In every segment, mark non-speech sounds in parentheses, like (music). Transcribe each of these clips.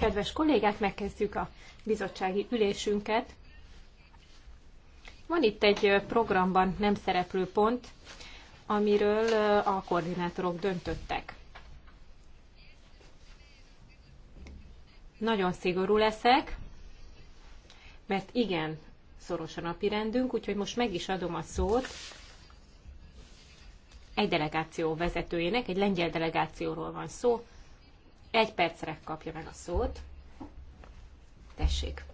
Kedves kollégák, megkezdjük a bizottsági ülésünket. Van itt egy programban nem szereplő pont, amiről a koordinátorok döntöttek. Nagyon szigorú leszek, mert igen, szoros a napirendünk, úgyhogy most meg is adom a szót egy delegáció vezetőjének, egy lengyel delegációról van szó, egy percre kapja meg a szót. Tessék.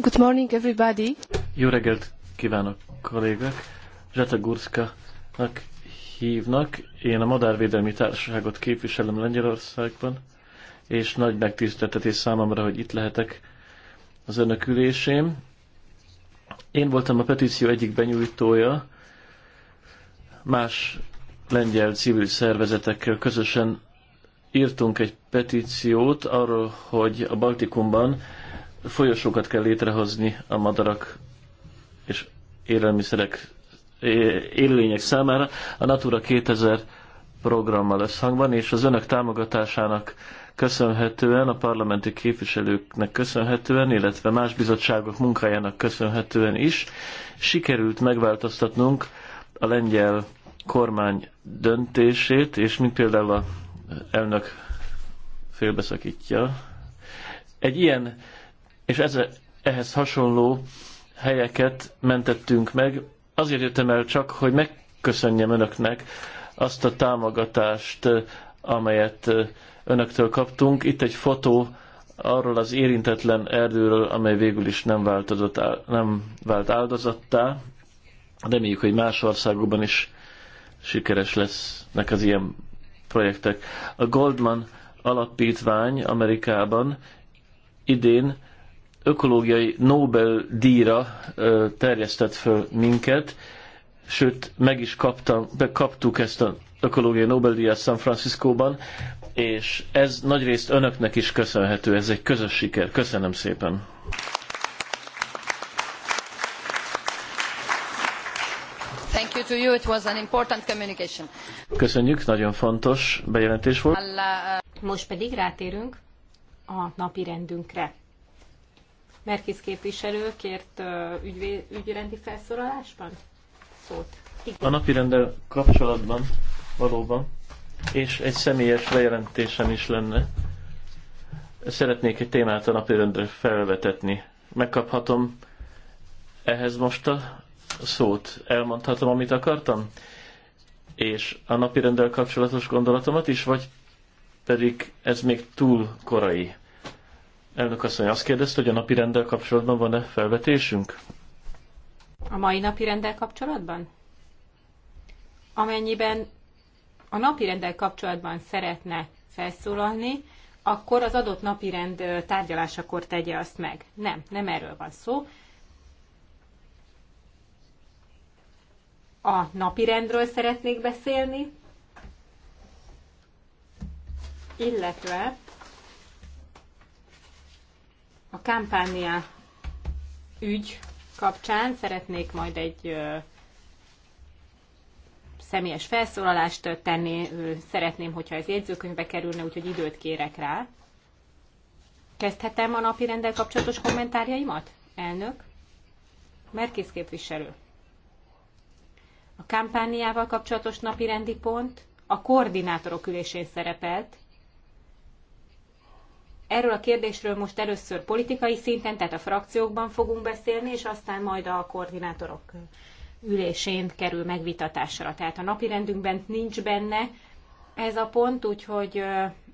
Good morning, everybody. Jó reggelt kívánok, kollégák! Zseta Gurszkának hívnak. Én a Madárvédelmi Társaságot képviselem Lengyelországban és nagy megtiszteltetés számomra, hogy itt lehetek az önök ülésén. Én voltam a petíció egyik benyújtója, más lengyel civil szervezetekkel közösen írtunk egy petíciót arról, hogy a Baltikumban folyosókat kell létrehozni a madarak és élelmiszerek élőlények számára. A Natura 2000 programmal összhangban, és az önök támogatásának köszönhetően, a parlamenti képviselőknek köszönhetően, illetve más bizottságok munkájának köszönhetően is sikerült megváltoztatnunk a lengyel kormány döntését, és mint például a elnök félbeszakítja, egy ilyen, és ez, ehhez hasonló helyeket mentettünk meg. Azért jöttem el csak, hogy megköszönjem önöknek azt a támogatást, amelyet önöktől kaptunk. Itt egy fotó arról az érintetlen erdőről, amely végül is nem, változott, nem vált áldozattá. Reméljük, hogy más országokban is sikeres lesznek az ilyen projektek. A Goldman alapítvány Amerikában idén ökológiai Nobel-díjra terjesztett föl minket, sőt meg is kaptam, kaptuk ezt a ökológiai Nobel-díjat San Franciscóban, és ez nagyrészt önöknek is köszönhető, ez egy közös siker. Köszönöm szépen! Köszönjük, nagyon fontos bejelentés volt. Uh, Most pedig rátérünk a napi rendünkre. Merkis képviselő kért uh, ügyvé, ügyrendi felszólalásban szót. Igen. A napi rendel kapcsolatban valóban. És egy személyes bejelentésem is lenne. Szeretnék egy témát a napirendre felvetetni. Megkaphatom ehhez most a szót. Elmondhatom, amit akartam? És a napirendel kapcsolatos gondolatomat is, vagy pedig ez még túl korai? Elnök asszony azt kérdezte, hogy a napi rendel kapcsolatban van-e felvetésünk? A mai napi rendel kapcsolatban? Amennyiben a napirenddel kapcsolatban szeretne felszólalni, akkor az adott napirend tárgyalásakor tegye azt meg. Nem, nem erről van szó. A napirendről szeretnék beszélni, illetve a kampánia ügy kapcsán szeretnék majd egy személyes felszólalást tenni, szeretném, hogyha ez jegyzőkönyvbe kerülne, úgyhogy időt kérek rá. Kezdhetem a napi rendel kapcsolatos kommentárjaimat? Elnök. Merkész képviselő. A kampániával kapcsolatos napi rendi pont a koordinátorok ülésén szerepelt. Erről a kérdésről most először politikai szinten, tehát a frakciókban fogunk beszélni, és aztán majd a koordinátorok ülésén kerül megvitatásra. Tehát a napi rendünkben nincs benne ez a pont, úgyhogy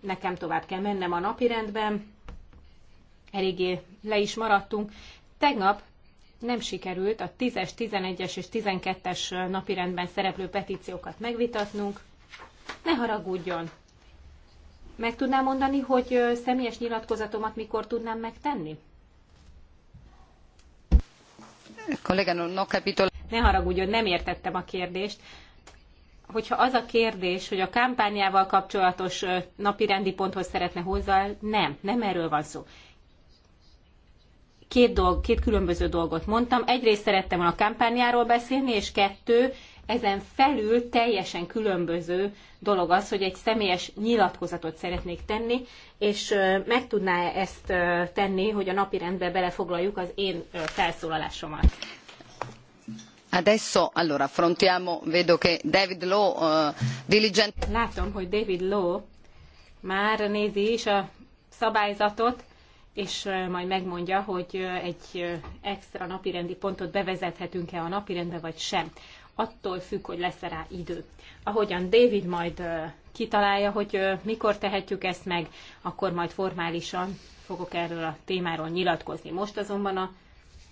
nekem tovább kell mennem a napi rendben. Eléggé le is maradtunk. Tegnap nem sikerült a 10-es, 11-es és 12-es napirendben szereplő petíciókat megvitatnunk. Ne haragudjon! Meg tudnám mondani, hogy személyes nyilatkozatomat mikor tudnám megtenni? Kolléganő, no capítulo... Ne haragudjon, nem értettem a kérdést. Hogyha az a kérdés, hogy a kampányával kapcsolatos napirendi ponthoz szeretne hozzá, nem, nem erről van szó két, dolg, két különböző dolgot mondtam. Egyrészt szerettem volna a kampányáról beszélni, és kettő, ezen felül teljesen különböző dolog az, hogy egy személyes nyilatkozatot szeretnék tenni, és meg tudná -e ezt tenni, hogy a napi rendbe belefoglaljuk az én felszólalásomat. Adesso allora affrontiamo, vedo che David Law uh, diligent... Látom, hogy David Law már nézi is a szabályzatot, és eh, majd megmondja, hogy eh, egy extra napirendi pontot bevezethetünk-e a napirendbe, vagy sem. Attól függ, hogy lesz -e rá idő. Ahogyan David majd kitalálja, hogy mikor tehetjük ezt meg, akkor majd formálisan fogok erről a témáról nyilatkozni. Most azonban a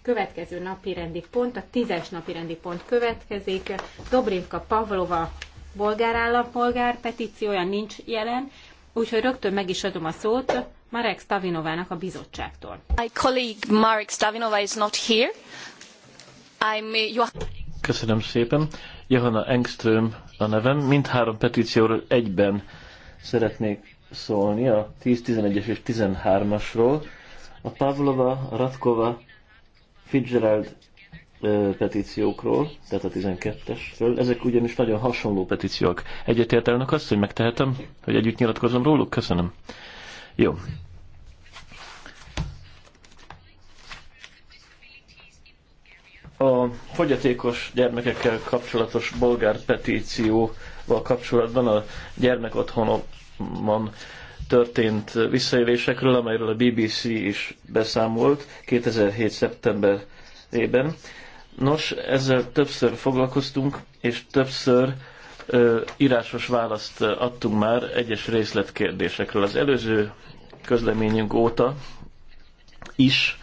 Következő napi rendi pont, a tízes napi rendi pont következik. Dobrinka Pavlova bolgár állampolgár petíciója nincs jelen, úgyhogy rögtön meg is adom a szót Marek Stavinovának a bizottságtól. My colleague Marek Stavinova is not here. I'm, you... Uh, Köszönöm szépen. Johanna Engström a nevem. Mindhárom petícióról egyben szeretnék szólni, a 10, 11-es és 13-asról. A Pavlova, a Ratkova Fitzgerald petíciókról, tehát a 12-esről. Ezek ugyanis nagyon hasonló petíciók. Egyetért elnök azt, hogy megtehetem, hogy együtt nyilatkozom róluk? Köszönöm. Jó. A fogyatékos gyermekekkel kapcsolatos bolgár petícióval kapcsolatban a gyermekotthonokban történt visszaélésekről, amelyről a BBC is beszámolt 2007. szeptemberében. Nos, ezzel többször foglalkoztunk, és többször ö, írásos választ adtunk már egyes részletkérdésekről. Az előző közleményünk óta is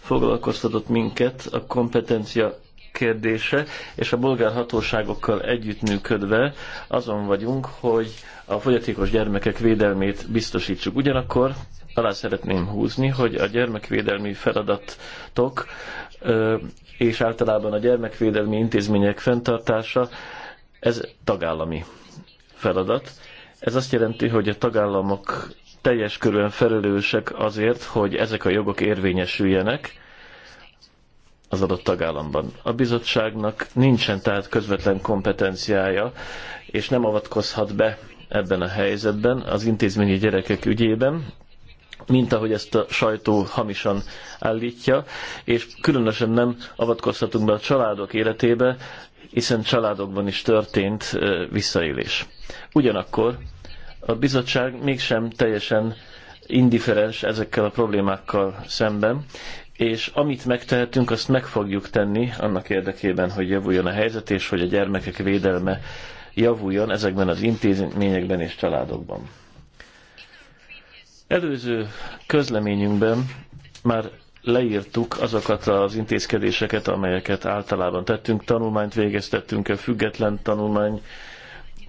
foglalkoztatott minket a kompetencia kérdése, és a bolgár hatóságokkal együttműködve azon vagyunk, hogy a fogyatékos gyermekek védelmét biztosítsuk. Ugyanakkor alá szeretném húzni, hogy a gyermekvédelmi feladatok és általában a gyermekvédelmi intézmények fenntartása, ez tagállami feladat. Ez azt jelenti, hogy a tagállamok teljes körülön felelősek azért, hogy ezek a jogok érvényesüljenek, az adott tagállamban. A bizottságnak nincsen tehát közvetlen kompetenciája, és nem avatkozhat be ebben a helyzetben az intézményi gyerekek ügyében, mint ahogy ezt a sajtó hamisan állítja, és különösen nem avatkozhatunk be a családok életébe, hiszen családokban is történt visszaélés. Ugyanakkor a bizottság mégsem teljesen indiferens ezekkel a problémákkal szemben, és amit megtehetünk, azt meg fogjuk tenni annak érdekében, hogy javuljon a helyzet, és hogy a gyermekek védelme javuljon ezekben az intézményekben és családokban. Előző közleményünkben már leírtuk azokat az intézkedéseket, amelyeket általában tettünk, tanulmányt végeztettünk a független tanulmány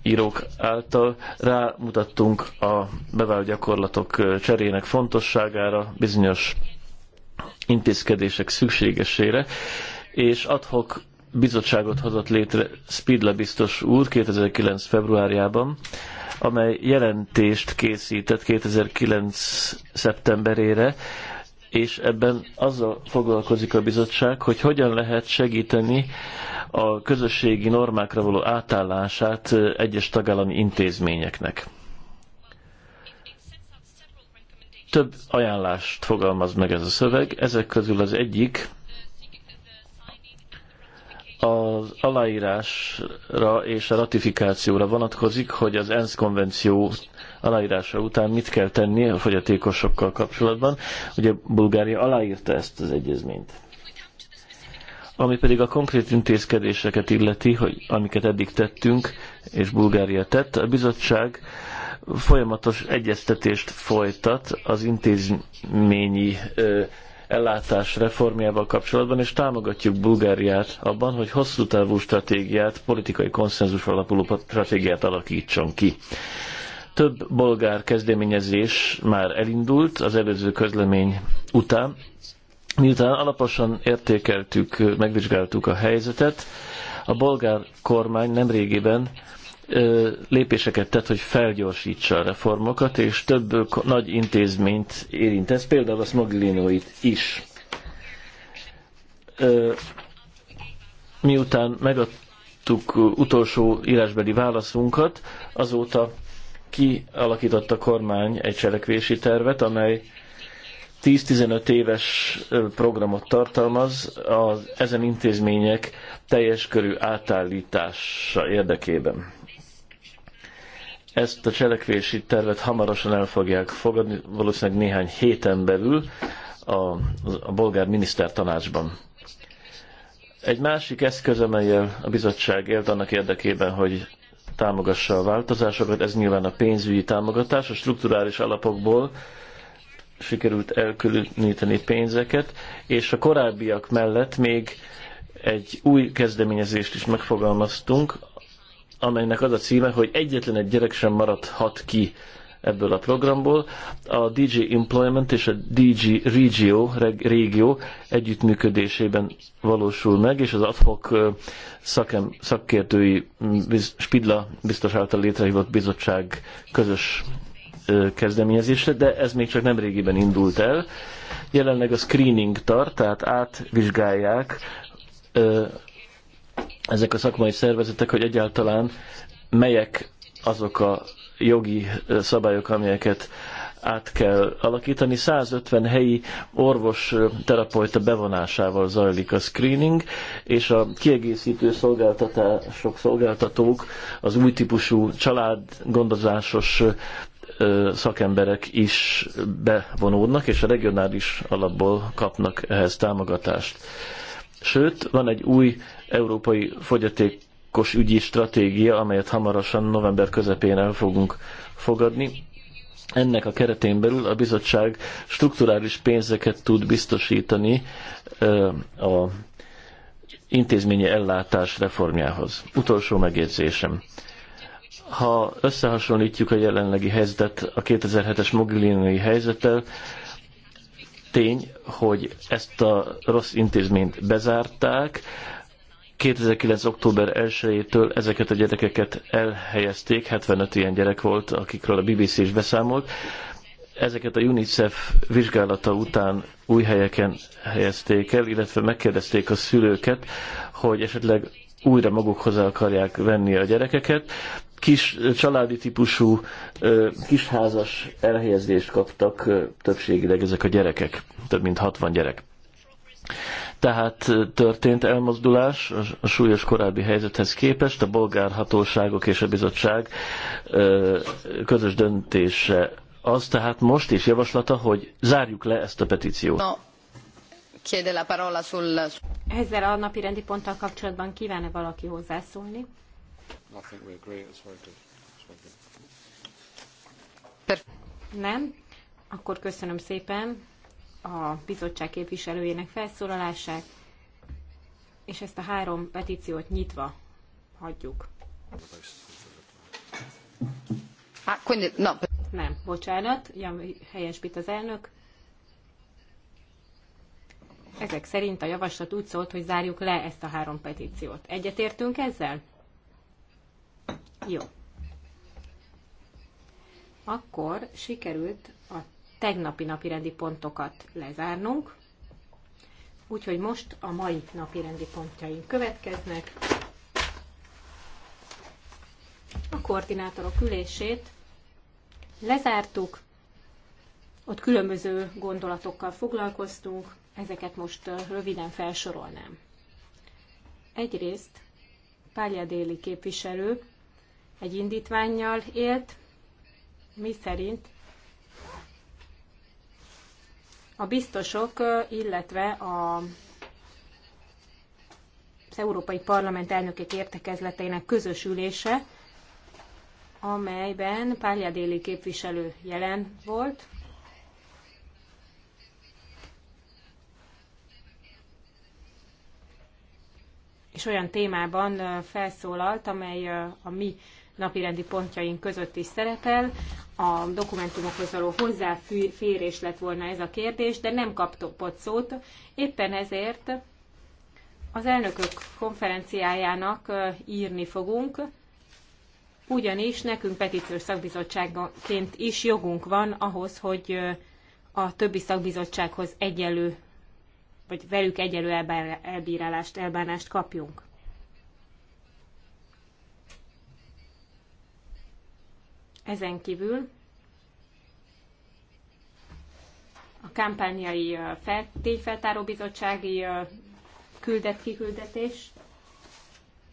írók által, rámutattunk a bevált gyakorlatok cserének fontosságára, bizonyos intézkedések szükségesére, és adhok bizottságot hozott létre Spidla biztos úr 2009. februárjában, amely jelentést készített 2009. szeptemberére, és ebben azzal foglalkozik a bizottság, hogy hogyan lehet segíteni a közösségi normákra való átállását egyes tagállami intézményeknek. Több ajánlást fogalmaz meg ez a szöveg, ezek közül az egyik az aláírásra és a ratifikációra vonatkozik, hogy az ENSZ konvenció aláírása után mit kell tenni a fogyatékosokkal kapcsolatban. Ugye Bulgária aláírta ezt az egyezményt. Ami pedig a konkrét intézkedéseket illeti, hogy amiket eddig tettünk, és Bulgária tett, a bizottság folyamatos egyeztetést folytat az intézményi ellátás reformjával kapcsolatban, és támogatjuk Bulgáriát abban, hogy hosszú távú stratégiát, politikai konszenzus alapuló stratégiát alakítson ki. Több bolgár kezdeményezés már elindult az előző közlemény után. Miután alaposan értékeltük, megvizsgáltuk a helyzetet, a bolgár kormány nemrégiben lépéseket tett, hogy felgyorsítsa a reformokat, és több nagy intézményt érint ez, például a Smoglinoit is. Miután megadtuk utolsó írásbeli válaszunkat, azóta kialakított a kormány egy cselekvési tervet, amely 10-15 éves programot tartalmaz az ezen intézmények teljes körű átállítása érdekében. Ezt a cselekvési tervet hamarosan el fogják fogadni, valószínűleg néhány héten belül a, a bolgár minisztertanácsban. Egy másik eszköz, amelyel a bizottság élt annak érdekében, hogy támogassa a változásokat, ez nyilván a pénzügyi támogatás, a strukturális alapokból sikerült elkülöníteni pénzeket, és a korábbiak mellett még egy új kezdeményezést is megfogalmaztunk, amelynek az a címe, hogy egyetlen egy gyerek sem maradhat ki ebből a programból. A DJ Employment és a DJ Regio, reg, régió együttműködésében valósul meg, és az adhok szakem, szakértői biz, Spidla biztos által létrehívott bizottság közös kezdeményezésre, de ez még csak nem régiben indult el. Jelenleg a screening tart, tehát átvizsgálják ezek a szakmai szervezetek, hogy egyáltalán melyek azok a jogi szabályok, amelyeket át kell alakítani. 150 helyi orvos terapeuta bevonásával zajlik a screening, és a kiegészítő szolgáltatások, szolgáltatók, az új típusú családgondozásos szakemberek is bevonódnak, és a regionális alapból kapnak ehhez támogatást. Sőt, van egy új európai fogyatékos ügyi stratégia, amelyet hamarosan november közepén el fogunk fogadni. Ennek a keretén belül a bizottság strukturális pénzeket tud biztosítani a intézményi ellátás reformjához. Utolsó megjegyzésem. Ha összehasonlítjuk a jelenlegi helyzetet a 2007-es mogilinai helyzettel, tény, hogy ezt a rossz intézményt bezárták, 2009. október 1-től ezeket a gyerekeket elhelyezték, 75 ilyen gyerek volt, akikről a BBC is beszámolt. Ezeket a UNICEF vizsgálata után új helyeken helyezték el, illetve megkérdezték a szülőket, hogy esetleg újra magukhoz akarják venni a gyerekeket. Kis családi típusú, kisházas elhelyezést kaptak többségileg ezek a gyerekek, több mint 60 gyerek. Tehát történt elmozdulás a súlyos korábbi helyzethez képest, a bolgár hatóságok és a bizottság közös döntése az tehát most is javaslata, hogy zárjuk le ezt a petíciót. No. Ezzel a napi rendi ponttal kapcsolatban kíván-e valaki hozzászólni? Nem? Akkor köszönöm szépen a bizottság képviselőjének felszólalását, és ezt a három petíciót nyitva hagyjuk. Ah, Nem, bocsánat, helyesbít az elnök. Ezek szerint a javaslat úgy szólt, hogy zárjuk le ezt a három petíciót. Egyetértünk ezzel? Jó. Akkor sikerült a tegnapi napirendi pontokat lezárnunk. Úgyhogy most a mai napirendi pontjaink következnek. A koordinátorok ülését lezártuk, ott különböző gondolatokkal foglalkoztunk, ezeket most röviden felsorolnám. Egyrészt Pálya Déli képviselő egy indítványjal élt, mi szerint a biztosok, illetve a az Európai Parlament elnökek értekezleteinek közös ülése, amelyben Pália déli képviselő jelen volt. És olyan témában felszólalt, amely a mi napirendi pontjaink között is szerepel, a dokumentumokhoz való hozzáférés lett volna ez a kérdés, de nem kapott szót. Éppen ezért az elnökök konferenciájának írni fogunk, ugyanis nekünk petíciós szakbizottságként is jogunk van ahhoz, hogy a többi szakbizottsághoz egyelő, vagy velük egyelő elbírálást, elbánást kapjunk. Ezen kívül a kampányai tényfeltáró bizottsági küldet kiküldetés.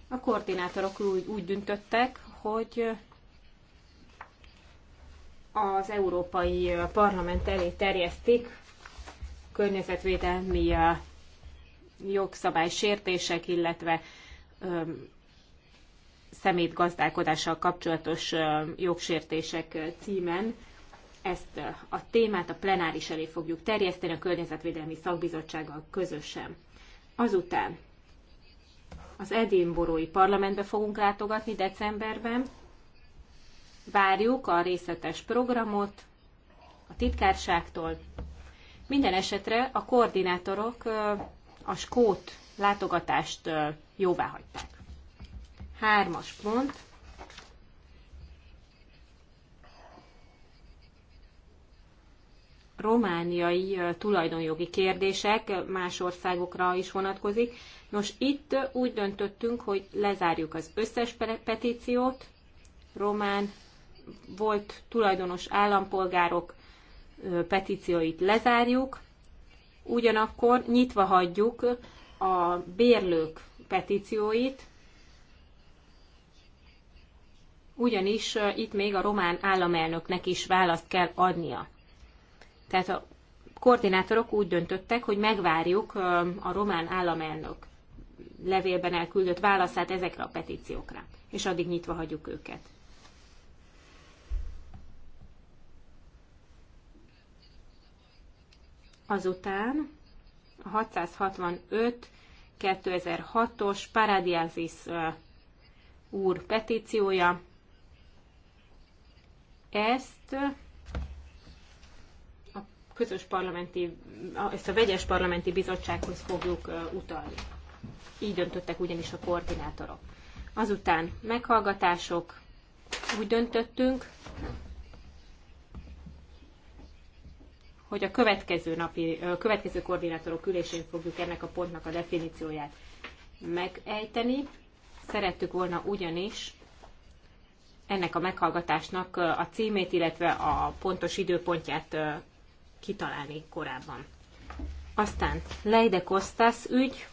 A koordinátorok úgy, úgy döntöttek, hogy az Európai Parlament elé terjesztik környezetvédelmi jogszabály sértések, illetve szemét gazdálkodással kapcsolatos jogsértések címen ezt a témát a plenáris elé fogjuk terjeszteni a Környezetvédelmi Szakbizottsággal közösen. Azután az Edinborói Parlamentbe fogunk látogatni decemberben. Várjuk a részletes programot a titkárságtól. Minden esetre a koordinátorok a skót látogatást jóvá hagyták. Hármas pont. romániai tulajdonjogi kérdések más országokra is vonatkozik. Nos, itt úgy döntöttünk, hogy lezárjuk az összes petíciót. Román volt tulajdonos állampolgárok petícióit lezárjuk, ugyanakkor nyitva hagyjuk a bérlők petícióit, ugyanis itt még a román államelnöknek is választ kell adnia. Tehát a koordinátorok úgy döntöttek, hogy megvárjuk a román államelnök levélben elküldött válaszát ezekre a petíciókra, és addig nyitva hagyjuk őket. Azután a 665 2006-os Paradiasis úr petíciója, ezt a közös parlamenti, ezt a vegyes parlamenti bizottsághoz fogjuk utalni. Így döntöttek ugyanis a koordinátorok. Azután meghallgatások, úgy döntöttünk, hogy a következő, napi, a következő koordinátorok ülésén fogjuk ennek a pontnak a definícióját megejteni. Szerettük volna ugyanis ennek a meghallgatásnak a címét, illetve a pontos időpontját kitalálni korábban. Aztán Leide Kostas ügy,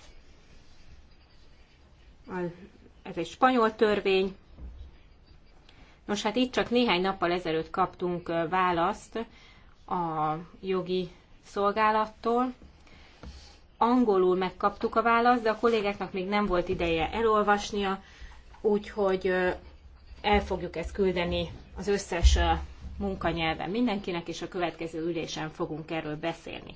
ez egy spanyol törvény. Nos, hát itt csak néhány nappal ezelőtt kaptunk választ a jogi szolgálattól. Angolul megkaptuk a választ, de a kollégáknak még nem volt ideje elolvasnia, úgyhogy el fogjuk ezt küldeni az összes munkanyelven mindenkinek, és a következő ülésen fogunk erről beszélni.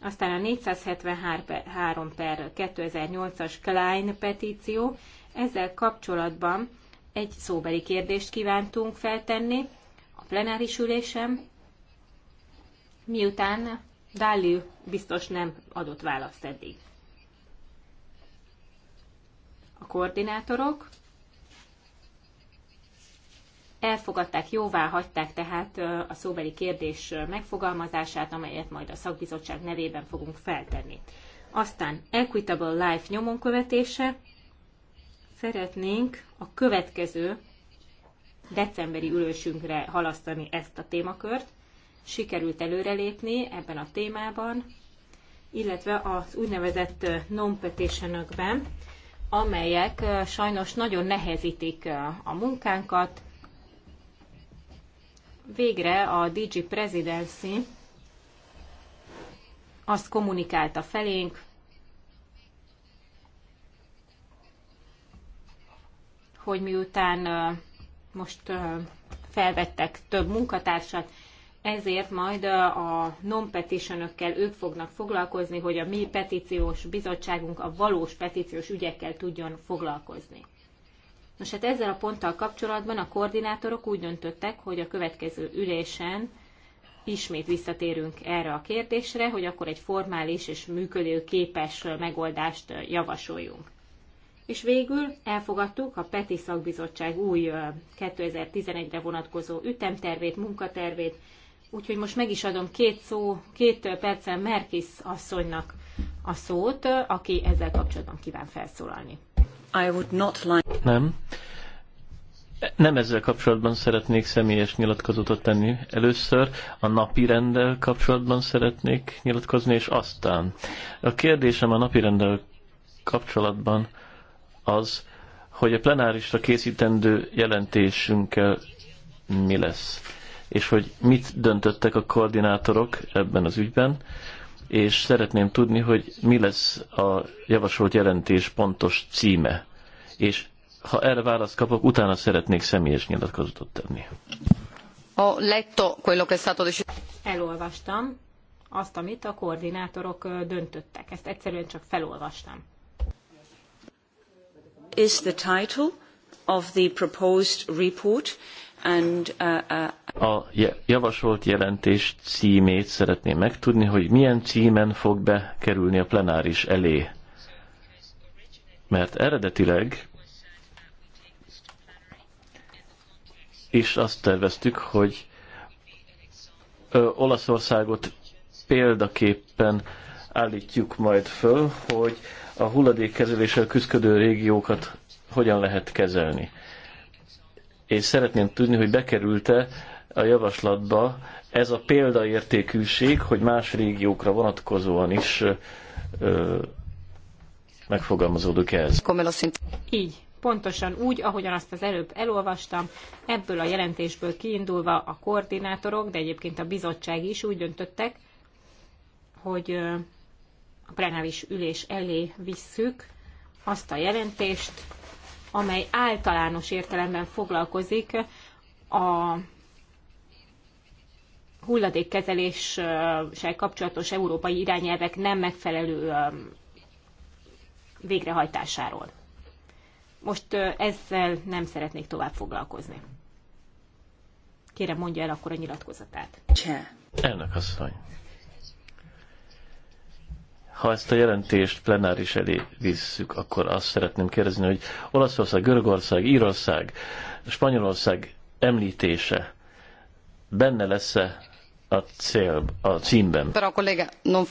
Aztán a 473 per 2008-as Klein petíció, ezzel kapcsolatban egy szóbeli kérdést kívántunk feltenni a plenáris ülésem, miután Dalli biztos nem adott választ eddig. A koordinátorok Elfogadták, jóvá hagyták tehát a szóbeli kérdés megfogalmazását, amelyet majd a szakbizottság nevében fogunk feltenni. Aztán Equitable Life nyomon követése. Szeretnénk a következő decemberi ülősünkre halasztani ezt a témakört. Sikerült előrelépni ebben a témában, illetve az úgynevezett non amelyek sajnos nagyon nehezítik a munkánkat, végre a DG Presidency azt kommunikálta felénk, hogy miután most felvettek több munkatársat, ezért majd a non petitionökkel ők fognak foglalkozni, hogy a mi petíciós bizottságunk a valós petíciós ügyekkel tudjon foglalkozni. Nos hát ezzel a ponttal kapcsolatban a koordinátorok úgy döntöttek, hogy a következő ülésen ismét visszatérünk erre a kérdésre, hogy akkor egy formális és működőképes megoldást javasoljunk. És végül elfogadtuk a PETI szakbizottság új 2011-re vonatkozó ütemtervét, munkatervét, úgyhogy most meg is adom két, szó, két percen Merkis asszonynak a szót, aki ezzel kapcsolatban kíván felszólalni. I would not like... Nem. Nem ezzel kapcsolatban szeretnék személyes nyilatkozatot tenni. Először a napi rendel kapcsolatban szeretnék nyilatkozni, és aztán. A kérdésem a napi rendel kapcsolatban az, hogy a plenárisra készítendő jelentésünkkel mi lesz, és hogy mit döntöttek a koordinátorok ebben az ügyben, és szeretném tudni, hogy mi lesz a javasolt jelentés pontos címe. És ha erre választ kapok, utána szeretnék személyes nyilatkozatot tenni. Ho letto quello che è stato deciso. Elolvastam azt, amit a koordinátorok döntöttek. Ezt egyszerűen csak felolvastam. Is the title of the proposed report. And, uh, uh... A javasolt jelentés címét szeretném megtudni, hogy milyen címen fog bekerülni a plenáris elé. Mert eredetileg is azt terveztük, hogy ö, Olaszországot példaképpen állítjuk majd föl, hogy a hulladékkezeléssel küzdködő régiókat hogyan lehet kezelni és szeretném tudni, hogy bekerült-e a javaslatba ez a példaértékűség, hogy más régiókra vonatkozóan is ö, megfogalmazódik ez. Így, pontosan úgy, ahogyan azt az előbb elolvastam, ebből a jelentésből kiindulva a koordinátorok, de egyébként a bizottság is úgy döntöttek, hogy a plenáris ülés elé visszük azt a jelentést, amely általános értelemben foglalkozik a hulladékkezeléssel kapcsolatos európai irányelvek nem megfelelő végrehajtásáról. Most ezzel nem szeretnék tovább foglalkozni. Kérem, mondja el akkor a nyilatkozatát. Cseh. Elnök asszony ha ezt a jelentést plenáris elé visszük, akkor azt szeretném kérdezni, hogy Olaszország, Görögország, Írország, Spanyolország említése benne lesz-e a, cél, a címben? Però, kollega, non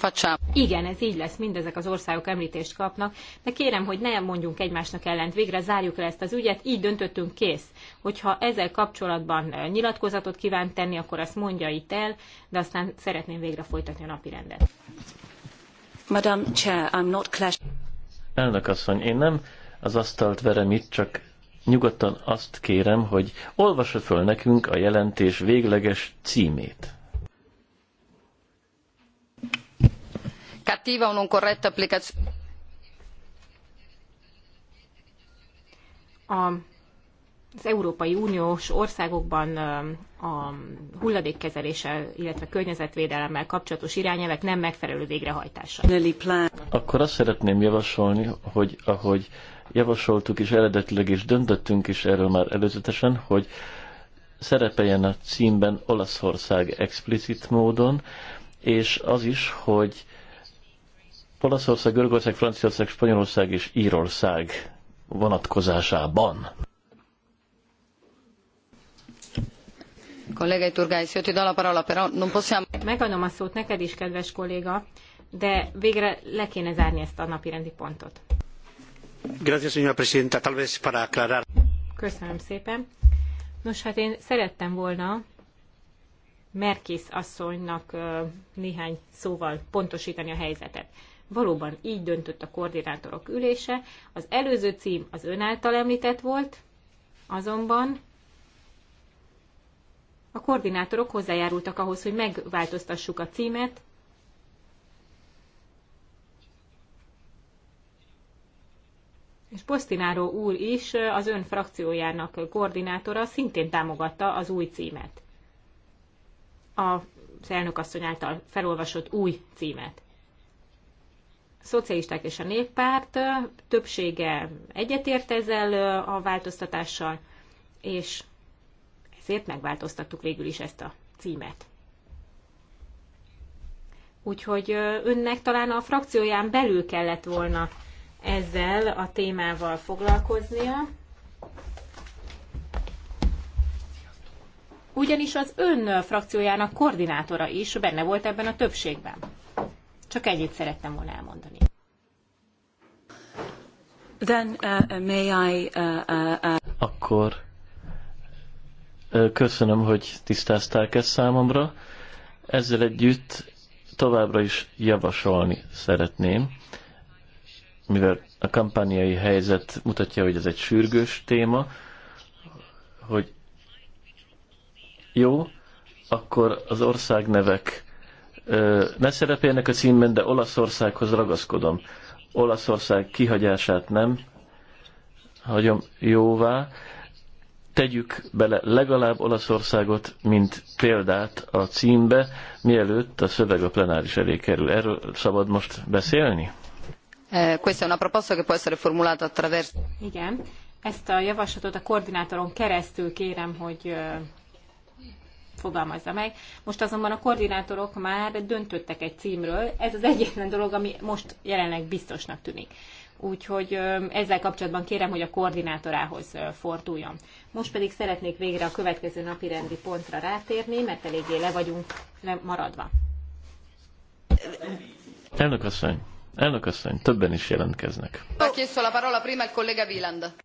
Igen, ez így lesz, mindezek az országok említést kapnak, de kérem, hogy ne mondjunk egymásnak ellent, végre zárjuk le ezt az ügyet, így döntöttünk, kész. Hogyha ezzel kapcsolatban nyilatkozatot kíván tenni, akkor azt mondja itt el, de aztán szeretném végre folytatni a napi rendet. Madam Chair, I'm not clash... Elnök asszony, én nem az asztalt verem itt, csak nyugodtan azt kérem, hogy olvassa föl nekünk a jelentés végleges címét. Cattiva un'incorretta applicazione. A az Európai Uniós országokban a hulladékkezeléssel, illetve környezetvédelemmel kapcsolatos irányelvek nem megfelelő végrehajtása. Akkor azt szeretném javasolni, hogy ahogy javasoltuk is eredetileg, és döntöttünk is erről már előzetesen, hogy szerepeljen a címben Olaszország explicit módon, és az is, hogy Olaszország, Görögország, Franciaország, Spanyolország és Írország vonatkozásában. Kollega Iturgáis, io ti parola, però non possiamo... Megadom a szót neked is, kedves kolléga, de végre le kéne zárni ezt a napi rendi pontot. Gracias, señora presidenta. Talvez para aclarar. Köszönöm szépen. Nos, hát én szerettem volna Merkész asszonynak néhány szóval pontosítani a helyzetet. Valóban így döntött a koordinátorok ülése. Az előző cím az ön által említett volt, azonban a koordinátorok hozzájárultak ahhoz, hogy megváltoztassuk a címet, És Posztináró úr is, eh, az ön frakciójának koordinátora, szintén támogatta az új címet. A elnökasszony által felolvasott új címet. A szocialisták és a néppárt eh, többsége egyetért ezzel eh, a változtatással, és ezért megváltoztattuk végül is ezt a címet. Úgyhogy önnek talán a frakcióján belül kellett volna ezzel a témával foglalkoznia. Ugyanis az ön frakciójának koordinátora is benne volt ebben a többségben. Csak ennyit szerettem volna elmondani. Then, uh, may I, uh, uh, uh Akkor Köszönöm, hogy tisztázták ezt számomra. Ezzel együtt továbbra is javasolni szeretném, mivel a kampányai helyzet mutatja, hogy ez egy sürgős téma, hogy jó, akkor az országnevek ne szerepeljenek a címben, de Olaszországhoz ragaszkodom. Olaszország kihagyását nem hagyom jóvá, tegyük bele legalább Olaszországot, mint példát a címbe, mielőtt a szöveg a plenáris elé kerül. Erről szabad most beszélni? Eh, questa è una proposta che può essere formulata attraverso... Igen, ezt a javaslatot a koordinátoron keresztül kérem, hogy eh, fogalmazza meg. Most azonban a koordinátorok már döntöttek egy címről. Ez az egyetlen dolog, ami most jelenleg biztosnak tűnik. Úgyhogy ezzel kapcsolatban kérem, hogy a koordinátorához forduljon. Most pedig szeretnék végre a következő napi rendi pontra rátérni, mert eléggé le vagyunk maradva. Elnök asszony, elnök asszony, többen is jelentkeznek.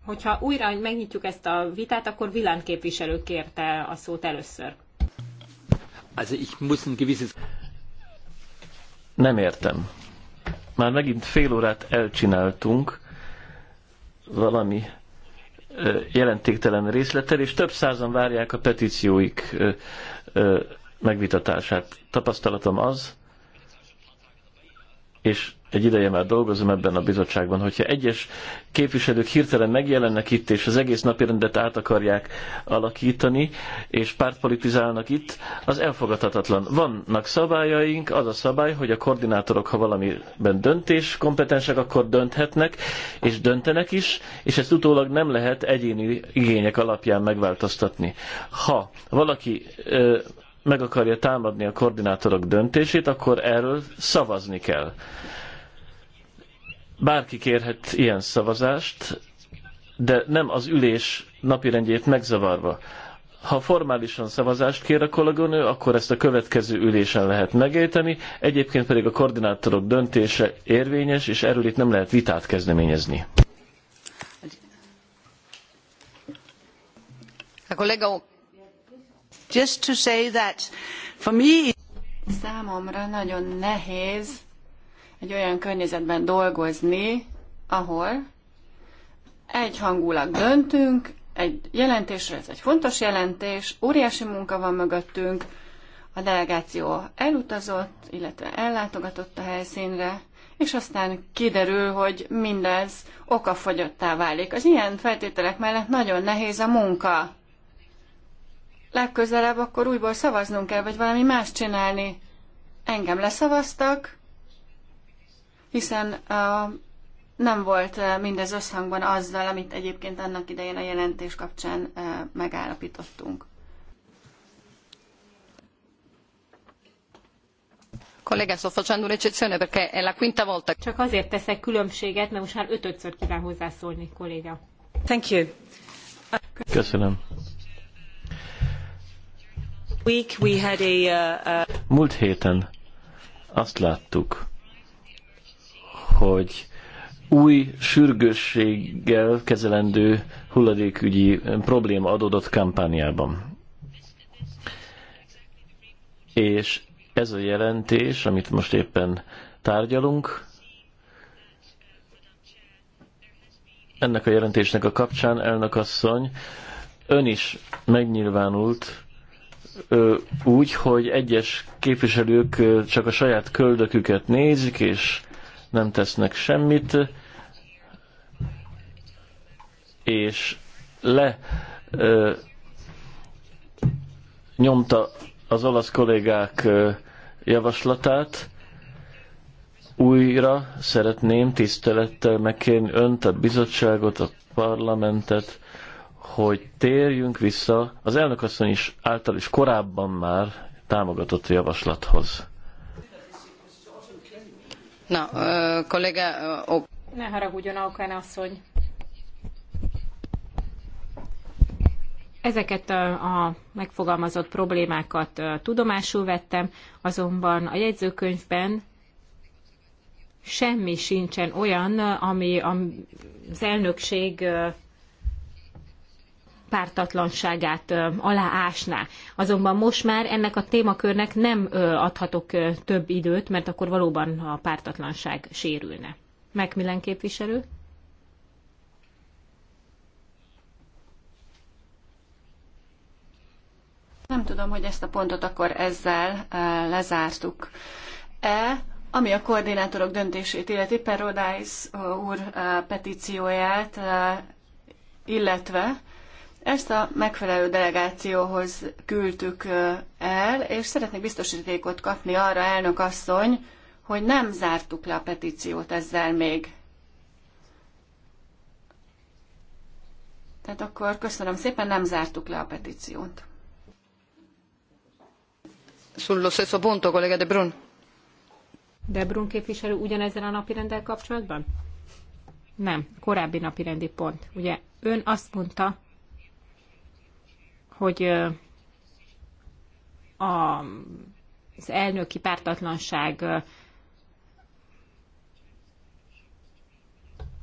Hogyha újra megnyitjuk ezt a vitát, akkor Viland képviselő kérte a szót először. Also ich muss ein gewisses... Nem értem már megint fél órát elcsináltunk valami jelentéktelen részlettel, és több százan várják a petícióik megvitatását. Tapasztalatom az, és egy ideje már dolgozom ebben a bizottságban, hogyha egyes képviselők hirtelen megjelennek itt, és az egész napirendet át akarják alakítani, és pártpolitizálnak itt, az elfogadhatatlan. Vannak szabályaink, az a szabály, hogy a koordinátorok, ha valamiben döntés kompetensek, akkor dönthetnek, és döntenek is, és ezt utólag nem lehet egyéni igények alapján megváltoztatni. Ha valaki ö, meg akarja támadni a koordinátorok döntését, akkor erről szavazni kell. Bárki kérhet ilyen szavazást, de nem az ülés napirendjét megzavarva. Ha formálisan szavazást kér a kolléganő, akkor ezt a következő ülésen lehet megérteni, egyébként pedig a koordinátorok döntése érvényes, és erről itt nem lehet vitát kezdeményezni. A kollega just to say that for me Számomra nagyon nehéz egy olyan környezetben dolgozni, ahol hangulag döntünk, egy jelentésre, ez egy fontos jelentés, óriási munka van mögöttünk, a delegáció elutazott, illetve ellátogatott a helyszínre, és aztán kiderül, hogy mindez okafogyottá válik. Az ilyen feltételek mellett nagyon nehéz a munka legközelebb akkor újból szavaznunk kell, vagy valami más csinálni. Engem leszavaztak, hiszen uh, nem volt mindez összhangban azzal, amit egyébként annak idején a jelentés kapcsán uh, megállapítottunk. Collega, sto facendo un'eccezione perché è la quinta volta. Csak azért teszek különbséget, mert most már ötödször kíván hozzászólni, kolléga. Thank you. Köszönöm. Uh, uh, Múlt héten azt láttuk, hogy új sürgősséggel kezelendő hulladékügyi probléma adódott kampányában. És ez a jelentés, amit most éppen tárgyalunk, ennek a jelentésnek a kapcsán elnök asszony ön is megnyilvánult úgy, hogy egyes képviselők csak a saját köldöküket nézik, és nem tesznek semmit, és le ö, nyomta az olasz kollégák ö, javaslatát. Újra szeretném tisztelettel megkérni önt, a bizottságot, a parlamentet, hogy térjünk vissza az elnökasszony is által is korábban már támogatott javaslathoz. Na, uh, kollega... Uh, ok. Ne haragudjon, Aukán asszony. Ezeket a megfogalmazott problémákat tudomásul vettem, azonban a jegyzőkönyvben semmi sincsen olyan, ami az elnökség pártatlanságát aláásná. Azonban most már ennek a témakörnek nem adhatok több időt, mert akkor valóban a pártatlanság sérülne. Megmillen képviselő? Nem tudom, hogy ezt a pontot akkor ezzel lezártuk. E, ami a koordinátorok döntését illeti, Perodais úr petícióját, illetve ezt a megfelelő delegációhoz küldtük el, és szeretnék biztosítékot kapni arra, elnök asszony, hogy nem zártuk le a petíciót ezzel még. Tehát akkor köszönöm szépen, nem zártuk le a petíciót. Sullo stesso punto, collega De Brun. De Brun képviselő ugyanezzel a rendel kapcsolatban? Nem, korábbi napirendi pont. Ugye ön azt mondta, hogy az elnöki pártatlanság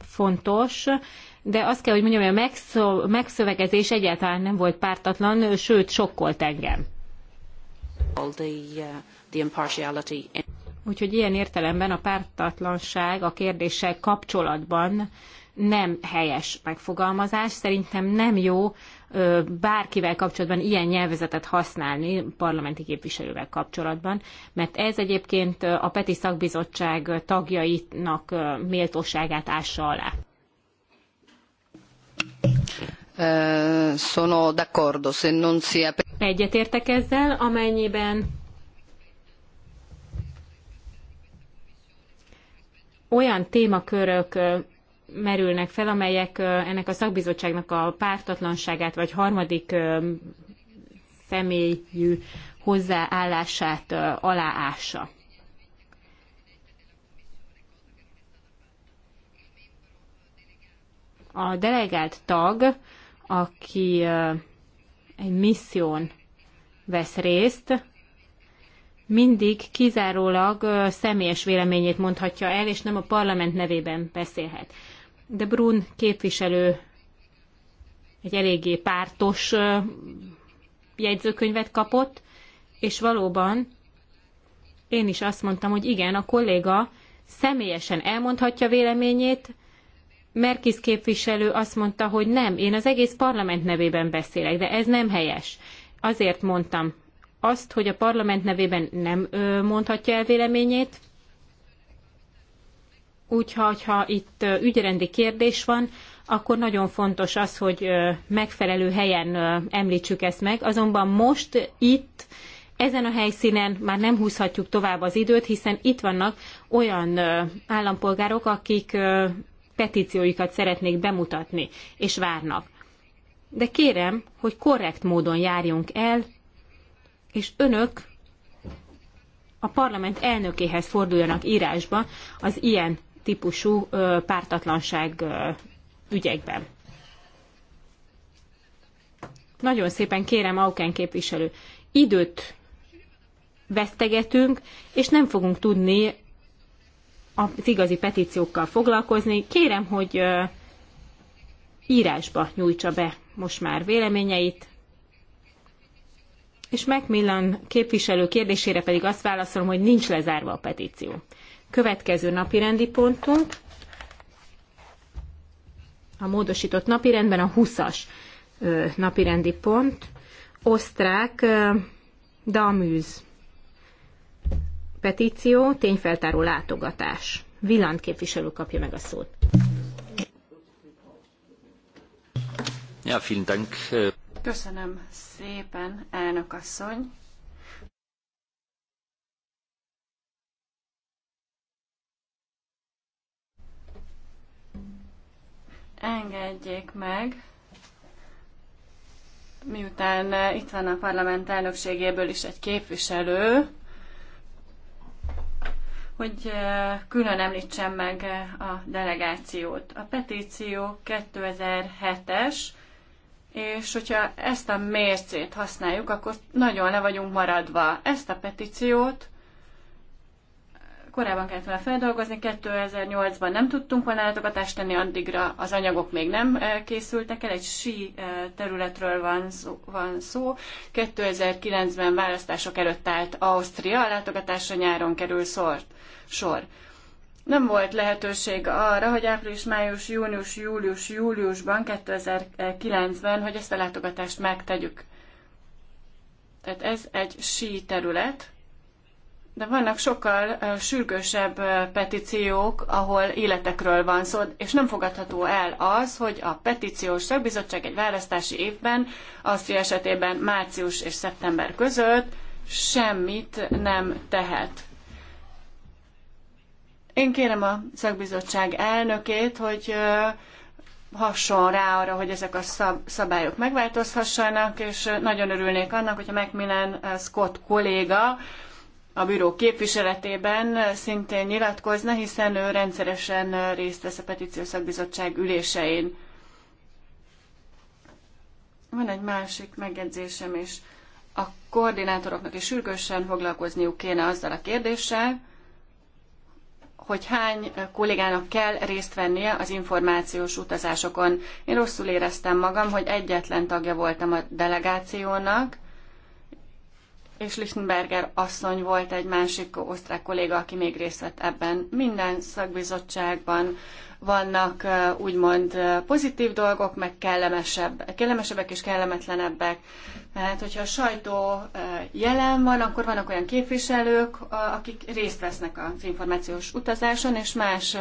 fontos, de azt kell, hogy mondjam, hogy a megszó, megszövegezés egyáltalán nem volt pártatlan, sőt, sokkolt engem. Uh, Úgyhogy ilyen értelemben a pártatlanság a kérdéssel kapcsolatban nem helyes megfogalmazás. Szerintem nem jó bárkivel kapcsolatban ilyen nyelvezetet használni parlamenti képviselővel kapcsolatban, mert ez egyébként a Peti Szakbizottság tagjainak méltóságát ássa alá. Sono d'accordo, se non si Egyetértek ezzel, amennyiben olyan témakörök merülnek fel, amelyek ennek a szakbizottságnak a pártatlanságát vagy harmadik személyű hozzáállását aláássa. A delegált tag, aki egy misszión vesz részt, mindig kizárólag személyes véleményét mondhatja el, és nem a parlament nevében beszélhet de Brun képviselő egy eléggé pártos jegyzőkönyvet kapott, és valóban én is azt mondtam, hogy igen, a kolléga személyesen elmondhatja véleményét, Merkis képviselő azt mondta, hogy nem, én az egész parlament nevében beszélek, de ez nem helyes. Azért mondtam azt, hogy a parlament nevében nem mondhatja el véleményét, Úgyhogy, ha itt ügyrendi kérdés van, akkor nagyon fontos az, hogy megfelelő helyen említsük ezt meg. Azonban most itt, ezen a helyszínen már nem húzhatjuk tovább az időt, hiszen itt vannak olyan állampolgárok, akik petícióikat szeretnék bemutatni, és várnak. De kérem, hogy korrekt módon járjunk el, és önök a parlament elnökéhez forduljanak írásba az ilyen típusú pártatlanság ügyekben. Nagyon szépen kérem, Auken képviselő, időt vesztegetünk, és nem fogunk tudni az igazi petíciókkal foglalkozni. Kérem, hogy írásba nyújtsa be most már véleményeit, és Macmillan képviselő kérdésére pedig azt válaszolom, hogy nincs lezárva a petíció. Következő napirendi pontunk a módosított napirendben a 20-as napirendi pont, osztrák Daműz petíció, tényfeltáró látogatás. Villant képviselő kapja meg a szót. Ja, vielen Dank. Köszönöm szépen, elnök asszony. engedjék meg, miután eh, itt van a parlament elnökségéből is egy képviselő, hogy eh, külön említsem meg eh, a delegációt. A petíció 2007-es, és hogyha ezt a mércét használjuk, akkor nagyon le vagyunk maradva. Ezt a petíciót korábban kellett volna feldolgozni, 2008-ban nem tudtunk volna látogatást tenni, addigra az anyagok még nem eh, készültek el, egy sí eh, területről van szó, van szó. 2009-ben választások előtt állt Ausztria, a látogatásra nyáron kerül szort, sor. Nem volt lehetőség arra, hogy április, május, június, július, júliusban 2009-ben, hogy ezt a látogatást megtegyük. Tehát ez egy sí terület, de vannak sokkal uh, sürgősebb uh, petíciók, ahol életekről van szó, és nem fogadható el az, hogy a petíciós szakbizottság egy választási évben, Ausztria esetében március és szeptember között semmit nem tehet. Én kérem a szakbizottság elnökét, hogy uh, hasson rá arra, hogy ezek a szab- szabályok megváltozhassanak, és nagyon örülnék annak, hogyha Macmillan Scott kolléga, a bíró képviseletében szintén nyilatkozna, hiszen ő rendszeresen részt vesz a petíciós szakbizottság ülésein. Van egy másik megjegyzésem is. A koordinátoroknak is sürgősen foglalkozniuk kéne azzal a kérdéssel, hogy hány kollégának kell részt vennie az információs utazásokon. Én rosszul éreztem magam, hogy egyetlen tagja voltam a delegációnak, és Lichtenberger asszony volt egy másik osztrák kolléga, aki még részt vett ebben. Minden szakbizottságban vannak úgymond pozitív dolgok, meg kellemesebb, kellemesebbek és kellemetlenebbek. Mert hogyha a sajtó jelen van, akkor vannak olyan képviselők, akik részt vesznek az információs utazáson, és más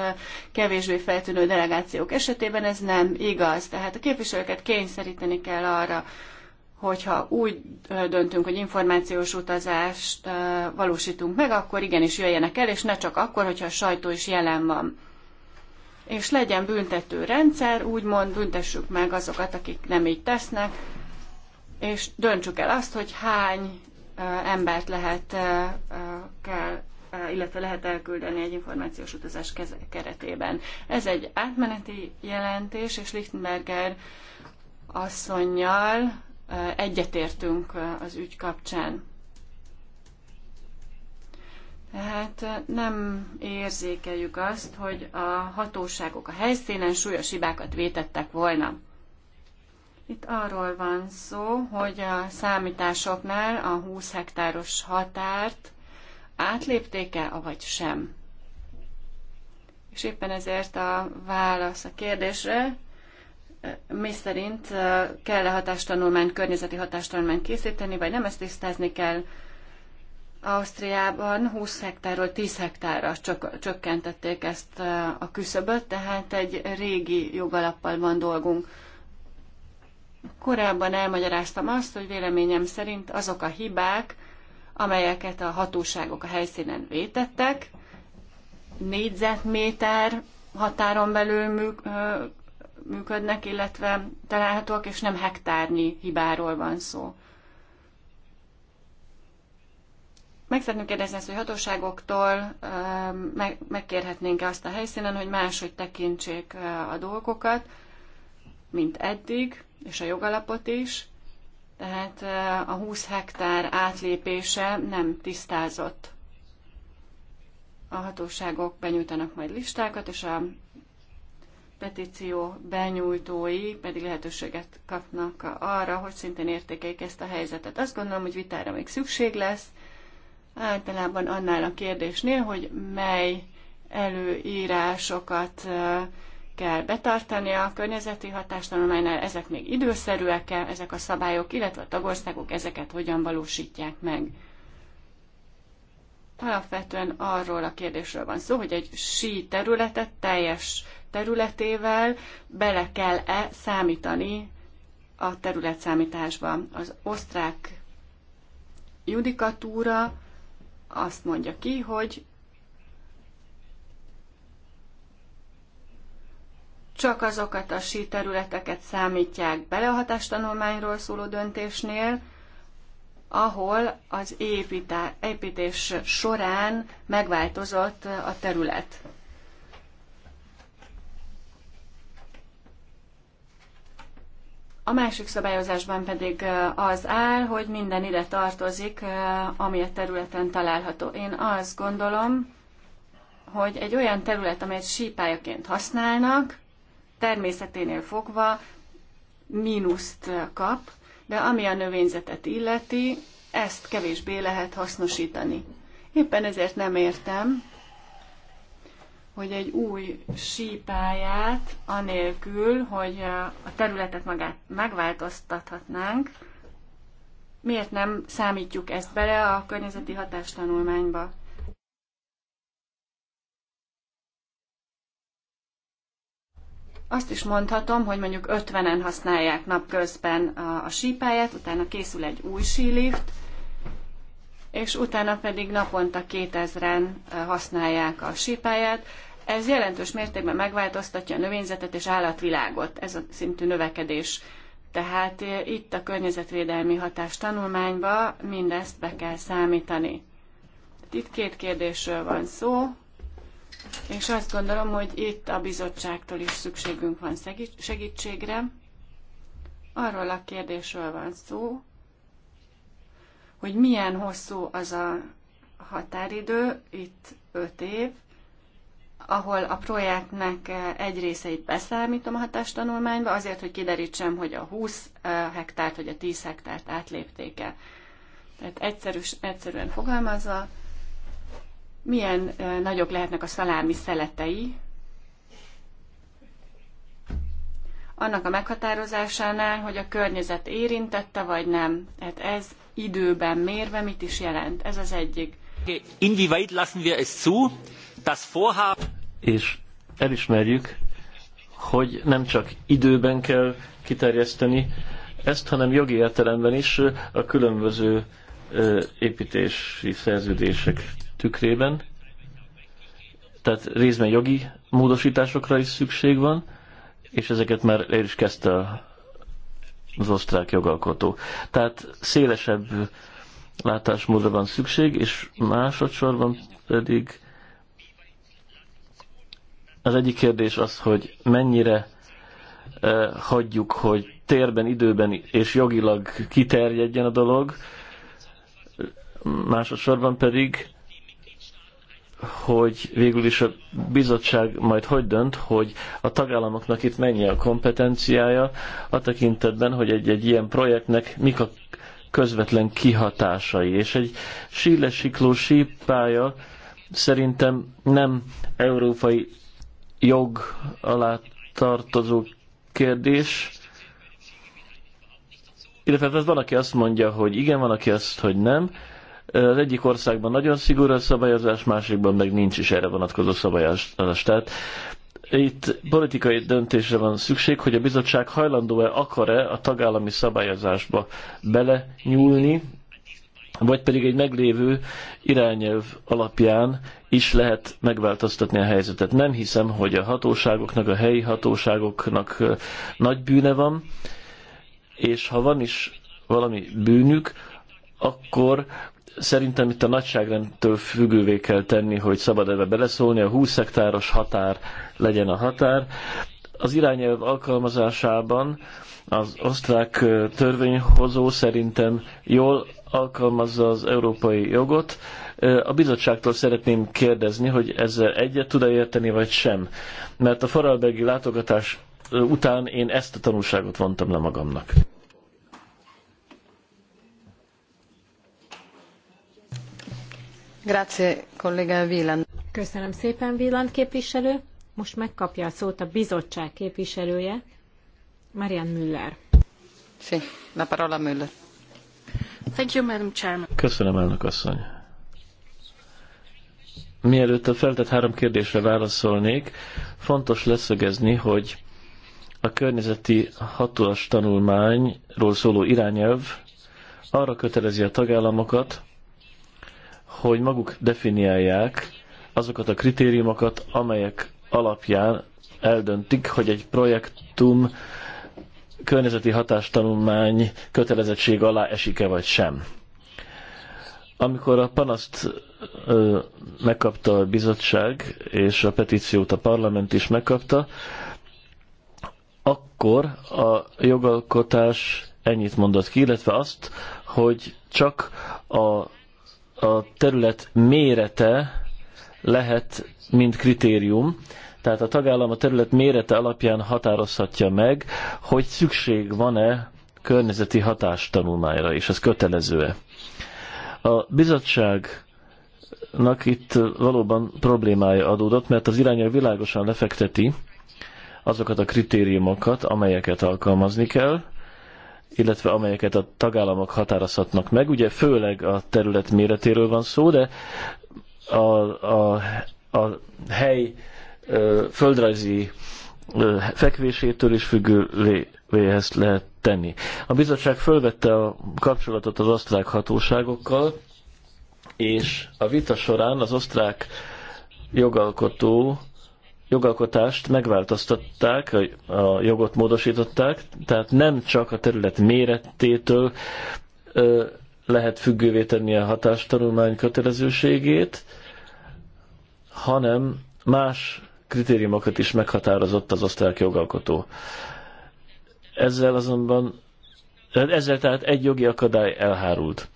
kevésbé feltűnő delegációk esetében ez nem igaz. Tehát a képviselőket kényszeríteni kell arra, hogyha úgy döntünk, hogy információs utazást valósítunk meg, akkor igenis jöjjenek el, és ne csak akkor, hogyha a sajtó is jelen van. És legyen büntető rendszer, úgymond büntessük meg azokat, akik nem így tesznek, és döntsük el azt, hogy hány embert lehet, kell, illetve lehet elküldeni egy információs utazás keretében. Ez egy átmeneti jelentés, és Lichtenberger asszonynal egyetértünk az ügy kapcsán. Tehát nem érzékeljük azt, hogy a hatóságok a helyszínen súlyos hibákat vétettek volna. Itt arról van szó, hogy a számításoknál a 20 hektáros határt átlépték-e, avagy sem. És éppen ezért a válasz a kérdésre mi szerint kell-e hatástanulmányt, környezeti hatástanulmányt készíteni, vagy nem, ezt tisztázni kell. Ausztriában 20 hektárról 10 hektárra csökkentették ezt a küszöböt, tehát egy régi jogalappal van dolgunk. Korábban elmagyaráztam azt, hogy véleményem szerint azok a hibák, amelyeket a hatóságok a helyszínen vétettek, négyzetméter határon belül működnek, illetve találhatóak, és nem hektárnyi hibáról van szó. Meg szeretném kérdezni ezt, hogy hatóságoktól megkérhetnénk -e azt a helyszínen, hogy máshogy tekintsék a dolgokat, mint eddig, és a jogalapot is. Tehát a 20 hektár átlépése nem tisztázott. A hatóságok benyújtanak majd listákat, és a petíció benyújtói pedig lehetőséget kapnak arra, hogy szintén értékeik ezt a helyzetet. Azt gondolom, hogy vitára még szükség lesz, általában annál a kérdésnél, hogy mely előírásokat kell betartani a környezeti hatástanulmánynál, ezek még időszerűek -e, ezek a szabályok, illetve a tagországok ezeket hogyan valósítják meg. Alapvetően arról a kérdésről van szó, hogy egy sí területet teljes területével bele kell-e számítani a területszámításba. Az osztrák judikatúra azt mondja ki, hogy csak azokat a sí területeket számítják bele a hatástanulmányról szóló döntésnél, ahol az építés során megváltozott a terület. A másik szabályozásban pedig az áll, hogy minden ide tartozik, ami a területen található. Én azt gondolom, hogy egy olyan terület, amelyet sípályaként használnak, természeténél fogva mínuszt kap, de ami a növényzetet illeti, ezt kevésbé lehet hasznosítani. Éppen ezért nem értem, hogy egy új sípáját, anélkül, hogy eh, a területet magát megváltoztathatnánk, miért nem számítjuk ezt bele a környezeti hatástanulmányba? Azt is mondhatom, hogy mondjuk 50-en használják napközben eh, a, sípáját, utána készül egy új sílift, és utána pedig naponta 2000-en eh, használják a sípáját. Ez jelentős mértékben megváltoztatja a növényzetet és állatvilágot, ez a szintű növekedés. Tehát eh, itt a környezetvédelmi hatás tanulmányba mindezt be kell számítani. Itt két kérdésről van szó, és azt gondolom, hogy itt a bizottságtól is szükségünk van segítségre. Arról a kérdésről van szó, hogy milyen hosszú az a határidő, itt 5 év, ahol a projektnek egy részeit beszámítom a hatástanulmányba, azért, hogy kiderítsem, hogy a 20 eh, hektárt vagy a 10 hektárt átlépték-e. Tehát egyszerűs, egyszerűen fogalmazva, milyen eh, nagyok lehetnek a szalámi szeletei, annak a meghatározásánál, hogy a környezet érintette vagy nem. Hát ez időben mérve mit is jelent. Ez az egyik. Inwieweit lassen wir es zu, Das Vorhaben... És elismerjük, hogy nem csak időben kell kiterjeszteni ezt, hanem jogi értelemben is a különböző építési szerződések tükrében. Tehát részben jogi módosításokra is szükség van, és ezeket már el is kezdte a az osztrák jogalkotó. Tehát szélesebb látásmódra van szükség, és másodszorban pedig az egyik kérdés az, hogy mennyire eh, hagyjuk, hogy térben, időben és jogilag kiterjedjen a dolog, másodszorban pedig hogy végül is a bizottság majd hogy dönt, hogy a tagállamoknak itt mennyi a kompetenciája a tekintetben, hogy egy-egy ilyen projektnek mik a közvetlen kihatásai. És egy sílesikló sípája szerintem nem európai jog alá tartozó kérdés, illetve hát van, aki azt mondja, hogy igen, van, aki azt, hogy nem az egyik országban nagyon szigorú a szabályozás, másikban meg nincs is erre vonatkozó szabályozás. Tehát itt politikai döntésre van szükség, hogy a bizottság hajlandó-e, akar-e a tagállami szabályozásba bele nyúlni, vagy pedig egy meglévő irányelv alapján is lehet megváltoztatni a helyzetet. Nem hiszem, hogy a hatóságoknak, a helyi hatóságoknak nagy bűne van, és ha van is valami bűnük, akkor Szerintem itt a nagyságrendtől függővé kell tenni, hogy szabad ebbe beleszólni, a 20 hektáros határ legyen a határ. Az irányelv alkalmazásában az osztrák törvényhozó szerintem jól alkalmazza az európai jogot. A bizottságtól szeretném kérdezni, hogy ezzel egyet tud-e érteni, vagy sem. Mert a Faralbegi látogatás után én ezt a tanulságot vontam le magamnak. Köszönöm szépen, Wieland képviselő. Most megkapja a szót a bizottság képviselője, Marian Müller. Sí, la parola Müller. Thank you, Madam Chairman. Köszönöm, elnök asszony. Mielőtt a feltett három kérdésre válaszolnék, fontos leszögezni, hogy a környezeti hatós tanulmányról szóló irányelv arra kötelezi a tagállamokat, hogy maguk definiálják azokat a kritériumokat, amelyek alapján eldöntik, hogy egy projektum környezeti hatástanulmány kötelezettség alá esik-e vagy sem. Amikor a panaszt ö, megkapta a bizottság, és a petíciót a parlament is megkapta, akkor a jogalkotás ennyit mondott ki, illetve azt, hogy csak a a terület mérete lehet, mint kritérium, tehát a tagállam a terület mérete alapján határozhatja meg, hogy szükség van-e környezeti hatástanulmányra, és ez kötelező-e. A bizottságnak itt valóban problémája adódott, mert az irányel világosan lefekteti azokat a kritériumokat, amelyeket alkalmazni kell, illetve amelyeket a tagállamok határozhatnak meg. Ugye főleg a terület méretéről van szó, de a, a, a hely földrajzi fekvésétől is ezt lehet tenni. A bizottság fölvette a kapcsolatot az osztrák hatóságokkal, és a vita során az osztrák jogalkotó jogalkotást megváltoztatták, a jogot módosították, tehát nem csak a terület mérettétől lehet függővé tenni a hatástanulmány kötelezőségét, hanem más kritériumokat is meghatározott az osztrák jogalkotó. Ezzel azonban, ezzel tehát egy jogi akadály elhárult.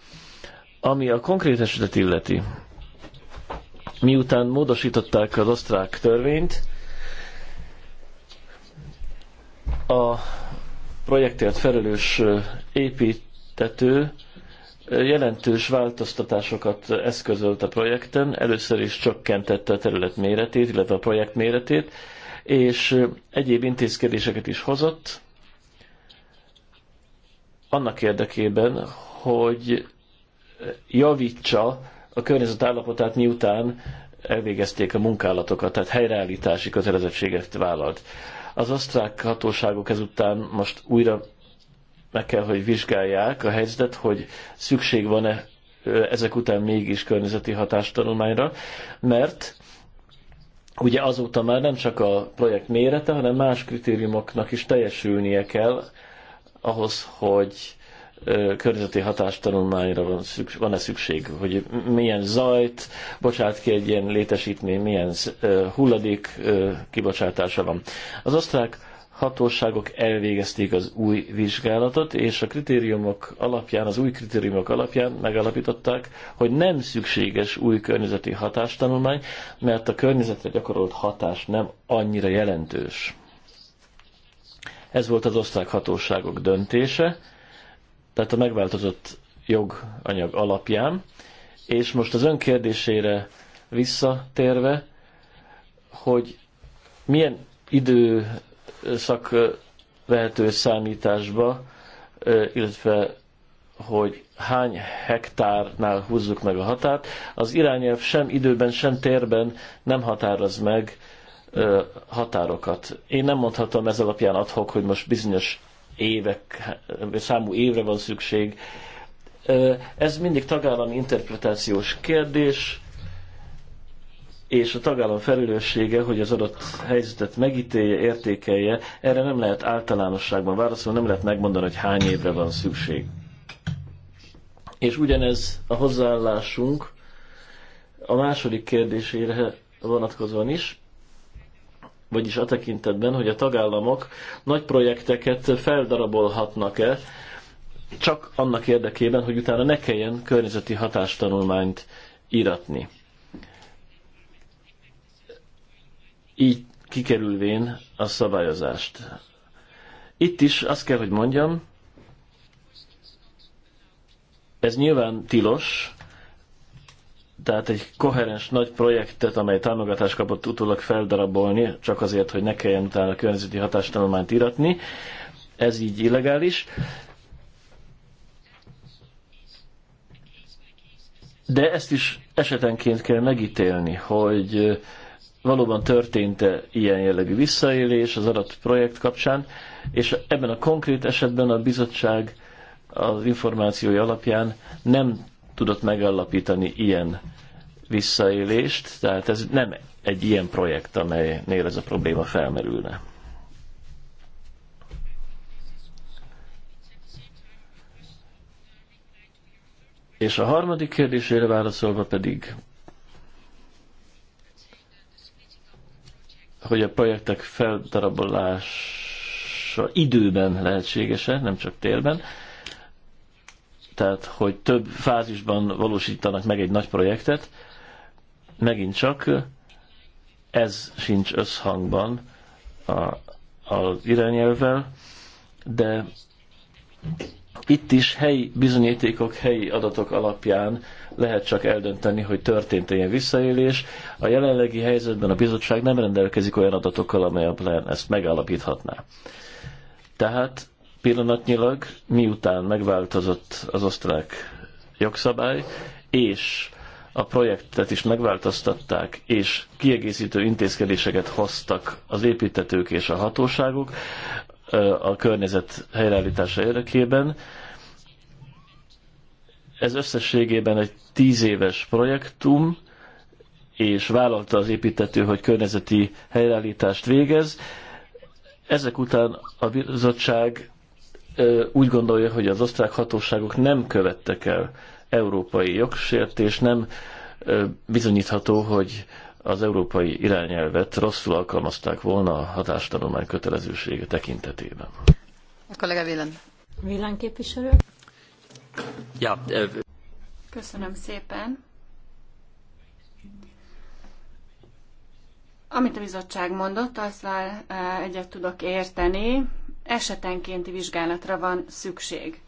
Ami a konkrét esetet illeti, miután módosították az osztrák törvényt, a projektért felelős építető jelentős változtatásokat eszközölt a projekten, először is csökkentette a terület méretét, illetve a projekt méretét, és egyéb intézkedéseket is hozott annak érdekében, hogy javítsa a környezet állapotát miután elvégezték a munkálatokat, tehát helyreállítási kötelezettséget vállalt. Az osztrák hatóságok ezután most újra meg kell, hogy vizsgálják a helyzetet, hogy szükség van-e ezek után mégis környezeti hatástanulmányra, mert ugye azóta már nem csak a projekt mérete, hanem más kritériumoknak is teljesülnie kell ahhoz, hogy környezeti hatástanulmányra van szükség, van-e szükség, hogy milyen zajt bocsát ki egy ilyen létesítmény, milyen hulladék kibocsátása van. Az osztrák hatóságok elvégezték az új vizsgálatot, és a kritériumok alapján, az új kritériumok alapján megalapították, hogy nem szükséges új környezeti hatástanulmány, mert a környezetre gyakorolt hatás nem annyira jelentős. Ez volt az osztrák hatóságok döntése, tehát a megváltozott joganyag alapján. És most az önkérdésére visszatérve, hogy milyen időszak vehető számításba, illetve hogy hány hektárnál húzzuk meg a határt. Az irányelv sem időben, sem térben nem határoz meg határokat. Én nem mondhatom ez alapján adhok, hogy most bizonyos évek, számú évre van szükség. Ez mindig tagállami interpretációs kérdés, és a tagállam felelőssége, hogy az adott helyzetet megítélje, értékelje, erre nem lehet általánosságban válaszolni, nem lehet megmondani, hogy hány évre van szükség. És ugyanez a hozzáállásunk a második kérdésére vonatkozóan is, vagyis a tekintetben, hogy a tagállamok nagy projekteket feldarabolhatnak-e, csak annak érdekében, hogy utána ne kelljen környezeti hatástanulmányt íratni. Így kikerülvén a szabályozást. Itt is azt kell, hogy mondjam, ez nyilván tilos, tehát egy koherens nagy projektet, amely támogatást kapott utólag feldarabolni, csak azért, hogy ne kelljen utána a környezeti hatástanulmányt iratni. Ez így illegális. De ezt is esetenként kell megítélni, hogy valóban történt-e ilyen jellegű visszaélés az adott projekt kapcsán, és ebben a konkrét esetben a bizottság az információi alapján nem tudott megállapítani ilyen visszaélést, tehát ez nem egy ilyen projekt, amelynél ez a probléma felmerülne. És a harmadik kérdésére válaszolva pedig, hogy a projektek feldarabolása időben lehetséges-e, nem csak térben tehát hogy több fázisban valósítanak meg egy nagy projektet, megint csak ez sincs összhangban a, az irányelvvel, de itt is helyi bizonyítékok, helyi adatok alapján lehet csak eldönteni, hogy történt ilyen visszaélés. A jelenlegi helyzetben a bizottság nem rendelkezik olyan adatokkal, amely alapján ezt megállapíthatná. Tehát pillanatnyilag, miután megváltozott az osztrák jogszabály, és a projektet is megváltoztatták, és kiegészítő intézkedéseket hoztak az építetők és a hatóságok a környezet helyreállítása érdekében. Ez összességében egy tíz éves projektum, és vállalta az építető, hogy környezeti helyreállítást végez. Ezek után a bizottság úgy gondolja, hogy az osztrák hatóságok nem követtek el európai jogsértés, nem bizonyítható, hogy az európai irányelvet rosszul alkalmazták volna a hatástanulmány kötelezősége tekintetében. A kollega Vélen. Vélen képviselő. Ja. Köszönöm szépen. Amit a bizottság mondott, azzal egyet tudok érteni, esetenkénti vizsgálatra van szükség.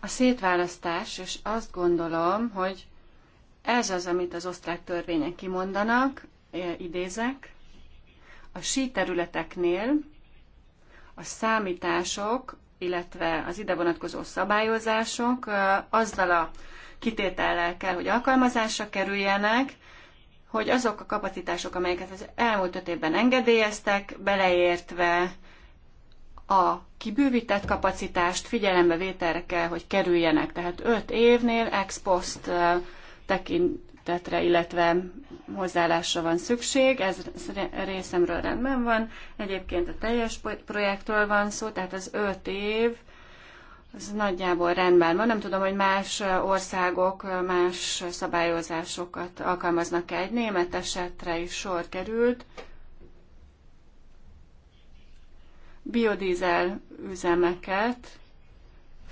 A szétválasztás, és azt gondolom, hogy ez az, amit az osztrák törvények kimondanak, e, idézek, a sí területeknél a számítások, illetve az ide vonatkozó szabályozások e, azzal a kitétellel kell, hogy alkalmazásra kerüljenek, hogy azok a kapacitások, amelyeket az elmúlt öt évben engedélyeztek, beleértve a kibővített kapacitást figyelembe vételre kell, hogy kerüljenek. Tehát 5 évnél ex post tekintetre, illetve hozzáállásra van szükség. Ez részemről rendben van. Egyébként a teljes projektről van szó, tehát az 5 év ez nagyjából rendben van. Nem tudom, hogy más országok más szabályozásokat alkalmaznak-e. Egy német esetre is sor került. biodízel üzemeket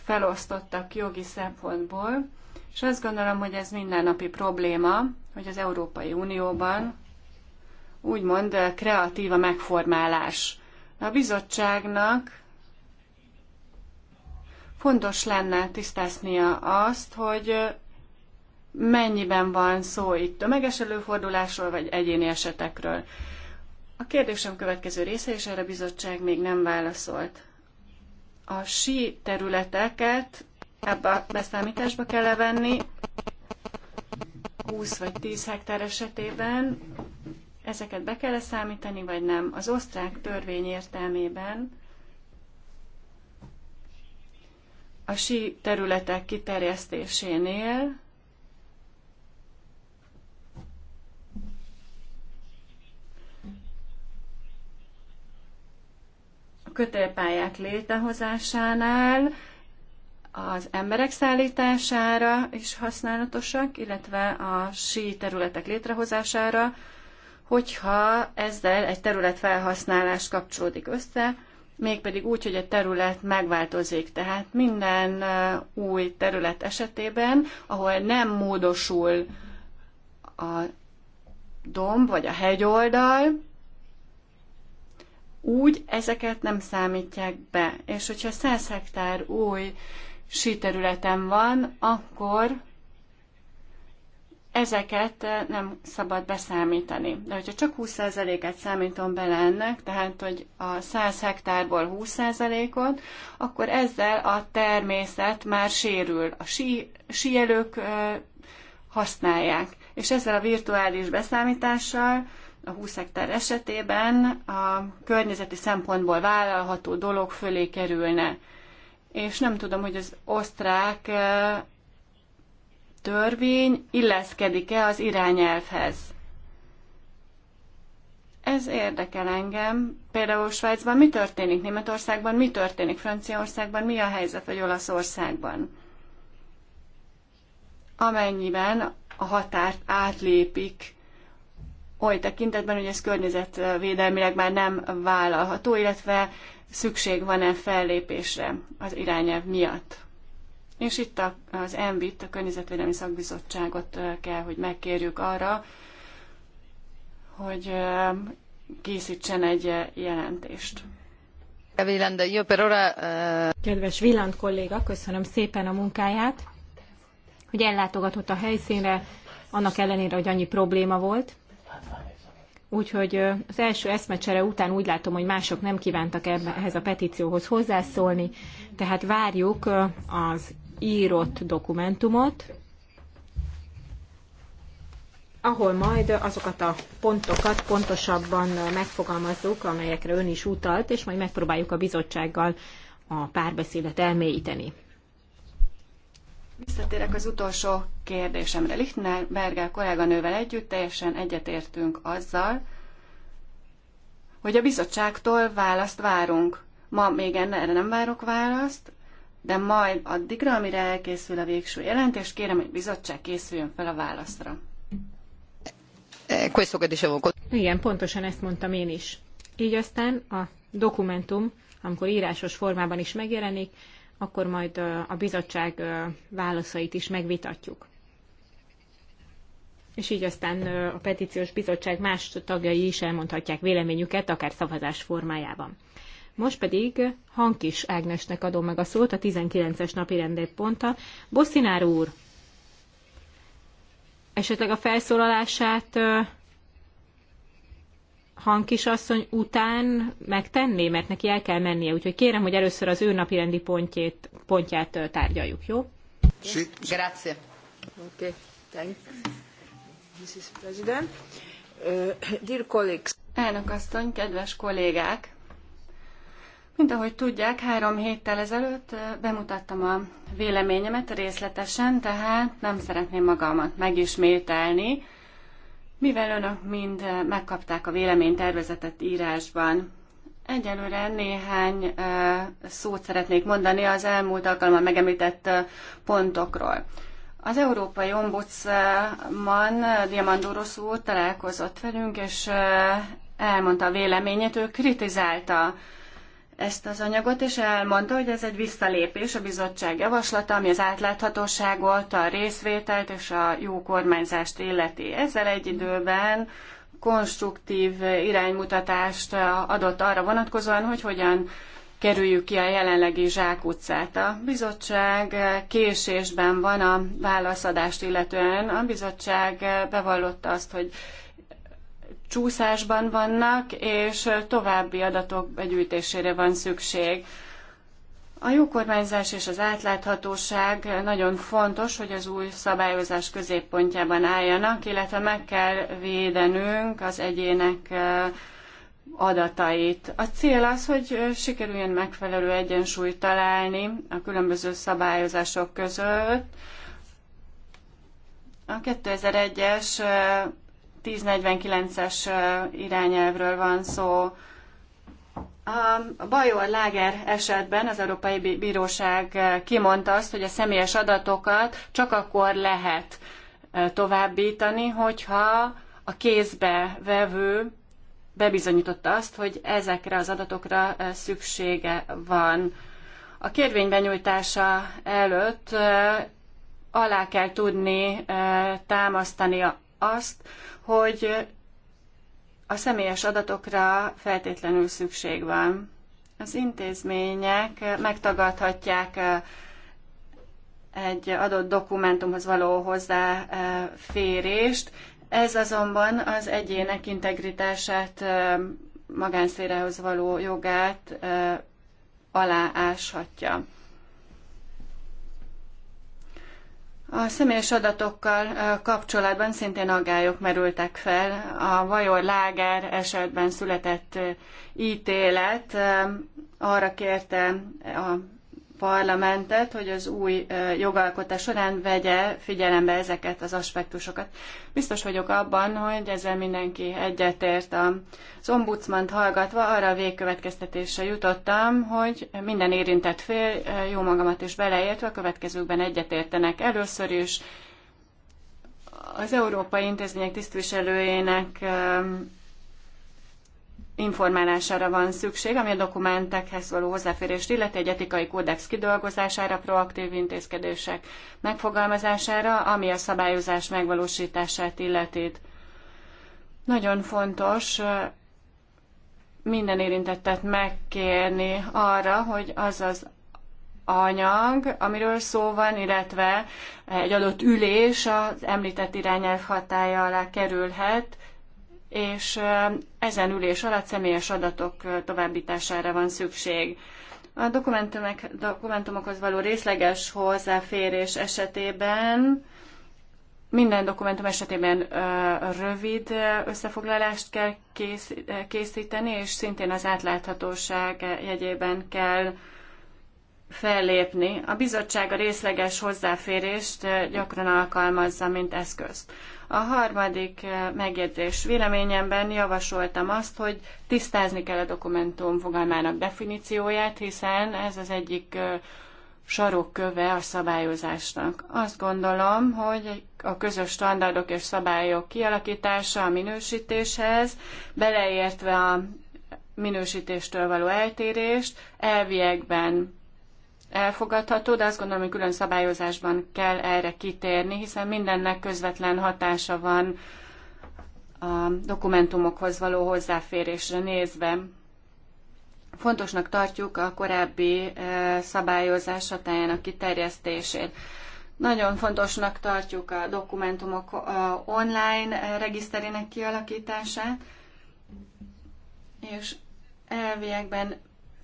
felosztottak jogi szempontból, és azt gondolom, hogy ez mindennapi probléma, hogy az Európai Unióban úgymond eh, kreatív a megformálás. A bizottságnak fontos lenne tisztáznia azt, hogy eh, mennyiben van szó itt tömeges előfordulásról, vagy egyéni esetekről. A kérdésem következő része, és erre a bizottság még nem válaszolt. A sí területeket ebbe a beszámításba kell venni, 20 vagy 10 hektár esetében ezeket be kell -e számítani, vagy nem? Az osztrák törvény értelmében a sí területek kiterjesztésénél kötélpályák létrehozásánál, az emberek szállítására is használatosak, illetve a sí területek létrehozására, hogyha ezzel egy terület felhasználás kapcsolódik össze, mégpedig úgy, hogy a terület megváltozik. Tehát minden uh, új terület esetében, ahol nem módosul a domb vagy a hegyoldal, úgy ezeket nem számítják be. És hogyha 100 hektár új síterületen van, akkor ezeket nem szabad beszámítani. De hogyha csak 20 et számítom bele ennek, tehát hogy a 100 hektárból 20%-ot, akkor ezzel a természet már sérül. A sí, síelők használják. És ezzel a virtuális beszámítással a 20 hektár esetében a környezeti szempontból vállalható dolog fölé kerülne. És nem tudom, hogy az osztrák eh, törvény illeszkedik-e az irányelvhez. Ez érdekel engem. Például Svájcban mi történik, Németországban mi történik, Franciaországban mi a helyzet, vagy Olaszországban. Amennyiben a határt átlépik oly tekintetben, hogy ez környezetvédelmileg már nem vállalható, illetve szükség van-e fellépésre az irányelv miatt. És itt az ENVIT, a Környezetvédelmi Szakbizottságot kell, hogy megkérjük arra, hogy készítsen egy jelentést. Kedves Villand kolléga, köszönöm szépen a munkáját, hogy ellátogatott a helyszínre, annak ellenére, hogy annyi probléma volt. Úgyhogy az első eszmecsere után úgy látom, hogy mások nem kívántak ehhez a petícióhoz hozzászólni, tehát várjuk az írott dokumentumot, ahol majd azokat a pontokat pontosabban megfogalmazzuk, amelyekre ön is utalt, és majd megpróbáljuk a bizottsággal a párbeszédet elmélyíteni. Visszatérek az utolsó kérdésemre. Lichtenberger kolléganővel együtt teljesen egyetértünk azzal, hogy a bizottságtól választ várunk. Ma még erre nem várok választ, de majd addigra, amire elkészül a végső jelentés, kérem, hogy bizottság készüljön fel a válaszra. Igen, pontosan ezt mondtam én is. Így aztán a dokumentum, amikor írásos formában is megjelenik, akkor majd a bizottság válaszait is megvitatjuk. És így aztán a petíciós bizottság más tagjai is elmondhatják véleményüket, akár szavazás formájában. Most pedig Hankis Ágnesnek adom meg a szót, a 19-es napi rendőrponttal. Bosszinár úr, esetleg a felszólalását hangkisasszony után megtenné, mert neki el kell mennie. Úgyhogy kérem, hogy először az ő napirendi pontjét, pontját tárgyaljuk, jó? Sí. Grazie. Okay. Thank Mrs. President. Uh, dear colleagues. Elnök asszony, kedves kollégák! Mint ahogy tudják, három héttel ezelőtt bemutattam a véleményemet részletesen, tehát nem szeretném magamat megismételni mivel önök mind eh, megkapták a véleménytervezetet írásban, egyelőre néhány eh, szót szeretnék mondani az elmúlt alkalommal megemlített eh, pontokról. Az Európai Ombudsman Diamandouros úr találkozott velünk, és elmondta a véleményét, ő kritizálta ezt az anyagot, és elmondta, hogy ez egy visszalépés a bizottság javaslata, ami az átláthatóságot, a részvételt és a jó kormányzást illeti. Ezzel egy időben konstruktív iránymutatást adott arra vonatkozóan, hogy hogyan kerüljük ki a jelenlegi zsákutcát. A bizottság késésben van a válaszadást illetően. A bizottság bevallotta azt, hogy csúszásban vannak, és további adatok begyűjtésére van szükség. A jó kormányzás és az átláthatóság nagyon fontos, hogy az új szabályozás középpontjában álljanak, illetve meg kell védenünk az egyének adatait. A cél az, hogy sikerüljön megfelelő egyensúlyt találni a különböző szabályozások között. A 2001-es 1049-es irányelvről van szó. A Bajor Láger esetben az Európai Bíróság kimondta azt, hogy a személyes adatokat csak akkor lehet továbbítani, hogyha a kézbe vevő bebizonyította azt, hogy ezekre az adatokra szüksége van. A kérvény benyújtása előtt alá kell tudni támasztani azt, hogy a személyes adatokra feltétlenül szükség van. Az intézmények megtagadhatják eh, egy adott dokumentumhoz való hozzáférést, ez azonban az egyének integritását, eh, magánszérehoz való jogát eh, alááshatja. A személyes adatokkal kapcsolatban szintén aggályok merültek fel. A Vajor Láger esetben született ítélet arra kérte a parlamentet, hogy az új jogalkotás során vegye figyelembe ezeket az aspektusokat. Biztos vagyok abban, hogy ezzel mindenki egyetért. Az ombudsmant hallgatva arra a végkövetkeztetésre jutottam, hogy minden érintett fél, jó magamat is beleértve, a következőkben egyetértenek. Először is az európai intézmények tisztviselőjének informálására van szükség, ami a dokumentekhez való hozzáférést illeti egy etikai kódex kidolgozására, proaktív intézkedések megfogalmazására, ami a szabályozás megvalósítását illeti. Nagyon fontos minden érintettet megkérni arra, hogy az az anyag, amiről szó van, illetve egy adott ülés az említett irányelv hatája alá kerülhet, és ezen ülés alatt személyes adatok továbbítására van szükség. A dokumentumokhoz való részleges hozzáférés esetében minden dokumentum esetében rövid összefoglalást kell készíteni, és szintén az átláthatóság jegyében kell fellépni. A bizottság a részleges hozzáférést eh, gyakran alkalmazza, mint eszközt. A harmadik eh, megjegyzés véleményemben javasoltam azt, hogy tisztázni kell a dokumentum fogalmának definícióját, hiszen ez az egyik eh, sarokköve a szabályozásnak. Azt gondolom, hogy a közös standardok és szabályok kialakítása a minősítéshez, beleértve a minősítéstől való eltérést, elviekben elfogadható, de azt gondolom, hogy külön szabályozásban kell erre kitérni, hiszen mindennek közvetlen hatása van a dokumentumokhoz való hozzáférésre nézve. Fontosnak tartjuk a korábbi eh, szabályozás hatájának kiterjesztését. Nagyon fontosnak tartjuk a dokumentumok eh, online eh, regiszterének kialakítását, és elviekben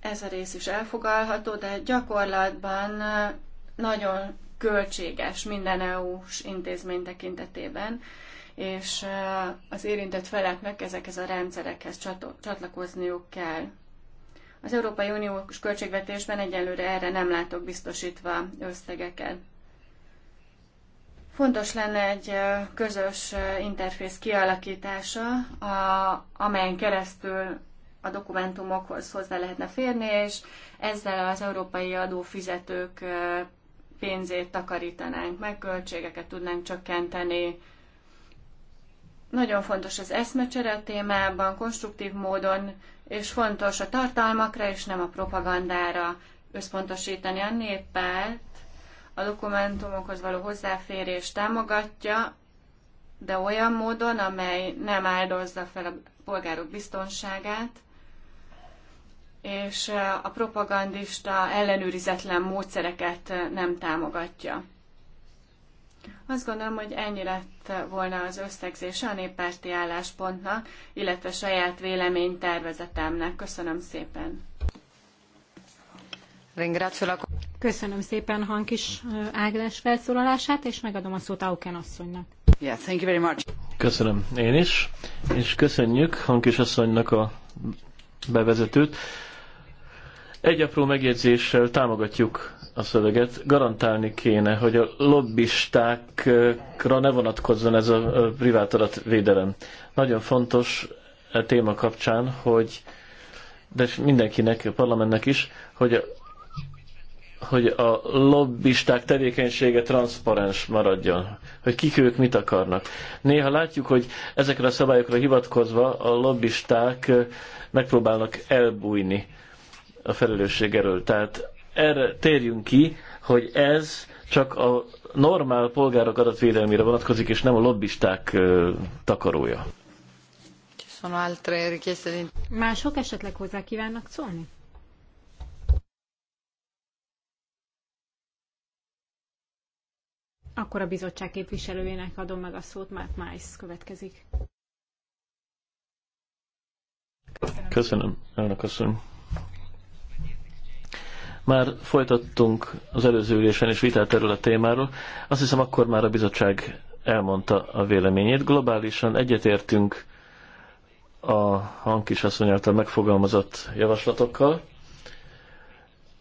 ez a rész is elfogalható, de gyakorlatban eh, nagyon költséges minden EU-s intézmény tekintetében, és eh, az érintett feleknek ezekhez a rendszerekhez csatlakozniuk kell. Az Európai Uniós költségvetésben egyelőre erre nem látok biztosítva összegeket. Fontos lenne egy eh, közös interfész kialakítása, amelyen keresztül a dokumentumokhoz hozzá lehetne férni, és ezzel az európai adófizetők pénzét takarítanánk meg, költségeket tudnánk csökkenteni. Nagyon fontos az eszmecsere témában, konstruktív módon, és fontos a tartalmakra és nem a propagandára összpontosítani a néppárt. A dokumentumokhoz való hozzáférés támogatja, de olyan módon, amely nem áldozza fel a polgárok biztonságát, és a propagandista ellenőrizetlen módszereket nem támogatja. Azt gondolom, hogy ennyi lett volna az összegzése a néppárti álláspontnak, illetve saját véleménytervezetemnek. Köszönöm szépen. Köszönöm szépen Hankis Ágnes felszólalását, és megadom a szót Auken asszonynak. Yeah, thank you very much. Köszönöm én is, és köszönjük Hankis asszonynak a bevezetőt. Egy apró megjegyzéssel támogatjuk a szöveget. Garantálni kéne, hogy a lobbistákra ne vonatkozzon ez a privát adatvédelem. Nagyon fontos a e téma kapcsán, hogy de mindenkinek, a parlamentnek is, hogy a, hogy a lobbisták tevékenysége transzparens maradjon, hogy kik ők mit akarnak. Néha látjuk, hogy ezekre a szabályokra hivatkozva a lobbisták megpróbálnak elbújni a felelősség erről. Tehát erre térjünk ki, hogy ez csak a normál polgárok adatvédelmére vonatkozik, és nem a lobbisták takarója. Mások esetleg hozzá kívánnak szólni? Akkor a bizottság képviselőjének adom meg a szót, mert Májsz következik. Köszönöm, elnök asszony. Már folytattunk az előző ülésen is vitát erről a témáról. Azt hiszem, akkor már a bizottság elmondta a véleményét. Globálisan egyetértünk a asszony által megfogalmazott javaslatokkal,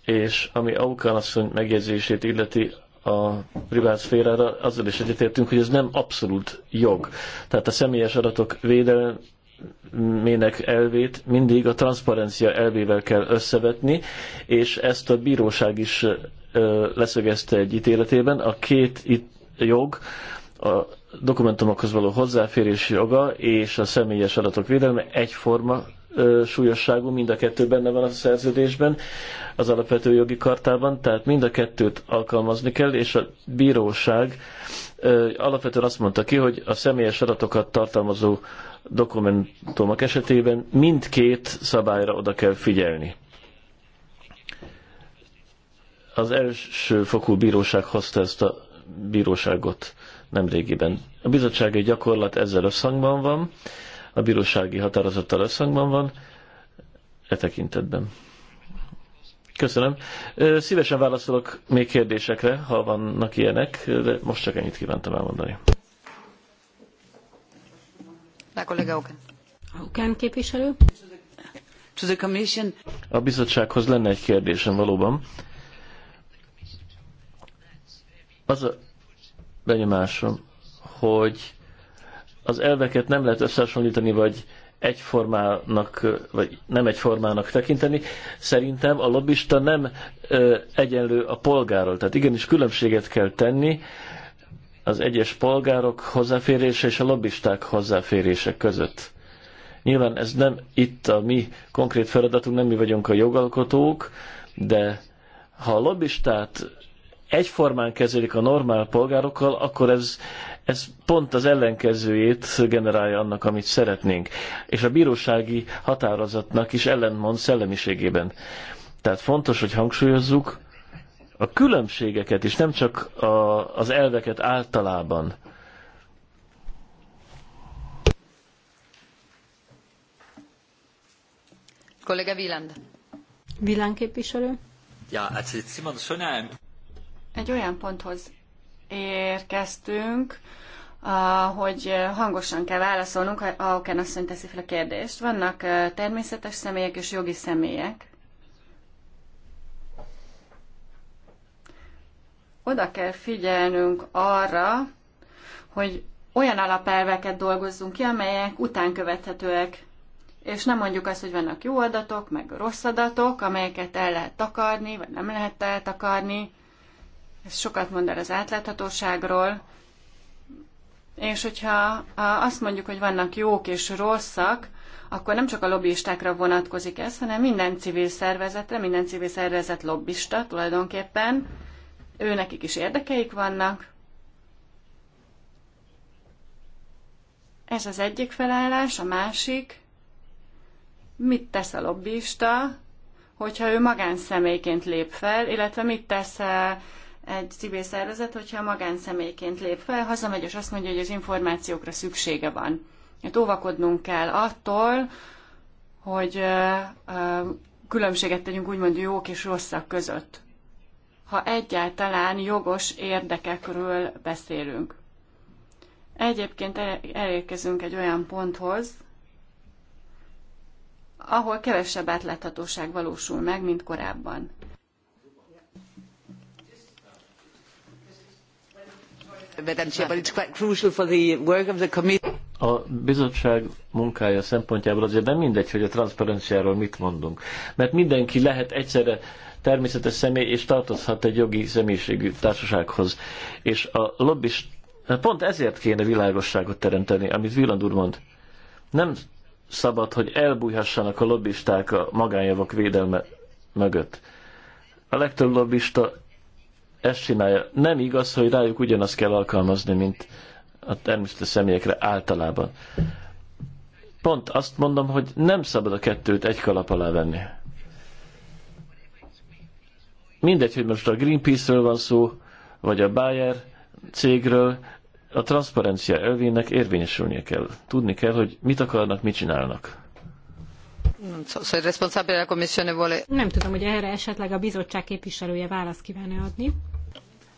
és ami Aukán asszony megjegyzését illeti a privát szférára, azzal is egyetértünk, hogy ez nem abszolút jog. Tehát a személyes adatok védelme mének elvét mindig a transzparencia elvével kell összevetni, és ezt a bíróság is leszögezte egy ítéletében. A két itt jog, a dokumentumokhoz való hozzáférés joga és a személyes adatok védelme egyforma súlyosságú, mind a kettő benne van a szerződésben, az alapvető jogi kartában, tehát mind a kettőt alkalmazni kell, és a bíróság alapvetően azt mondta ki, hogy a személyes adatokat tartalmazó dokumentumok esetében mindkét szabályra oda kell figyelni. Az első fokú bíróság hozta ezt a bíróságot nemrégiben. A bizottsági gyakorlat ezzel összhangban van, a bírósági határozattal összhangban van, e tekintetben. Köszönöm. Szívesen válaszolok még kérdésekre, ha vannak ilyenek, de most csak ennyit kívántam elmondani. A bizottsághoz lenne egy kérdésem valóban. Az a benyomásom, hogy az elveket nem lehet összehasonlítani, vagy egyformának, vagy nem egyformának tekinteni. Szerintem a lobbista nem ö, egyenlő a polgárral. Tehát igenis különbséget kell tenni az egyes polgárok hozzáférése és a lobbisták hozzáférése között. Nyilván ez nem itt a mi konkrét feladatunk, nem mi vagyunk a jogalkotók, de ha a lobbistát egyformán kezelik a normál polgárokkal, akkor ez, ez pont az ellenkezőjét generálja annak, amit szeretnénk. És a bírósági határozatnak is ellentmond szellemiségében. Tehát fontos, hogy hangsúlyozzuk, a különbségeket is, nem csak a, az elveket általában. Kollega Wieland. Wieland képviselő. Ja, also hát jetzt Egy olyan ponthoz érkeztünk, hogy hangosan kell válaszolnunk, ha Auken asszony teszi fel a kérdést. Vannak természetes személyek és jogi személyek. oda kell figyelnünk arra, hogy olyan alapelveket dolgozzunk ki, amelyek utánkövethetőek, és nem mondjuk azt, hogy vannak jó adatok, meg rossz adatok, amelyeket el lehet takarni, vagy nem lehet eltakarni. Ez sokat mond el az átláthatóságról. És hogyha azt mondjuk, hogy vannak jók és rosszak, akkor nem csak a lobbistákra vonatkozik ez, hanem minden civil szervezetre, minden civil szervezet lobbista tulajdonképpen, nekik is érdekeik vannak. Ez az egyik felállás, a másik. Mit tesz a lobbista, hogyha ő magánszemélyként lép fel, illetve mit tesz eh, egy civil szervezet, hogyha magánszemélyként lép fel, hazamegy és azt mondja, hogy az információkra szüksége van. Hát óvakodnunk kell attól, hogy eh, eh, különbséget tegyünk úgymond jók és rosszak között ha egyáltalán jogos érdekekről beszélünk. Egyébként elérkezünk egy olyan ponthoz, ahol kevesebb átláthatóság valósul meg, mint korábban. A bizottság munkája szempontjából azért nem mindegy, hogy a transzparenciáról mit mondunk. Mert mindenki lehet egyszerre természetes személy, és tartozhat egy jogi személyiségű társasághoz. És a lobbis pont ezért kéne világosságot teremteni, amit Villand úr mond. Nem szabad, hogy elbújhassanak a lobbisták a magánjavak védelme mögött. A legtöbb lobbista ezt csinálja. Nem igaz, hogy rájuk ugyanazt kell alkalmazni, mint a természetes személyekre általában. Pont azt mondom, hogy nem szabad a kettőt egy kalap alá venni. Mindegy, hogy most a Greenpeace-ről van szó, vagy a Bayer cégről, a transzparencia elvének érvényesülnie kell. Tudni kell, hogy mit akarnak, mit csinálnak. Nem tudom, hogy erre esetleg a bizottság képviselője választ kívánja adni.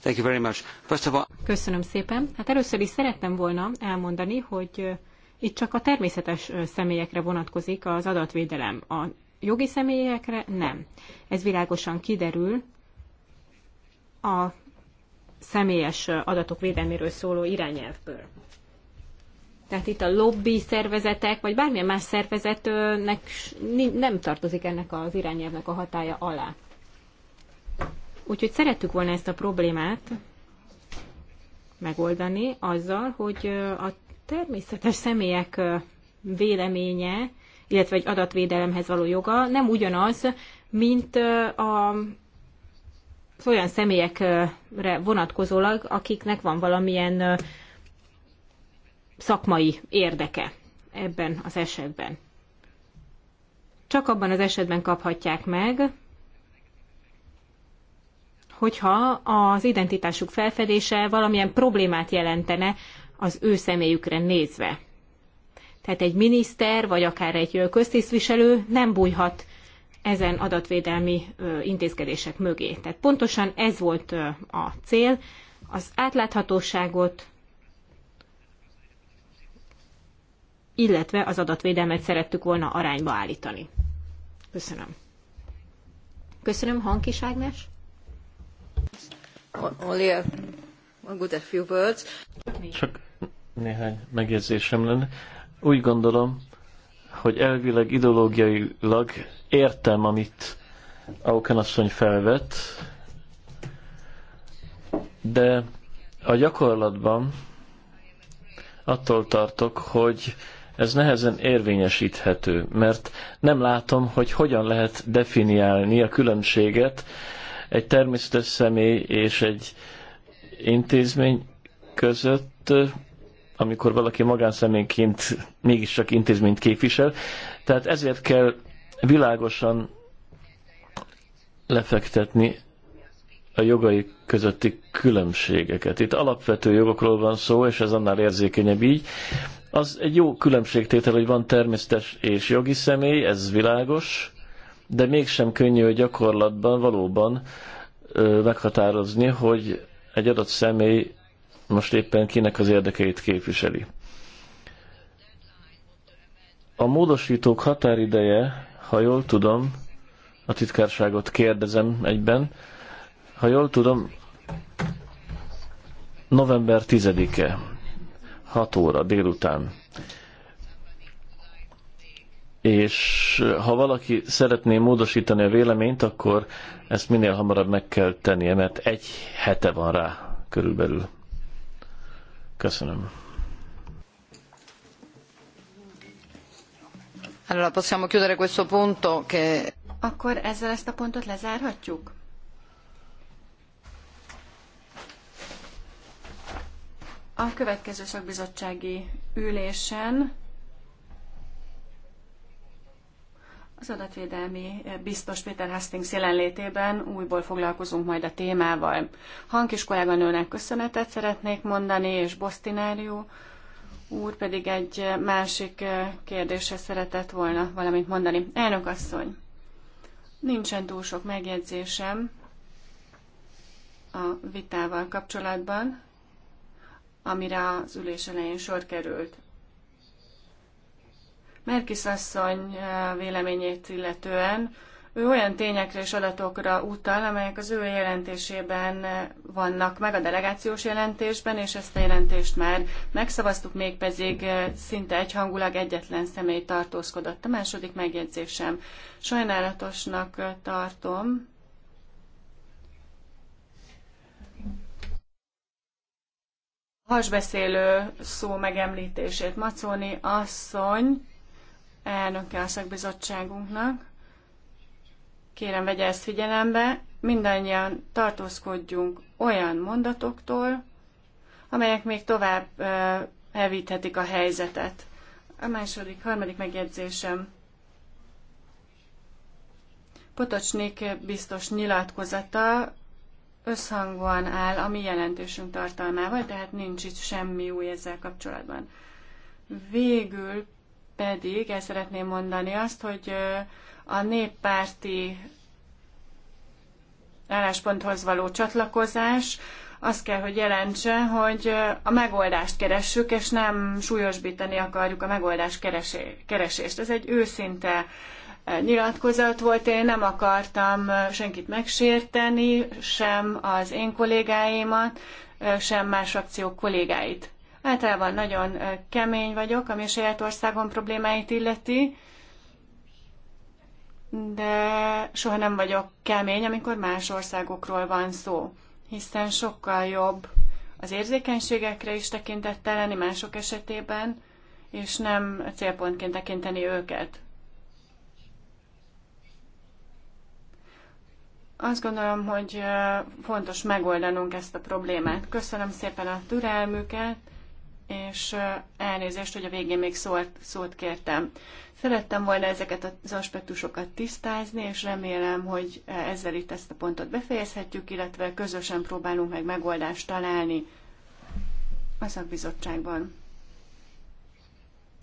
Thank you very much. First of all... Köszönöm szépen. Hát először is szerettem volna elmondani, hogy itt csak a természetes személyekre vonatkozik az adatvédelem. A jogi személyekre nem. Ez világosan kiderül a személyes adatok védelméről szóló irányelvből. Tehát itt a lobby szervezetek, vagy bármilyen más szervezetnek nem tartozik ennek az irányelvnek a hatája alá. Úgyhogy szerettük volna ezt a problémát megoldani azzal, hogy a természetes személyek véleménye, illetve egy adatvédelemhez való joga nem ugyanaz, mint a olyan személyekre vonatkozólag, akiknek van valamilyen szakmai érdeke ebben az esetben. Csak abban az esetben kaphatják meg, hogyha az identitásuk felfedése valamilyen problémát jelentene az ő személyükre nézve. Tehát egy miniszter, vagy akár egy köztisztviselő nem bújhat ezen adatvédelmi intézkedések mögé. Tehát pontosan ez volt a cél, az átláthatóságot, illetve az adatvédelmet szerettük volna arányba állítani. Köszönöm. Köszönöm, Hankis Ágnes. Only a good a few words. Csak néhány megjegyzésem lenne. Úgy gondolom, hogy elvileg, ideológiailag értem, amit Auken asszony felvett, de a gyakorlatban attól tartok, hogy ez nehezen érvényesíthető, mert nem látom, hogy hogyan lehet definiálni a különbséget egy természetes személy és egy intézmény között, amikor valaki magánszemélyként mégiscsak intézményt képvisel. Tehát ezért kell világosan lefektetni a jogai közötti különbségeket. Itt alapvető jogokról van szó, és ez annál érzékenyebb így. Az egy jó különbségtétel, hogy van természetes és jogi személy, ez világos, de mégsem könnyű a gyakorlatban valóban ö, meghatározni, hogy egy adott személy most éppen kinek az érdekeit képviseli. A módosítók határideje, ha jól tudom, a titkárságot kérdezem egyben, ha jól tudom, november 10-e, 6 óra délután. És ha valaki szeretné módosítani a véleményt, akkor ezt minél hamarabb meg kell tennie, mert egy hete van rá körülbelül. Köszönöm. Allora possiamo chiudere questo punto che... Akkor ezzel ezt a pontot lezárhatjuk? A következő szakbizottsági ülésen Az adatvédelmi eh, biztos Peter Hastings jelenlétében újból foglalkozunk majd a témával. Hankis kolléganőnek köszönetet szeretnék mondani, és Bostinárió úr pedig egy eh, másik eh, kérdése szeretett volna valamit mondani. Elnök asszony, nincsen túl sok megjegyzésem a vitával kapcsolatban, amire az ülés elején sor került. Merkis asszony eh, véleményét illetően, ő olyan tényekre és adatokra utal, amelyek az ő jelentésében eh, vannak meg a delegációs jelentésben, és ezt a jelentést már megszavaztuk, mégpedig eh, szinte egyhangulag egyetlen személy tartózkodott. A második megjegyzésem sajnálatosnak tartom, hasbeszélő szó megemlítését. Macóni asszony elnöke a szakbizottságunknak. Kérem, vegye ezt figyelembe, mindannyian tartózkodjunk olyan mondatoktól, amelyek még tovább hevíthetik a helyzetet. A második, harmadik megjegyzésem. Potocsnik biztos nyilatkozata összhangban áll a mi jelentésünk tartalmával, tehát nincs itt semmi új ezzel kapcsolatban. Végül pedig el szeretném mondani azt, hogy a néppárti állásponthoz való csatlakozás azt kell, hogy jelentse, hogy a megoldást keressük, és nem súlyosbítani akarjuk a megoldás keresést. Ez egy őszinte nyilatkozat volt, én nem akartam senkit megsérteni, sem az én kollégáimat, sem más akciók kollégáit. Általában nagyon kemény vagyok, ami a saját országom problémáit illeti, de soha nem vagyok kemény, amikor más országokról van szó, hiszen sokkal jobb az érzékenységekre is tekintettel lenni mások esetében, és nem célpontként tekinteni őket. Azt gondolom, hogy fontos megoldanunk ezt a problémát. Köszönöm szépen a türelmüket, és elnézést, hogy a végén még szólt, szót kértem. Szerettem volna ezeket az aspektusokat tisztázni, és remélem, hogy ezzel itt ezt a pontot befejezhetjük, illetve közösen próbálunk meg megoldást találni a szakbizottságban.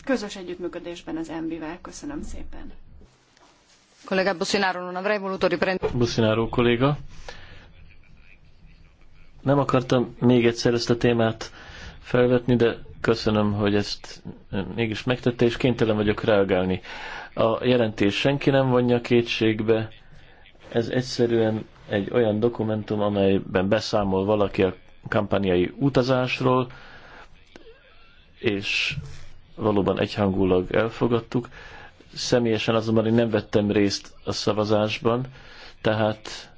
Közös együttműködésben az MB-vel. Köszönöm szépen. Kollega Bussinaro, non avrei voluto riprendere. Bussinaro kolléga. Nem akartam még egyszer ezt a témát felvetni, de köszönöm, hogy ezt eh, mégis megtette, és kénytelen vagyok reagálni. A jelentés senki nem vonja kétségbe, ez egyszerűen egy olyan dokumentum, amelyben beszámol valaki a kampányai utazásról, és valóban egyhangulag elfogadtuk. Személyesen azonban én nem vettem részt a szavazásban, tehát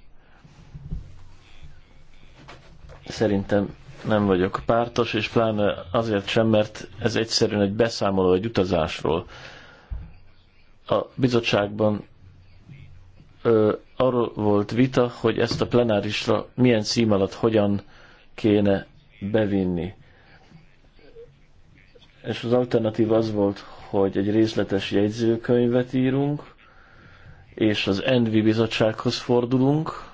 szerintem nem vagyok pártos, és pláne azért sem, mert ez egyszerűen egy beszámoló egy utazásról. A bizottságban ö, arról volt vita, hogy ezt a plenárisra milyen cím alatt hogyan kéne bevinni. És az alternatív az volt, hogy egy részletes jegyzőkönyvet írunk, és az Envi bizottsághoz fordulunk,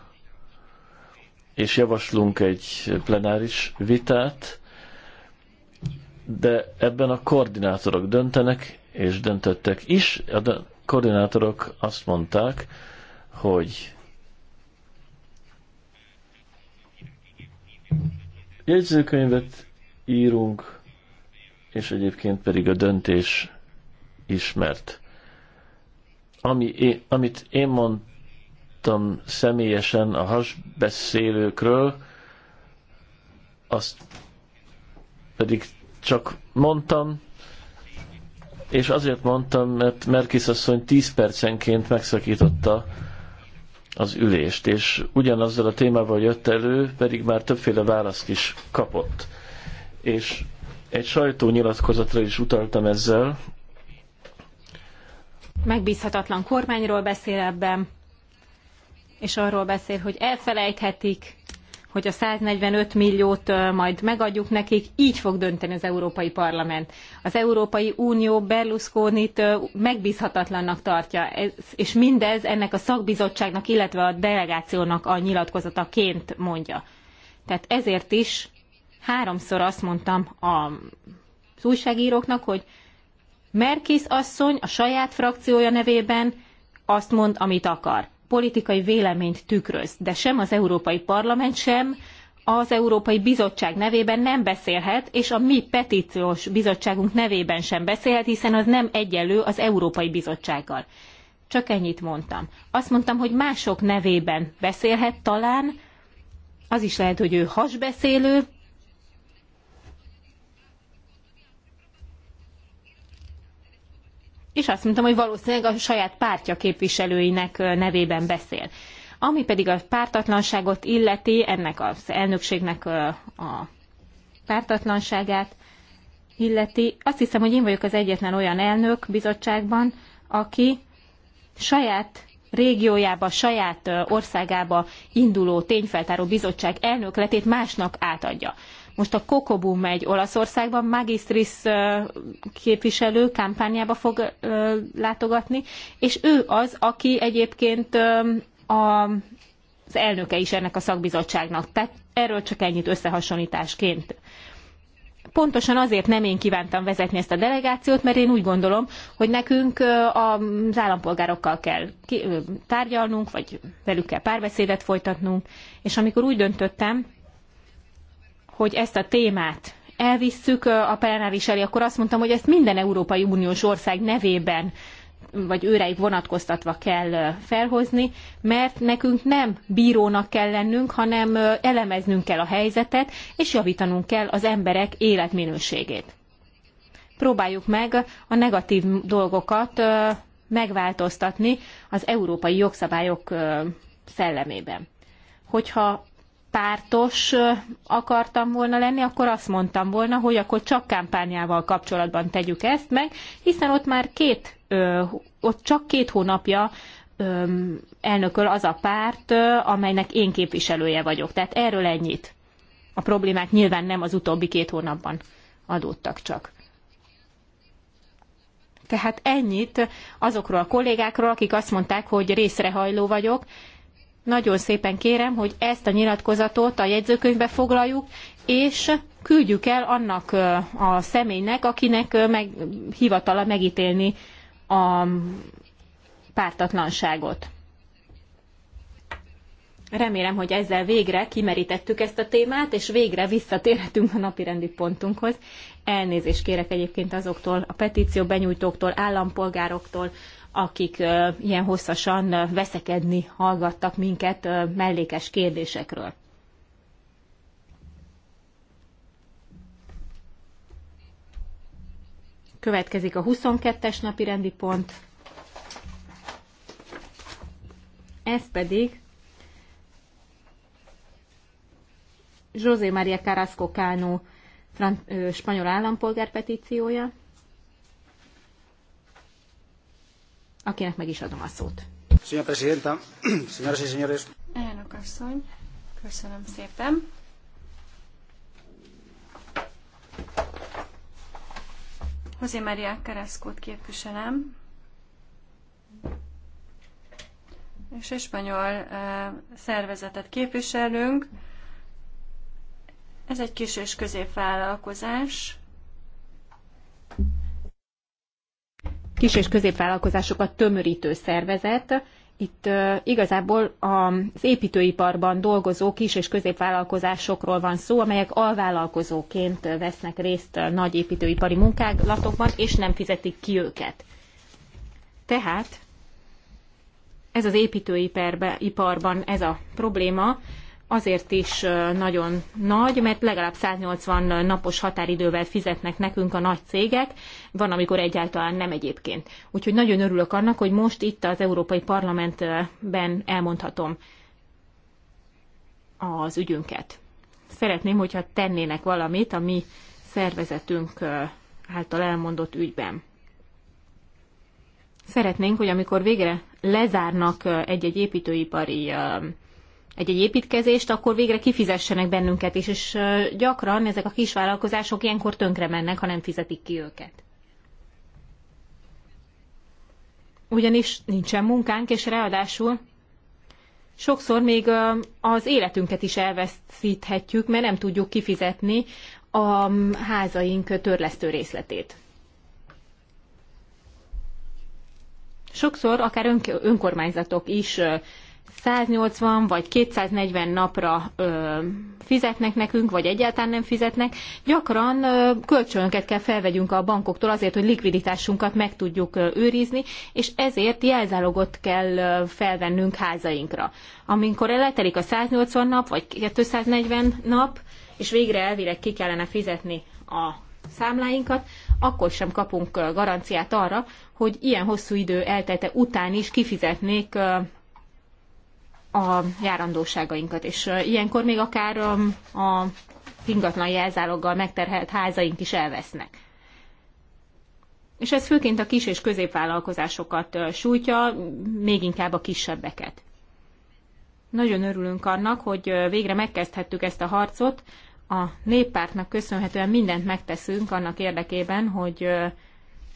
és javaslunk egy plenáris vitát, de ebben a koordinátorok döntenek, és döntöttek is. A koordinátorok azt mondták, hogy jegyzőkönyvet írunk, és egyébként pedig a döntés ismert. Ami én, amit én mondtam, hallottam személyesen a hasbeszélőkről, azt pedig csak mondtam, és azért mondtam, mert Merkis asszony 10 percenként megszakította az ülést, és ugyanazzal a témával jött elő, pedig már többféle választ is kapott. És egy sajtónyilatkozatra is utaltam ezzel. Megbízhatatlan kormányról beszél ebben, és arról beszél, hogy elfelejthetik, hogy a 145 milliót majd megadjuk nekik, így fog dönteni az Európai Parlament. Az Európai Unió Berlusconit megbízhatatlannak tartja, és mindez ennek a szakbizottságnak, illetve a delegációnak a nyilatkozataként mondja. Tehát ezért is háromszor azt mondtam a, az újságíróknak, hogy Merkis asszony a saját frakciója nevében azt mond, amit akar politikai véleményt tükröz, de sem az Európai Parlament, sem az Európai Bizottság nevében nem beszélhet, és a mi petíciós bizottságunk nevében sem beszélhet, hiszen az nem egyenlő az Európai Bizottsággal. Csak ennyit mondtam. Azt mondtam, hogy mások nevében beszélhet talán, az is lehet, hogy ő hasbeszélő, és azt mondtam, hogy valószínűleg a saját pártja képviselőinek nevében beszél. Ami pedig a pártatlanságot illeti, ennek az elnökségnek a pártatlanságát illeti, azt hiszem, hogy én vagyok az egyetlen olyan elnök bizottságban, aki saját régiójába, saját országába induló tényfeltáró bizottság elnökletét másnak átadja. Most a Kokobú megy Olaszországban, Magistris képviselő kampányába fog látogatni, és ő az, aki egyébként a, az elnöke is ennek a szakbizottságnak. Tehát erről csak ennyit összehasonlításként. Pontosan azért nem én kívántam vezetni ezt a delegációt, mert én úgy gondolom, hogy nekünk az állampolgárokkal kell tárgyalnunk, vagy velük kell párbeszédet folytatnunk, és amikor úgy döntöttem, hogy ezt a témát elvisszük a plenáris elé, akkor azt mondtam, hogy ezt minden Európai Uniós ország nevében vagy őreik vonatkoztatva kell felhozni, mert nekünk nem bírónak kell lennünk, hanem elemeznünk kell a helyzetet, és javítanunk kell az emberek életminőségét. Próbáljuk meg a negatív dolgokat megváltoztatni az európai jogszabályok szellemében. Hogyha pártos akartam volna lenni, akkor azt mondtam volna, hogy akkor csak kampányával kapcsolatban tegyük ezt meg, hiszen ott már két, ott csak két hónapja elnököl az a párt, amelynek én képviselője vagyok. Tehát erről ennyit. A problémák nyilván nem az utóbbi két hónapban adódtak csak. Tehát ennyit azokról a kollégákról, akik azt mondták, hogy részrehajló vagyok, nagyon szépen kérem, hogy ezt a nyilatkozatot a jegyzőkönyvbe foglaljuk, és küldjük el annak a személynek, akinek meg, hivatala megítélni a pártatlanságot. Remélem, hogy ezzel végre kimerítettük ezt a témát, és végre visszatérhetünk a napirendi pontunkhoz. Elnézést kérek egyébként azoktól, a petíció benyújtóktól, állampolgároktól, akik ilyen hosszasan veszekedni hallgattak minket mellékes kérdésekről. Következik a 22-es napi rendi pont. Ez pedig José María Carrasco Cano spanyol állampolgár petíciója. akinek meg is adom a szót. Señora Presidenta, (clears throat) señoras y señores. Elnök asszony, köszönöm szépen. José Maria Kereszkót képviselem, és spanyol szervezetet képviselünk. Ez egy kis és középvállalkozás, kis- és középvállalkozásokat tömörítő szervezet. Itt igazából az építőiparban dolgozó kis- és középvállalkozásokról van szó, amelyek alvállalkozóként vesznek részt nagy építőipari munkálatokban, és nem fizetik ki őket. Tehát ez az építőiparban ez a probléma, azért is nagyon nagy, mert legalább 180 napos határidővel fizetnek nekünk a nagy cégek, van, amikor egyáltalán nem egyébként. Úgyhogy nagyon örülök annak, hogy most itt az Európai Parlamentben elmondhatom az ügyünket. Szeretném, hogyha tennének valamit a mi szervezetünk által elmondott ügyben. Szeretnénk, hogy amikor végre lezárnak egy-egy építőipari egy-egy építkezést, akkor végre kifizessenek bennünket is, és gyakran ezek a kisvállalkozások ilyenkor tönkre mennek, ha nem fizetik ki őket. Ugyanis nincsen munkánk, és ráadásul sokszor még az életünket is elveszíthetjük, mert nem tudjuk kifizetni a házaink törlesztő részletét. Sokszor akár önkormányzatok is 180 vagy 240 napra ö, fizetnek nekünk, vagy egyáltalán nem fizetnek, gyakran ö, kölcsönöket kell felvegyünk a bankoktól azért, hogy likviditásunkat meg tudjuk ö, őrizni, és ezért jelzálogot kell ö, felvennünk házainkra. Amikor eltelik a 180 nap, vagy 240 nap, és végre elvileg ki kellene fizetni a számláinkat, akkor sem kapunk garanciát arra, hogy ilyen hosszú idő eltelte után is kifizetnék a járandóságainkat, és ilyenkor még akár a ingatlan jelzáloggal megterhelt házaink is elvesznek. És ez főként a kis és középvállalkozásokat sújtja, még inkább a kisebbeket. Nagyon örülünk annak, hogy végre megkezdhettük ezt a harcot. A néppártnak köszönhetően mindent megteszünk annak érdekében, hogy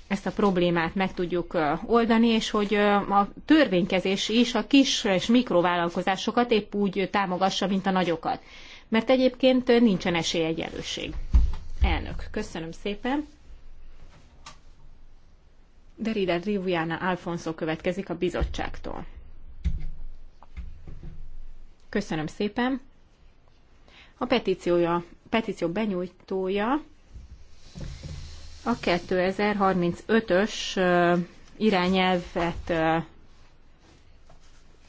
ezt a problémát meg tudjuk oldani, és hogy a törvénykezés is a kis és mikrovállalkozásokat épp úgy támogassa, mint a nagyokat. Mert egyébként nincsen esélyegyenlőség. Elnök, köszönöm szépen. Derida Riviana Alfonso következik a bizottságtól. Köszönöm szépen. A petíciója, petíció benyújtója a 2035-ös irányelvet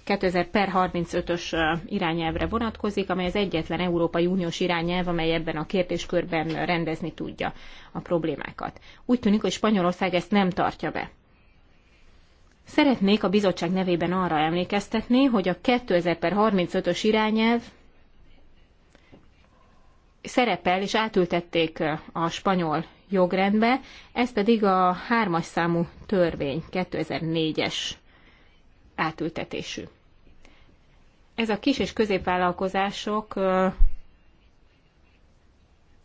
2000 per 35-ös irányelvre vonatkozik, amely az egyetlen Európai Uniós irányelv, amely ebben a kérdéskörben rendezni tudja a problémákat. Úgy tűnik, hogy Spanyolország ezt nem tartja be. Szeretnék a bizottság nevében arra emlékeztetni, hogy a 2000 per 35-ös irányelv szerepel és átültették a spanyol jogrendbe, ez pedig a hármas számú törvény, 2004-es átültetésű. Ez a kis és középvállalkozások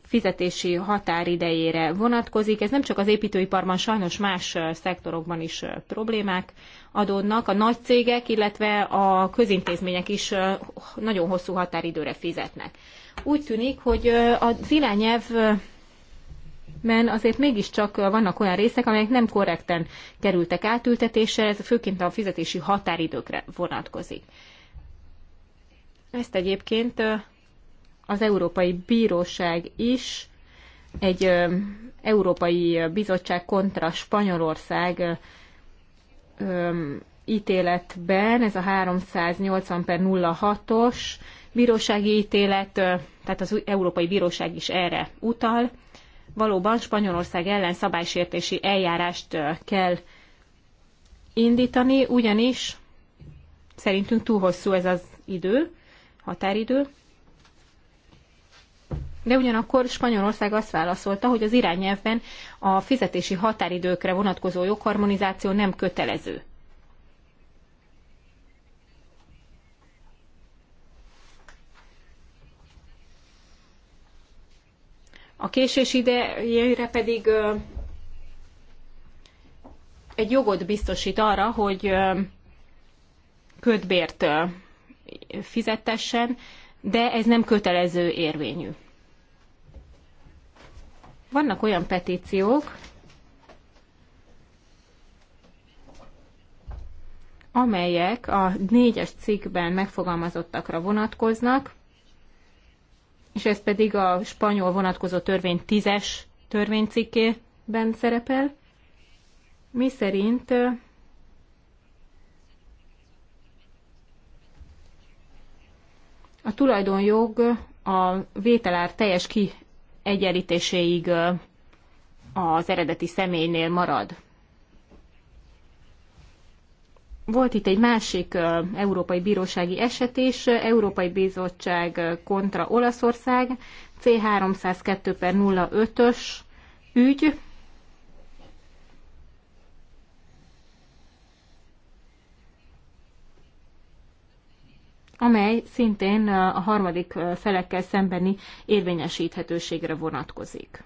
fizetési határidejére vonatkozik. Ez nem csak az építőiparban, sajnos más szektorokban is problémák adódnak. A nagy cégek, illetve a közintézmények is nagyon hosszú határidőre fizetnek. Úgy tűnik, hogy az irányelv men azért mégiscsak vannak olyan részek, amelyek nem korrekten kerültek átültetésre, ez főként a fizetési határidőkre vonatkozik. Ezt egyébként az Európai Bíróság is egy Európai Bizottság kontra Spanyolország ítéletben, ez a 380 per 06-os bírósági ítélet, tehát az Európai Bíróság is erre utal, valóban Spanyolország ellen szabálysértési eljárást kell indítani, ugyanis szerintünk túl hosszú ez az idő, határidő. De ugyanakkor Spanyolország azt válaszolta, hogy az irányelvben a fizetési határidőkre vonatkozó jogharmonizáció nem kötelező. a késés idejére pedig egy jogot biztosít arra, hogy kötbért fizettessen, de ez nem kötelező érvényű. Vannak olyan petíciók, amelyek a négyes cikkben megfogalmazottakra vonatkoznak, és ez pedig a spanyol vonatkozó törvény tízes törvénycikkében szerepel, mi szerint a tulajdonjog a vételár teljes kiegyenlítéséig az eredeti személynél marad. Volt itt egy másik európai bírósági eset is, Európai Bizottság kontra Olaszország, C302 per 05-ös ügy, amely szintén a harmadik felekkel szembeni érvényesíthetőségre vonatkozik.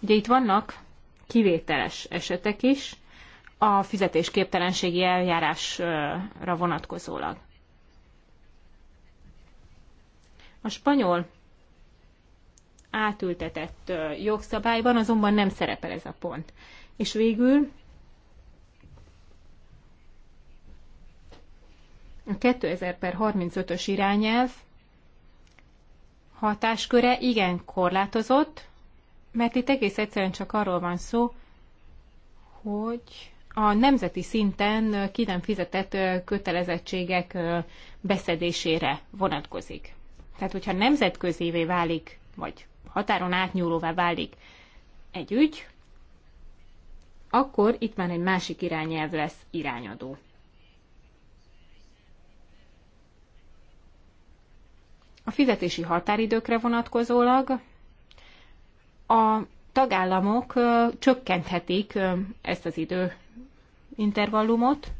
Ugye itt vannak kivételes esetek is a fizetésképtelenségi eljárásra vonatkozólag. A spanyol átültetett jogszabályban azonban nem szerepel ez a pont. És végül a 2000 per 35-ös irányelv hatásköre igen korlátozott, mert itt egész egyszerűen csak arról van szó, hogy a nemzeti szinten ki nem fizetett kötelezettségek beszedésére vonatkozik. Tehát, hogyha nemzetközévé válik, vagy határon átnyúlóvá válik egy ügy, akkor itt már egy másik irányelv lesz irányadó. A fizetési határidőkre vonatkozólag a tagállamok csökkenthetik ezt az idő intervallumot,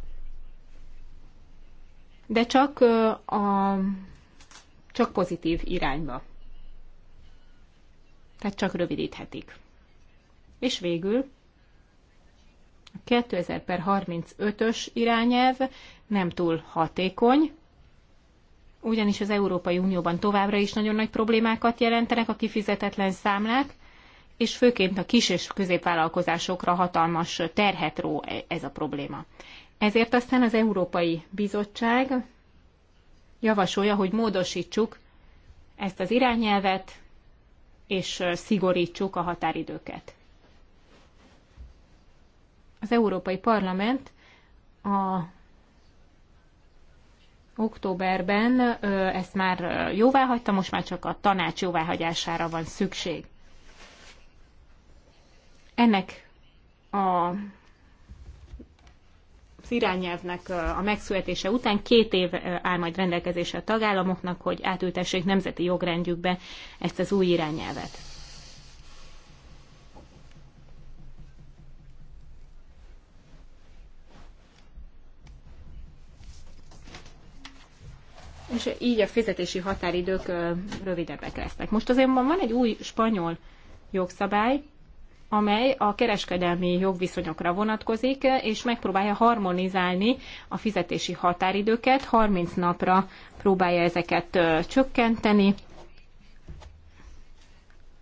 de csak, a, csak pozitív irányba. Tehát csak rövidíthetik. És végül a 2000 per 35-ös irányelv nem túl hatékony, ugyanis az Európai Unióban továbbra is nagyon nagy problémákat jelentenek a kifizetetlen számlák, és főként a kis és középvállalkozásokra hatalmas terhet ró e- ez a probléma. Ezért aztán az Európai Bizottság javasolja, hogy módosítsuk ezt az irányelvet, és szigorítsuk a határidőket. Az Európai Parlament a októberben ezt már jóváhagyta, most már csak a tanács jóváhagyására van szükség. Ennek a az irányelvnek a megszületése után két év áll majd rendelkezésre a tagállamoknak, hogy átültessék nemzeti jogrendjükbe ezt az új irányelvet. És így a fizetési határidők rövidebbek lesznek. Most azért van egy új spanyol jogszabály, amely a kereskedelmi jogviszonyokra vonatkozik, és megpróbálja harmonizálni a fizetési határidőket, 30 napra próbálja ezeket csökkenteni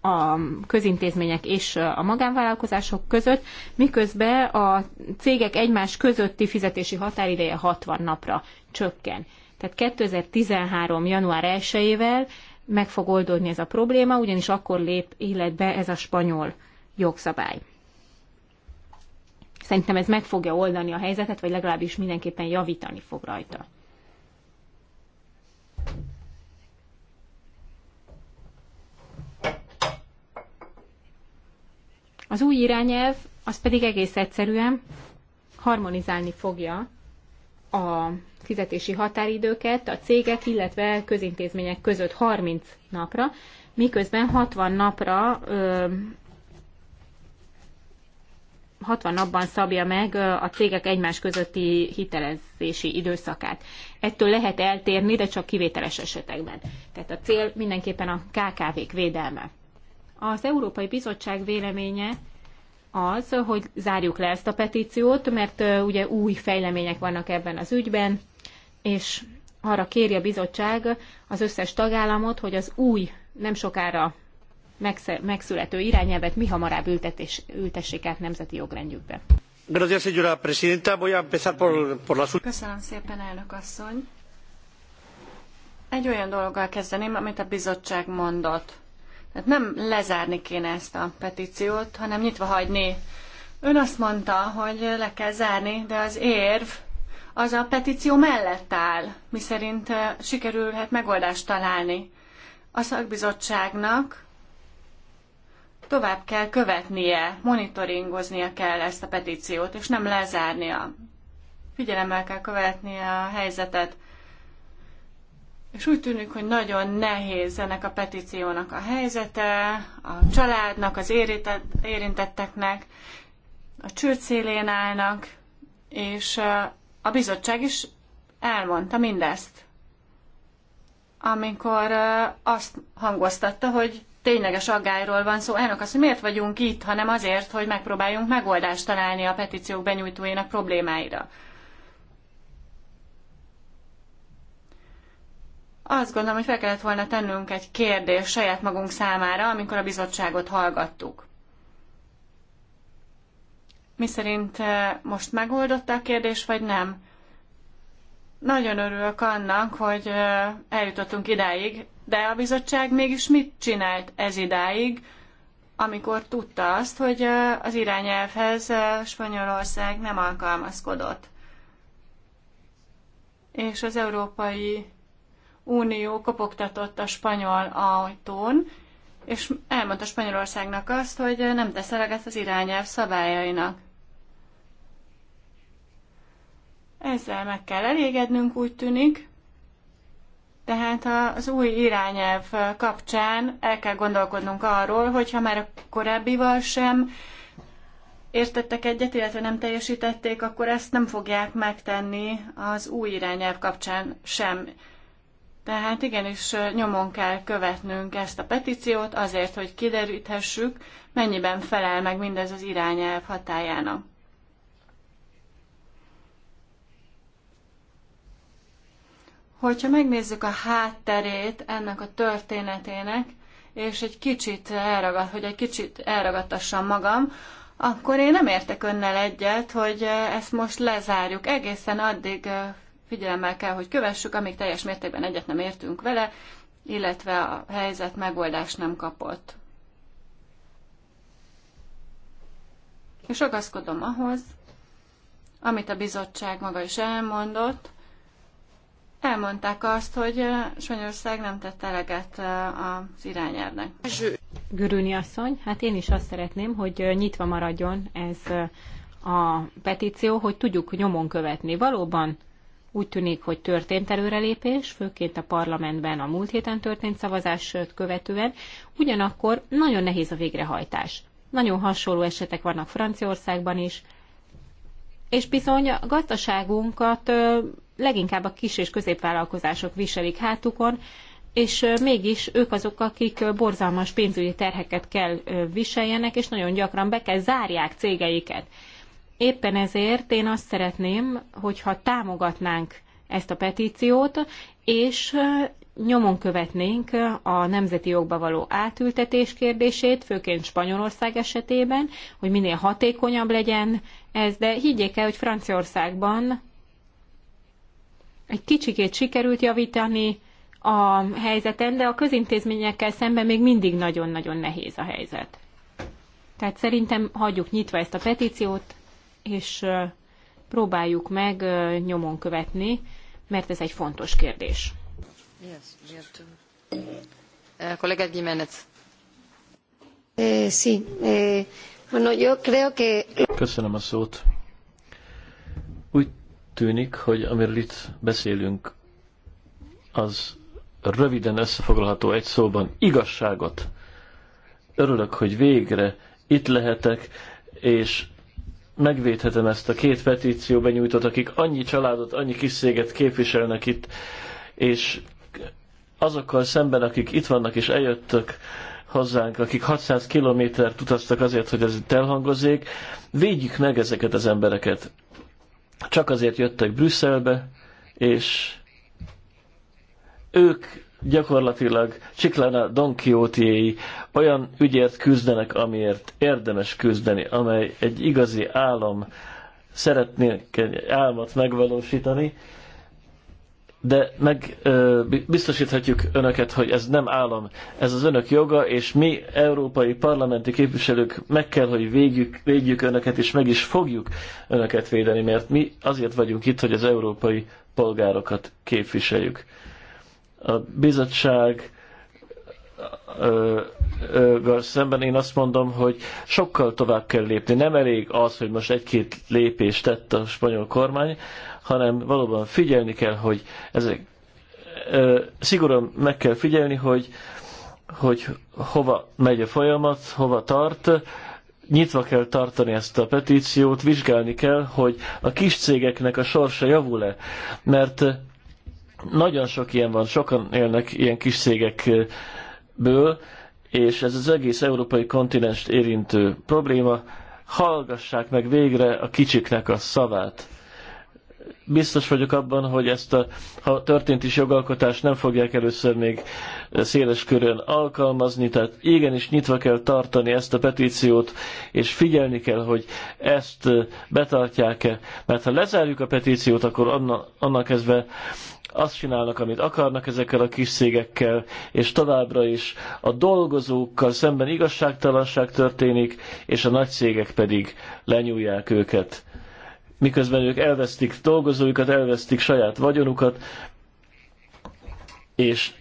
a közintézmények és a magánvállalkozások között, miközben a cégek egymás közötti fizetési határideje 60 napra csökken. Tehát 2013. január 1-ével meg fog oldódni ez a probléma, ugyanis akkor lép életbe ez a spanyol jogszabály. Szerintem ez meg fogja oldani a helyzetet, vagy legalábbis mindenképpen javítani fog rajta. Az új irányelv az pedig egész egyszerűen harmonizálni fogja a fizetési határidőket a cégek, illetve közintézmények között 30 napra, miközben 60 napra ö, 60 napban szabja meg a cégek egymás közötti hitelezési időszakát. Ettől lehet eltérni, de csak kivételes esetekben. Tehát a cél mindenképpen a KKV-k védelme. Az Európai Bizottság véleménye az, hogy zárjuk le ezt a petíciót, mert ugye új fejlemények vannak ebben az ügyben, és arra kéri a bizottság az összes tagállamot, hogy az új, nem sokára megszülető irányelvet mi hamarabb ültetés, ültessék át nemzeti jogrendjükbe. Köszönöm szépen, elnök asszony. Egy olyan dologgal kezdeném, amit a bizottság mondott. Tehát nem lezárni kéne ezt a petíciót, hanem nyitva hagyni. Ön azt mondta, hogy le kell zárni, de az érv az a petíció mellett áll, miszerint eh, sikerülhet megoldást találni. A szakbizottságnak tovább kell követnie, monitoringoznia kell ezt a petíciót, és nem lezárnia. Figyelemmel kell követnie a helyzetet. És úgy tűnik, hogy nagyon nehéz ennek a petíciónak a helyzete, a családnak, az érintett, érintetteknek, a csőd szélén állnak, és uh, a bizottság is elmondta mindezt, amikor uh, azt hangoztatta, hogy tényleges aggályról van szó. Elnök azt, hogy miért vagyunk itt, hanem azért, hogy megpróbáljunk megoldást találni a petíciók benyújtóinak problémáira. Azt gondolom, hogy fel kellett volna tennünk egy kérdést saját magunk számára, amikor a bizottságot hallgattuk. Mi szerint eh, most megoldotta a kérdés, vagy nem? Nagyon örülök annak, hogy eh, eljutottunk idáig, de a bizottság mégis mit csinált ez idáig, amikor tudta azt, hogy az irányelvhez Spanyolország nem alkalmazkodott. És az Európai Unió kopogtatott a spanyol ajtón, és elmondta Spanyolországnak azt, hogy nem tesz eleget az irányelv szabályainak. Ezzel meg kell elégednünk, úgy tűnik. Tehát az új irányelv kapcsán el kell gondolkodnunk arról, hogyha már a korábbival sem értettek egyet, illetve nem teljesítették, akkor ezt nem fogják megtenni az új irányelv kapcsán sem. Tehát igenis nyomon kell követnünk ezt a petíciót azért, hogy kideríthessük, mennyiben felel meg mindez az irányelv hatájának. Hogyha megnézzük a hátterét ennek a történetének, és egy kicsit elragad, hogy egy kicsit elragadtassam magam, akkor én nem értek önnel egyet, hogy ezt most lezárjuk. Egészen addig figyelemmel kell, hogy kövessük, amíg teljes mértékben egyet nem értünk vele, illetve a helyzet megoldást nem kapott. És ragaszkodom ahhoz, amit a bizottság maga is elmondott, elmondták azt, hogy Spanyolország nem tett eleget az irányelvnek. Görülni asszony, hát én is azt szeretném, hogy nyitva maradjon ez a petíció, hogy tudjuk nyomon követni. Valóban úgy tűnik, hogy történt előrelépés, főként a parlamentben a múlt héten történt szavazás követően, ugyanakkor nagyon nehéz a végrehajtás. Nagyon hasonló esetek vannak Franciaországban is, és bizony a gazdaságunkat leginkább a kis és középvállalkozások viselik hátukon, és mégis ők azok, akik borzalmas pénzügyi terheket kell viseljenek, és nagyon gyakran be kell zárják cégeiket. Éppen ezért én azt szeretném, hogyha támogatnánk ezt a petíciót, és nyomon követnénk a nemzeti jogba való átültetés kérdését, főként Spanyolország esetében, hogy minél hatékonyabb legyen ez, de higgyék el, hogy Franciaországban egy kicsikét sikerült javítani a helyzeten, de a közintézményekkel szemben még mindig nagyon-nagyon nehéz a helyzet. Tehát szerintem hagyjuk nyitva ezt a petíciót, és próbáljuk meg nyomon követni, mert ez egy fontos kérdés. Yes, Kollega eh, Jiménez. Eh, sí. Eh, bueno, yo creo que... Köszönöm a szót tűnik, hogy amiről itt beszélünk, az röviden összefoglalható egy szóban igazságot. Örülök, hogy végre itt lehetek, és megvédhetem ezt a két petíció benyújtott, akik annyi családot, annyi kis széget képviselnek itt, és azokkal szemben, akik itt vannak és eljöttök hozzánk, akik 600 kilométert utaztak azért, hogy ez itt elhangozzék, védjük meg ezeket az embereket csak azért jöttek Brüsszelbe, és ők gyakorlatilag Csiklana Don quixote olyan ügyért küzdenek, amiért érdemes küzdeni, amely egy igazi állam szeretné álmat megvalósítani, de meg ö, biztosíthatjuk önöket, hogy ez nem állam, ez az önök joga, és mi európai parlamenti képviselők meg kell, hogy védjük, védjük önöket, és meg is fogjuk önöket védeni, mert mi azért vagyunk itt, hogy az európai polgárokat képviseljük. A bizottság szemben én azt mondom, hogy sokkal tovább kell lépni. Nem elég az, hogy most egy-két lépést tett a spanyol kormány, hanem valóban figyelni kell, hogy ezek szigorúan meg kell figyelni, hogy, hogy hova megy a folyamat, hova tart, nyitva kell tartani ezt a petíciót, vizsgálni kell, hogy a kis cégeknek a sorsa javul-e, mert nagyon sok ilyen van, sokan élnek ilyen kis cégekből, és ez az egész európai kontinens érintő probléma. Hallgassák meg végre a kicsiknek a szavát biztos vagyok abban, hogy ezt a ha történt is jogalkotást nem fogják először még széles körön alkalmazni, tehát igenis nyitva kell tartani ezt a petíciót, és figyelni kell, hogy ezt betartják-e, mert ha lezárjuk a petíciót, akkor annak, annak kezdve azt csinálnak, amit akarnak ezekkel a kis szégekkel és továbbra is a dolgozókkal szemben igazságtalanság történik, és a nagy szégek pedig lenyúlják őket miközben ők elvesztik dolgozóikat, elvesztik saját vagyonukat, és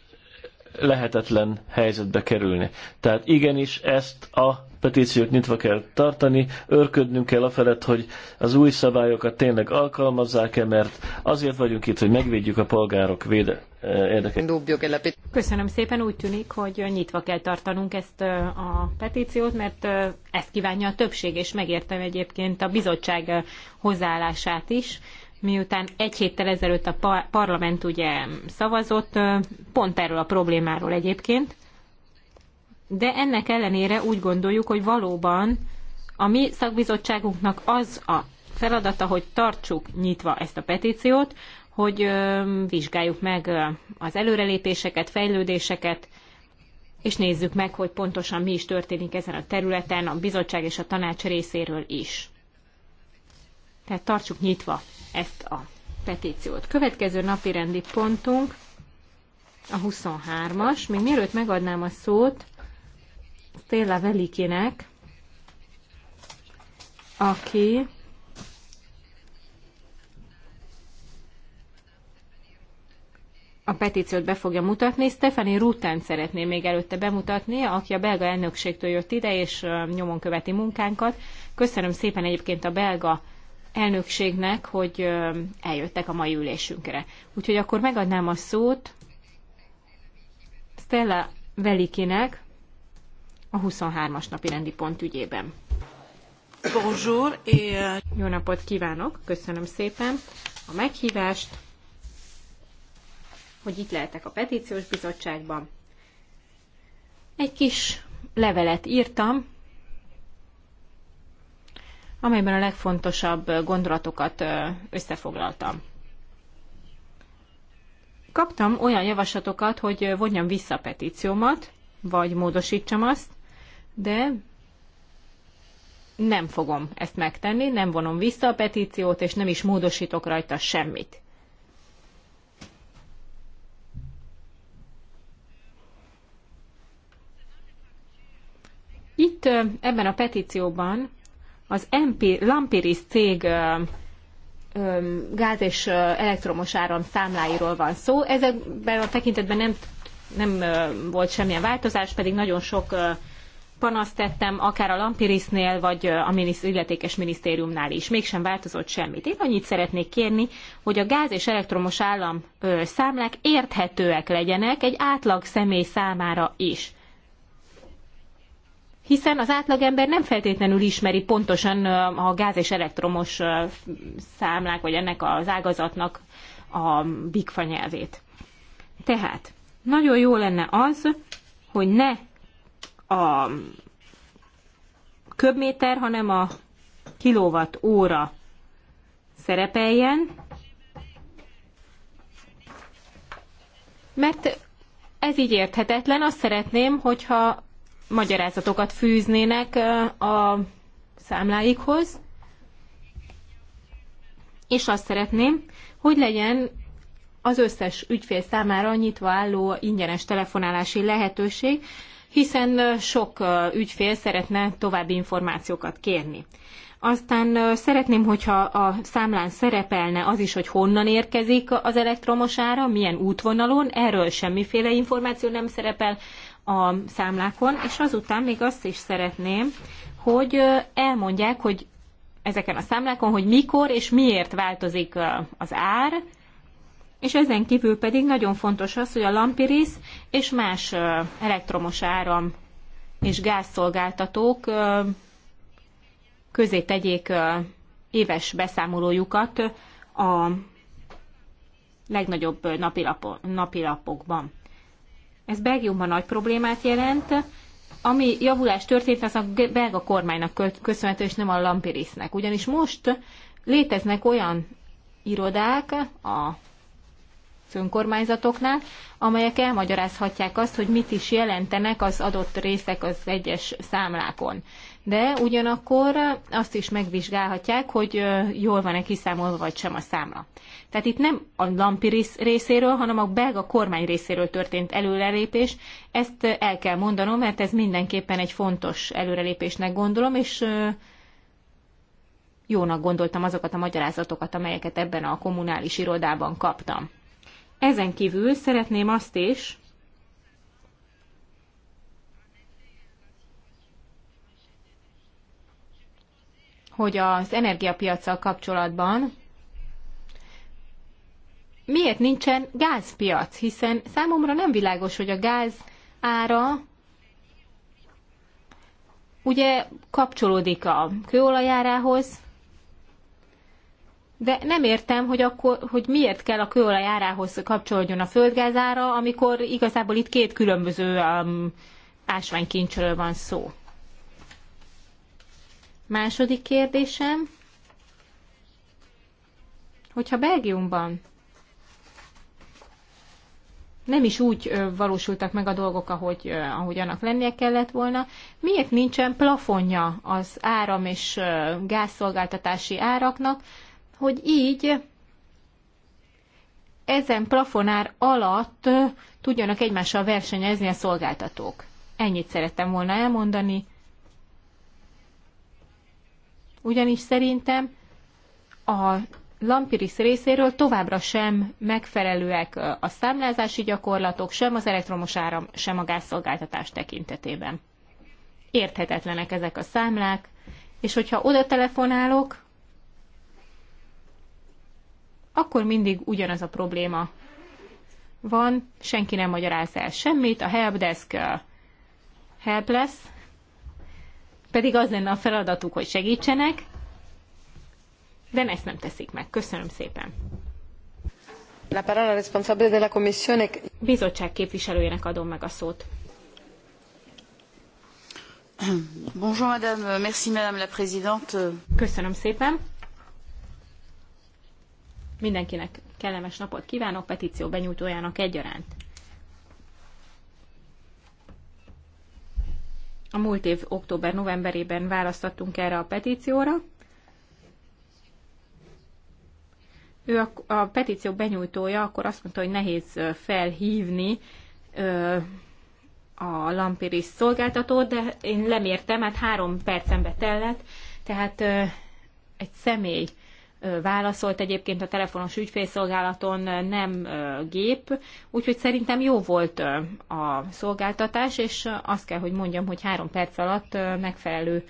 lehetetlen helyzetbe kerülni. Tehát igenis ezt a petíciót nyitva kell tartani, örködnünk kell afelett, hogy az új szabályokat tényleg alkalmazzák-e, mert azért vagyunk itt, hogy megvédjük a polgárok véde, érdekes. Köszönöm szépen, úgy tűnik, hogy nyitva kell tartanunk ezt a petíciót, mert ezt kívánja a többség, és megértem egyébként a bizottság hozzáállását is. Miután egy héttel ezelőtt a parlament ugye szavazott, pont erről a problémáról egyébként, de ennek ellenére úgy gondoljuk, hogy valóban a mi szakbizottságunknak az a feladata, hogy tartsuk nyitva ezt a petíciót, hogy vizsgáljuk meg az előrelépéseket, fejlődéseket, és nézzük meg, hogy pontosan mi is történik ezen a területen, a bizottság és a tanács részéről is. Tehát tartsuk nyitva ezt a petíciót. Következő napi rendi pontunk a 23-as. Még mielőtt megadnám a szót Stella Velikinek, aki a petíciót be fogja mutatni. Stefani Rután szeretném még előtte bemutatni, aki a belga elnökségtől jött ide, és nyomon követi munkánkat. Köszönöm szépen egyébként a belga elnökségnek, hogy eljöttek a mai ülésünkre. Úgyhogy akkor megadnám a szót Stella Velikinek a 23-as napi rendi pont ügyében. Bonjour, et... Euh, Jó napot kívánok, köszönöm szépen a meghívást hogy itt lehetek a petíciós bizottságban. Egy kis levelet írtam, amelyben a legfontosabb gondolatokat összefoglaltam. Kaptam olyan javaslatokat, hogy vonjam vissza a petíciómat, vagy módosítsam azt, de nem fogom ezt megtenni, nem vonom vissza a petíciót, és nem is módosítok rajta semmit. Itt ebben a petícióban az Lampiris cég gáz és elektromos áram számláiról van szó. Ezekben a tekintetben nem, nem volt semmilyen változás, pedig nagyon sok panaszt tettem, akár a Lampirisnél, vagy a miniszt, illetékes minisztériumnál is. Mégsem változott semmit. Én annyit szeretnék kérni, hogy a gáz és elektromos állam számlák érthetőek legyenek egy átlag személy számára is hiszen az átlagember nem feltétlenül ismeri pontosan a gáz és elektromos számlák, vagy ennek az ágazatnak a bigfa nyelvét. Tehát nagyon jó lenne az, hogy ne a köbméter, hanem a kilowatt óra szerepeljen, mert ez így érthetetlen. Azt szeretném, hogyha magyarázatokat fűznének a számláikhoz, és azt szeretném, hogy legyen az összes ügyfél számára nyitva álló ingyenes telefonálási lehetőség, hiszen sok ügyfél szeretne további információkat kérni. Aztán szeretném, hogyha a számlán szerepelne az is, hogy honnan érkezik az elektromos ára, milyen útvonalon, erről semmiféle információ nem szerepel, a számlákon, és azután még azt is szeretném, hogy elmondják, hogy ezeken a számlákon, hogy mikor és miért változik az ár, és ezen kívül pedig nagyon fontos az, hogy a lampiris és más elektromos áram és gázszolgáltatók közé tegyék éves beszámolójukat a legnagyobb napilapokban. Ez Belgiumban nagy problémát jelent. Ami javulás történt, az a belga kormánynak köszönhető, és nem a Lampirisnek. Ugyanis most léteznek olyan irodák a önkormányzatoknál, amelyek elmagyarázhatják azt, hogy mit is jelentenek az adott részek az egyes számlákon de ugyanakkor azt is megvizsgálhatják, hogy jól van-e kiszámolva vagy sem a számla. Tehát itt nem a lampiris részéről, hanem a belga kormány részéről történt előrelépés. Ezt el kell mondanom, mert ez mindenképpen egy fontos előrelépésnek gondolom, és jónak gondoltam azokat a magyarázatokat, amelyeket ebben a kommunális irodában kaptam. Ezen kívül szeretném azt is hogy az energiapiacsal kapcsolatban miért nincsen gázpiac, hiszen számomra nem világos, hogy a gáz ára ugye kapcsolódik a kőolajárához, de nem értem, hogy, akkor, hogy miért kell a kőolajárához kapcsolódjon a földgázára, amikor igazából itt két különböző um, ásványkincsről van szó. Második kérdésem, hogyha Belgiumban nem is úgy valósultak meg a dolgok, ahogy, ahogy annak lennie kellett volna. Miért nincsen plafonja az áram és gázszolgáltatási áraknak, hogy így ezen plafonár alatt tudjanak egymással versenyezni a szolgáltatók? Ennyit szerettem volna elmondani. Ugyanis szerintem a Lampiris részéről továbbra sem megfelelőek a számlázási gyakorlatok, sem az elektromos áram, sem a gázszolgáltatás tekintetében. Érthetetlenek ezek a számlák, és hogyha oda telefonálok, akkor mindig ugyanaz a probléma van, senki nem magyaráz el semmit, a helpdesk uh, Helpless pedig az lenne a feladatuk, hogy segítsenek, de ezt nem teszik meg. Köszönöm szépen. La parola responsabile della commissione. Bizottság képviselőjének adom meg a szót. Bonjour madame, merci madame la présidente. Köszönöm szépen. Mindenkinek kellemes napot kívánok, petíció benyújtójának egyaránt. A múlt év október-novemberében választottunk erre a petícióra. Ő a, a petíció benyújtója akkor azt mondta, hogy nehéz felhívni ö, a Lampiris szolgáltatót, de én lemértem, hát három percembe tellett, tehát ö, egy személy válaszolt egyébként a telefonos ügyfélszolgálaton, nem gép, úgyhogy szerintem jó volt a szolgáltatás, és azt kell, hogy mondjam, hogy három perc alatt megfelelő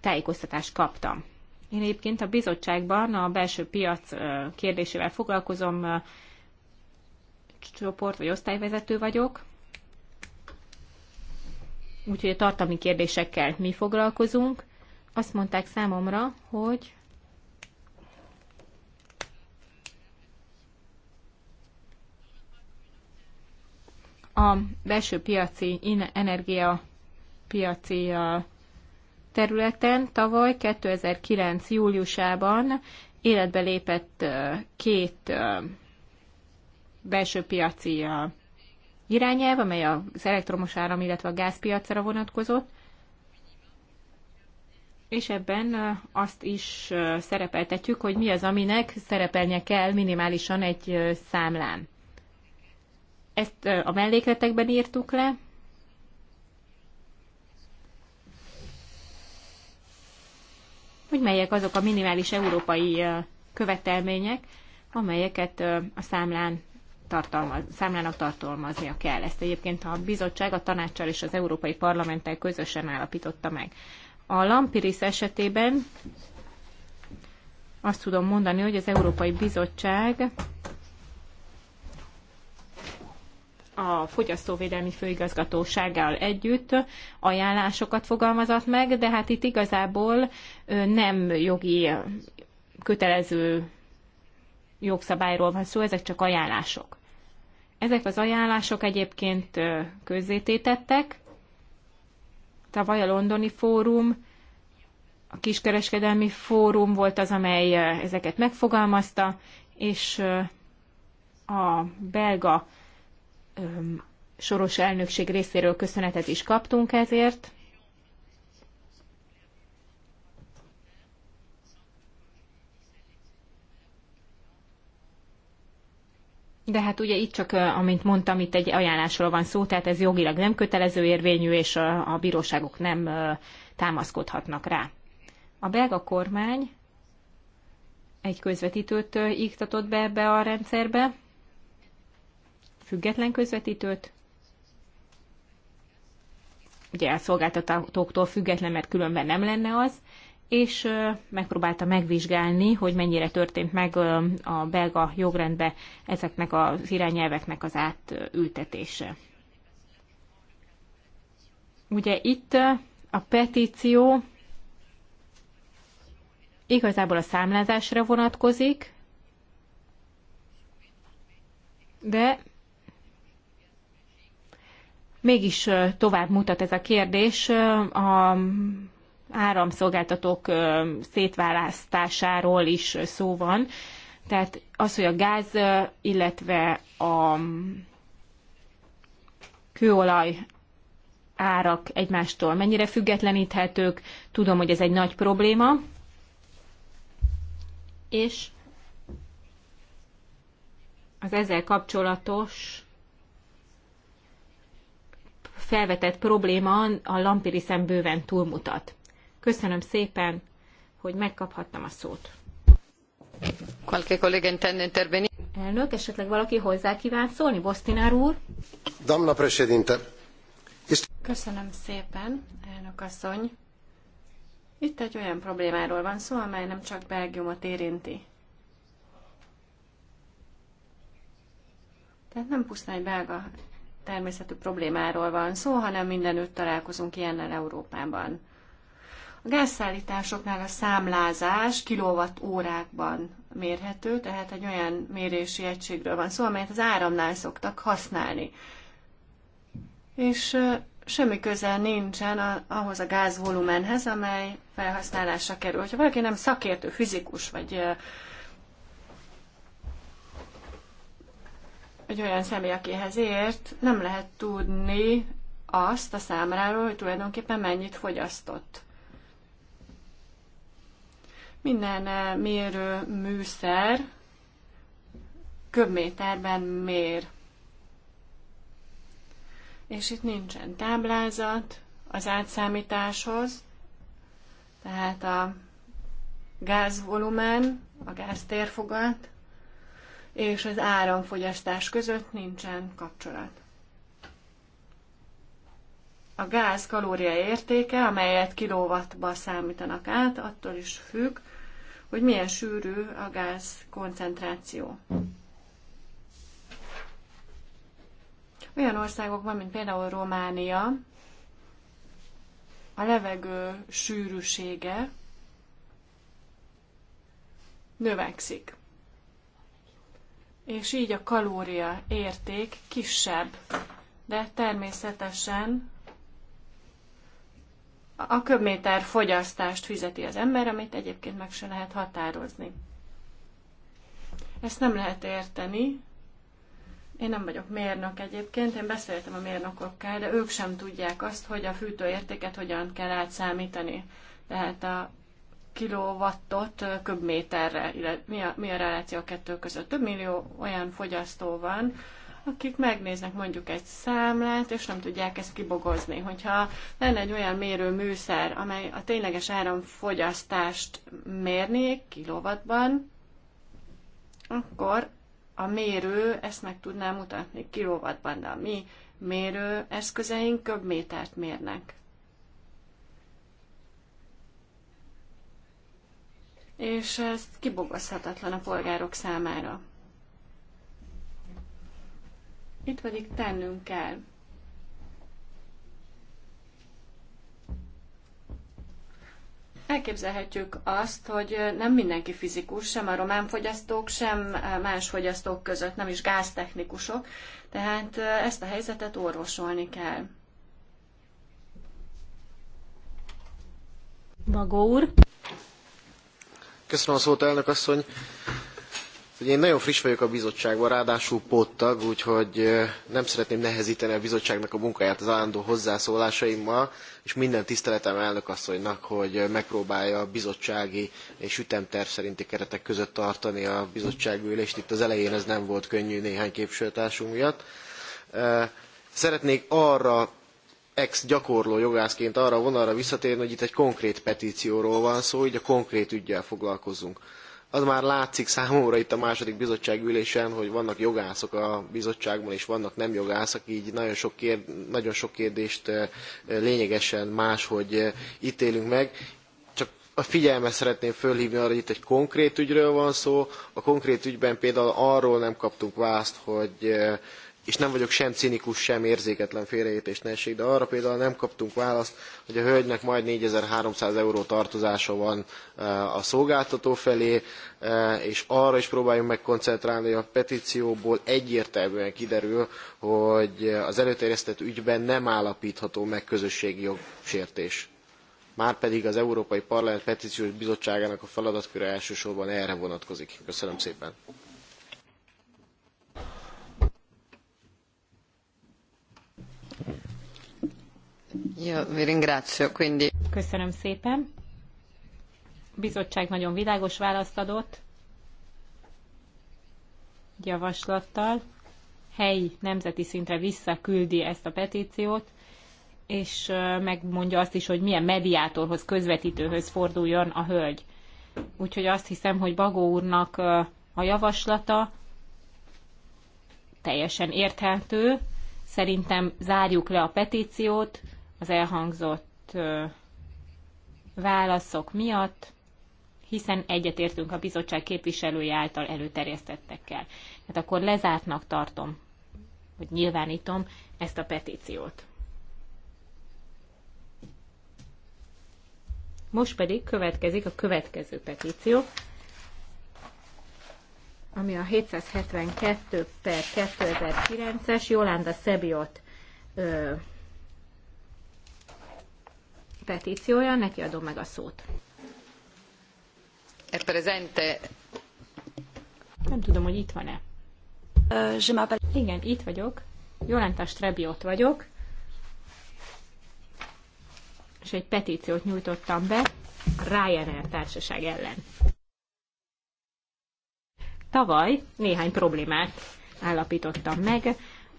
tájékoztatást kaptam. Én egyébként a bizottságban a belső piac kérdésével foglalkozom, csoport vagy osztályvezető vagyok, úgyhogy a tartalmi kérdésekkel mi foglalkozunk. Azt mondták számomra, hogy a belső piaci energia piaci területen tavaly 2009. júliusában életbe lépett két belső piaci irányelv, amely az elektromos áram, illetve a gázpiacra vonatkozott, és ebben azt is szerepeltetjük, hogy mi az, aminek szerepelnie kell minimálisan egy számlán. Ezt a mellékletekben írtuk le. Hogy melyek azok a minimális európai követelmények, amelyeket a számlán tartalmaz, számlának tartalmaznia kell. Ezt egyébként a bizottság a tanácssal és az Európai Parlamenttel közösen állapította meg. A Lampiris esetében azt tudom mondani, hogy az Európai Bizottság a Fogyasztóvédelmi Főigazgatósággal együtt ajánlásokat fogalmazott meg, de hát itt igazából nem jogi kötelező jogszabályról van szó, ezek csak ajánlások. Ezek az ajánlások egyébként közzététettek. Tavaly a londoni fórum, a kiskereskedelmi fórum volt az, amely ezeket megfogalmazta, és a belga soros elnökség részéről köszönetet is kaptunk ezért. De hát ugye itt csak, amint mondtam, itt egy ajánlásról van szó, tehát ez jogilag nem kötelező érvényű, és a, a bíróságok nem támaszkodhatnak rá. A belga kormány egy közvetítőt iktatott be ebbe a rendszerbe, független közvetítőt, ugye a szolgáltatóktól független, mert különben nem lenne az, és megpróbálta megvizsgálni, hogy mennyire történt meg a belga jogrendbe ezeknek az irányelveknek az átültetése. Ugye itt a petíció igazából a számlázásra vonatkozik, de Mégis tovább mutat ez a kérdés a áramszolgáltatók szétválasztásáról is szó van. Tehát az, hogy a gáz, illetve a kőolaj árak egymástól mennyire függetleníthetők. Tudom, hogy ez egy nagy probléma. És az ezzel kapcsolatos felvetett probléma a Lampiriszen bőven túlmutat. Köszönöm szépen, hogy megkaphattam a szót. Elnök, esetleg valaki hozzá kíván szólni? Bosztinár úr? Damna Köszönöm szépen, elnök asszony. Itt egy olyan problémáról van szó, amely nem csak Belgiumot érinti. Tehát nem pusztán egy belga természetű problémáról van szó, hanem mindenütt találkozunk ilyennel Európában. A gázszállításoknál a számlázás kilowatt órákban mérhető, tehát egy olyan mérési egységről van szó, amelyet az áramnál szoktak használni. És semmi köze nincsen ahhoz a gázvolumenhez, amely felhasználásra kerül. Ha valaki nem szakértő, fizikus vagy egy olyan személy, akihez ért, nem lehet tudni azt a számláról, hogy tulajdonképpen mennyit fogyasztott. Minden eh, mérő műszer köbméterben mér. És itt nincsen táblázat az átszámításhoz, tehát a gázvolumen, a gáztérfogat, és az áramfogyasztás között nincsen kapcsolat. A gáz kalória értéke, amelyet kilowattba számítanak át, attól is függ, hogy milyen sűrű a gáz koncentráció. Olyan országokban, mint például Románia, a levegő sűrűsége növekszik és így a kalória érték kisebb. De természetesen a köbméter fogyasztást fizeti az ember, amit egyébként meg se lehet határozni. Ezt nem lehet érteni. Én nem vagyok mérnök egyébként, én beszéltem a mérnökökkel, de ők sem tudják azt, hogy a fűtőértéket hogyan kell átszámítani. Tehát a kilowattot köbméterre, illetve mi a, mi a reláció a kettő között. Több millió olyan fogyasztó van, akik megnéznek mondjuk egy számlát, és nem tudják ezt kibogozni. Hogyha lenne egy olyan mérőműszer, amely a tényleges áramfogyasztást mérné kilovatban, akkor a mérő ezt meg tudná mutatni kilovatban, de a mi mérő eszközeink köbmétert mérnek. és ez kibogozhatatlan a polgárok számára. Itt pedig tennünk kell. Elképzelhetjük azt, hogy nem mindenki fizikus, sem a román fogyasztók, sem más fogyasztók között, nem is gáztechnikusok, tehát ezt a helyzetet orvosolni kell. Magó úr. Köszönöm a szót, elnök asszony. Ugye én nagyon friss vagyok a bizottságban, ráadásul póttag, úgyhogy nem szeretném nehezíteni a bizottságnak a munkáját az állandó hozzászólásaimmal, és minden tiszteletem elnök asszonynak, hogy megpróbálja a bizottsági és ütemterv szerinti keretek között tartani a bizottság ülést. Itt az elején ez nem volt könnyű néhány képviselőtársunk miatt. Szeretnék arra ex-gyakorló jogászként arra a vonalra visszatérni, hogy itt egy konkrét petícióról van szó, hogy a konkrét ügyjel foglalkozzunk. Az már látszik számomra itt a második bizottság ülésen, hogy vannak jogászok a bizottságban, és vannak nem jogászok, így nagyon sok, kér, nagyon sok kérdést lényegesen máshogy ítélünk meg a figyelmet szeretném fölhívni arra, hogy itt egy konkrét ügyről van szó. A konkrét ügyben például arról nem kaptunk választ, hogy és nem vagyok sem cinikus, sem érzéketlen félreértés ne de arra például nem kaptunk választ, hogy a hölgynek majd 4300 euró tartozása van eh, a szolgáltató felé, eh, és arra is próbáljunk meg koncentrálni, hogy a petícióból egyértelműen kiderül, hogy az előterjesztett ügyben nem állapítható meg közösségi jogsértés. Márpedig az Európai Parlament Petíciós Bizottságának a feladatköre elsősorban erre vonatkozik. Köszönöm szépen. Köszönöm szépen. A bizottság nagyon világos választ adott javaslattal. Helyi nemzeti szintre visszaküldi ezt a petíciót, és megmondja azt is, hogy milyen mediátorhoz, közvetítőhöz forduljon a hölgy. Úgyhogy azt hiszem, hogy Bagó úrnak a javaslata teljesen érthető. Szerintem zárjuk le a petíciót, az elhangzott válaszok miatt, hiszen egyetértünk a bizottság képviselői által előterjesztettekkel. Tehát akkor lezártnak tartom, hogy nyilvánítom ezt a petíciót. Most pedig következik a következő petíció, ami a 772 per 2009-es Jolanda Szebiot petíciója, neki adom meg a szót. E presente. Nem tudom, hogy itt van-e. Uh, Igen, itt vagyok. Jolantás ott vagyok. És egy petíciót nyújtottam be Ryanair társaság ellen. Tavaly néhány problémát állapítottam meg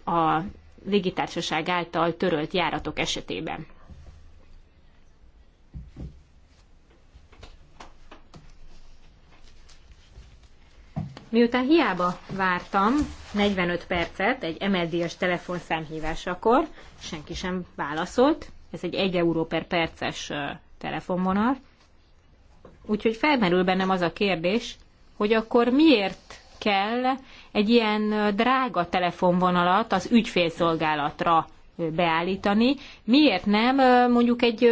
a légitársaság által törölt járatok esetében. miután hiába vártam 45 percet egy emeldíjas telefonszámhívásakor, senki sem válaszolt, ez egy 1 euró per perces telefonvonal, úgyhogy felmerül bennem az a kérdés, hogy akkor miért kell egy ilyen drága telefonvonalat az ügyfélszolgálatra beállítani, miért nem mondjuk egy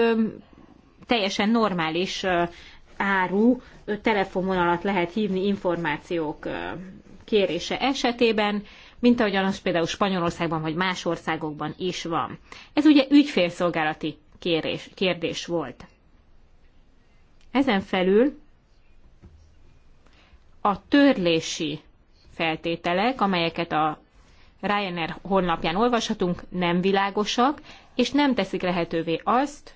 teljesen normális áru telefonvonalat lehet hívni információk kérése esetében, mint ahogyan az például Spanyolországban vagy más országokban is van. Ez ugye ügyfélszolgálati kérés, kérdés volt. Ezen felül a törlési feltételek, amelyeket a Ryanair honlapján olvashatunk, nem világosak, és nem teszik lehetővé azt,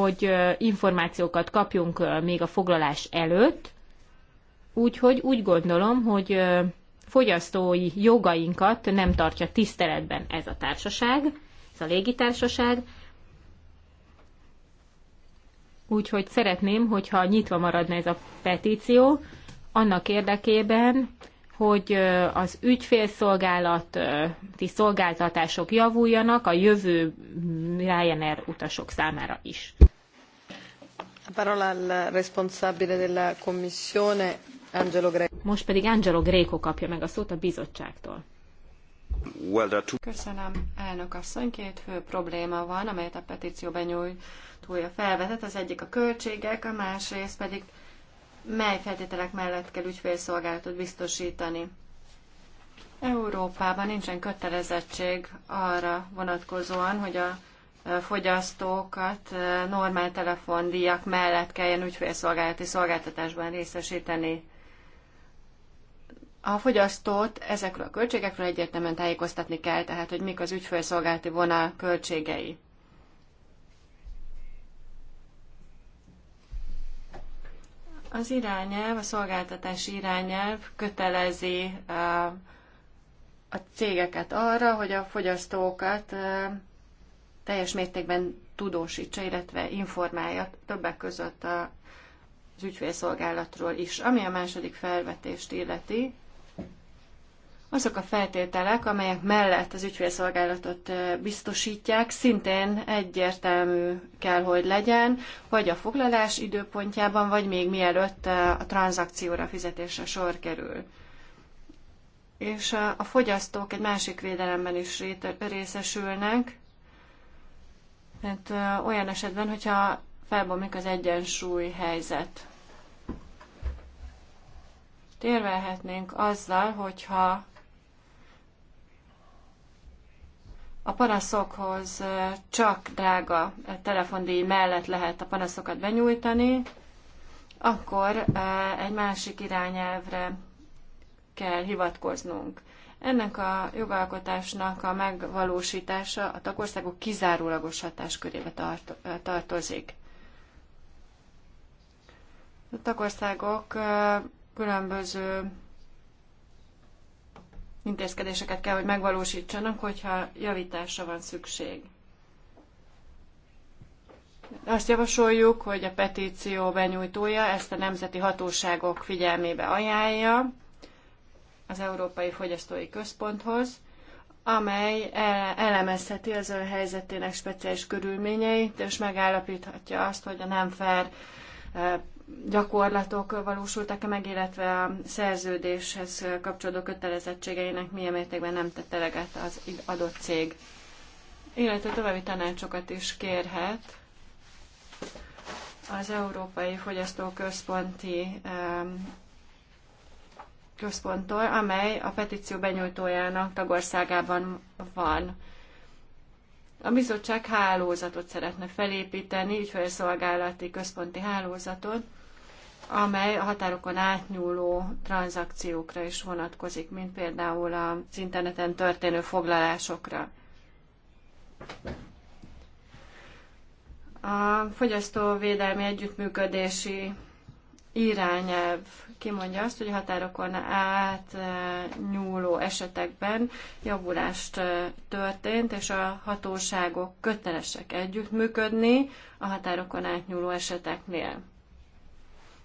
hogy információkat kapjunk még a foglalás előtt, úgyhogy úgy gondolom, hogy fogyasztói jogainkat nem tartja tiszteletben ez a társaság, ez a légitársaság, Úgyhogy szeretném, hogyha nyitva maradna ez a petíció, annak érdekében, hogy az ügyfélszolgálati szolgáltatások javuljanak a jövő Ryanair utasok számára is. Most pedig Angelo Greco kapja meg a szót a bizottságtól. Köszönöm, elnök asszony. Két fő probléma van, amelyet a petíció benyújtója felvetett. Az egyik a költségek, a másrészt pedig mely feltételek mellett kell ügyfélszolgálatot biztosítani. Európában nincsen kötelezettség arra vonatkozóan, hogy a e, fogyasztókat e, normál telefondíjak mellett kelljen ügyfélszolgálati szolgáltatásban részesíteni. A fogyasztót ezekről a költségekről egyértelműen tájékoztatni kell, tehát hogy mik az ügyfélszolgálati vonal költségei. Az irányelv, a szolgáltatási irányelv kötelezi a cégeket arra, hogy a fogyasztókat teljes mértékben tudósítsa, illetve informálja többek között az ügyfélszolgálatról is. Ami a második felvetést illeti, azok a feltételek, amelyek mellett az ügyfélszolgálatot biztosítják, szintén egyértelmű kell, hogy legyen, vagy a foglalás időpontjában, vagy még mielőtt a tranzakcióra fizetésre sor kerül. És a fogyasztók egy másik védelemben is részesülnek, mert hát, olyan esetben, hogyha felbomlik az egyensúly helyzet. Térvelhetnénk azzal, hogyha a panaszokhoz csak drága telefondíj mellett lehet a panaszokat benyújtani, akkor egy másik irányelvre kell hivatkoznunk. Ennek a jogalkotásnak a megvalósítása a tagországok kizárólagos hatáskörébe tartozik. A tagországok különböző intézkedéseket kell, hogy megvalósítsanak, hogyha javításra van szükség. Azt javasoljuk, hogy a petíció benyújtója ezt a nemzeti hatóságok figyelmébe ajánlja az Európai Fogyasztói Központhoz, amely e- elemezheti az ön helyzetének speciális körülményeit, és megállapíthatja azt, hogy a nem fair e- gyakorlatok valósultak-e meg, illetve a szerződéshez kapcsolódó kötelezettségeinek milyen mértékben nem tett eleget az adott cég. Illetve további tanácsokat is kérhet az Európai Fogyasztóközponti központtól, amely a petíció benyújtójának tagországában van. A bizottság hálózatot szeretne felépíteni, ügyfélszolgálati központi hálózatot, amely a határokon átnyúló tranzakciókra is vonatkozik, mint például az interneten történő foglalásokra. A fogyasztóvédelmi együttműködési irányelv kimondja azt, hogy a határokon át eh, nyúló esetekben javulást eh, történt, és a hatóságok kötelesek együttműködni a határokon átnyúló eseteknél.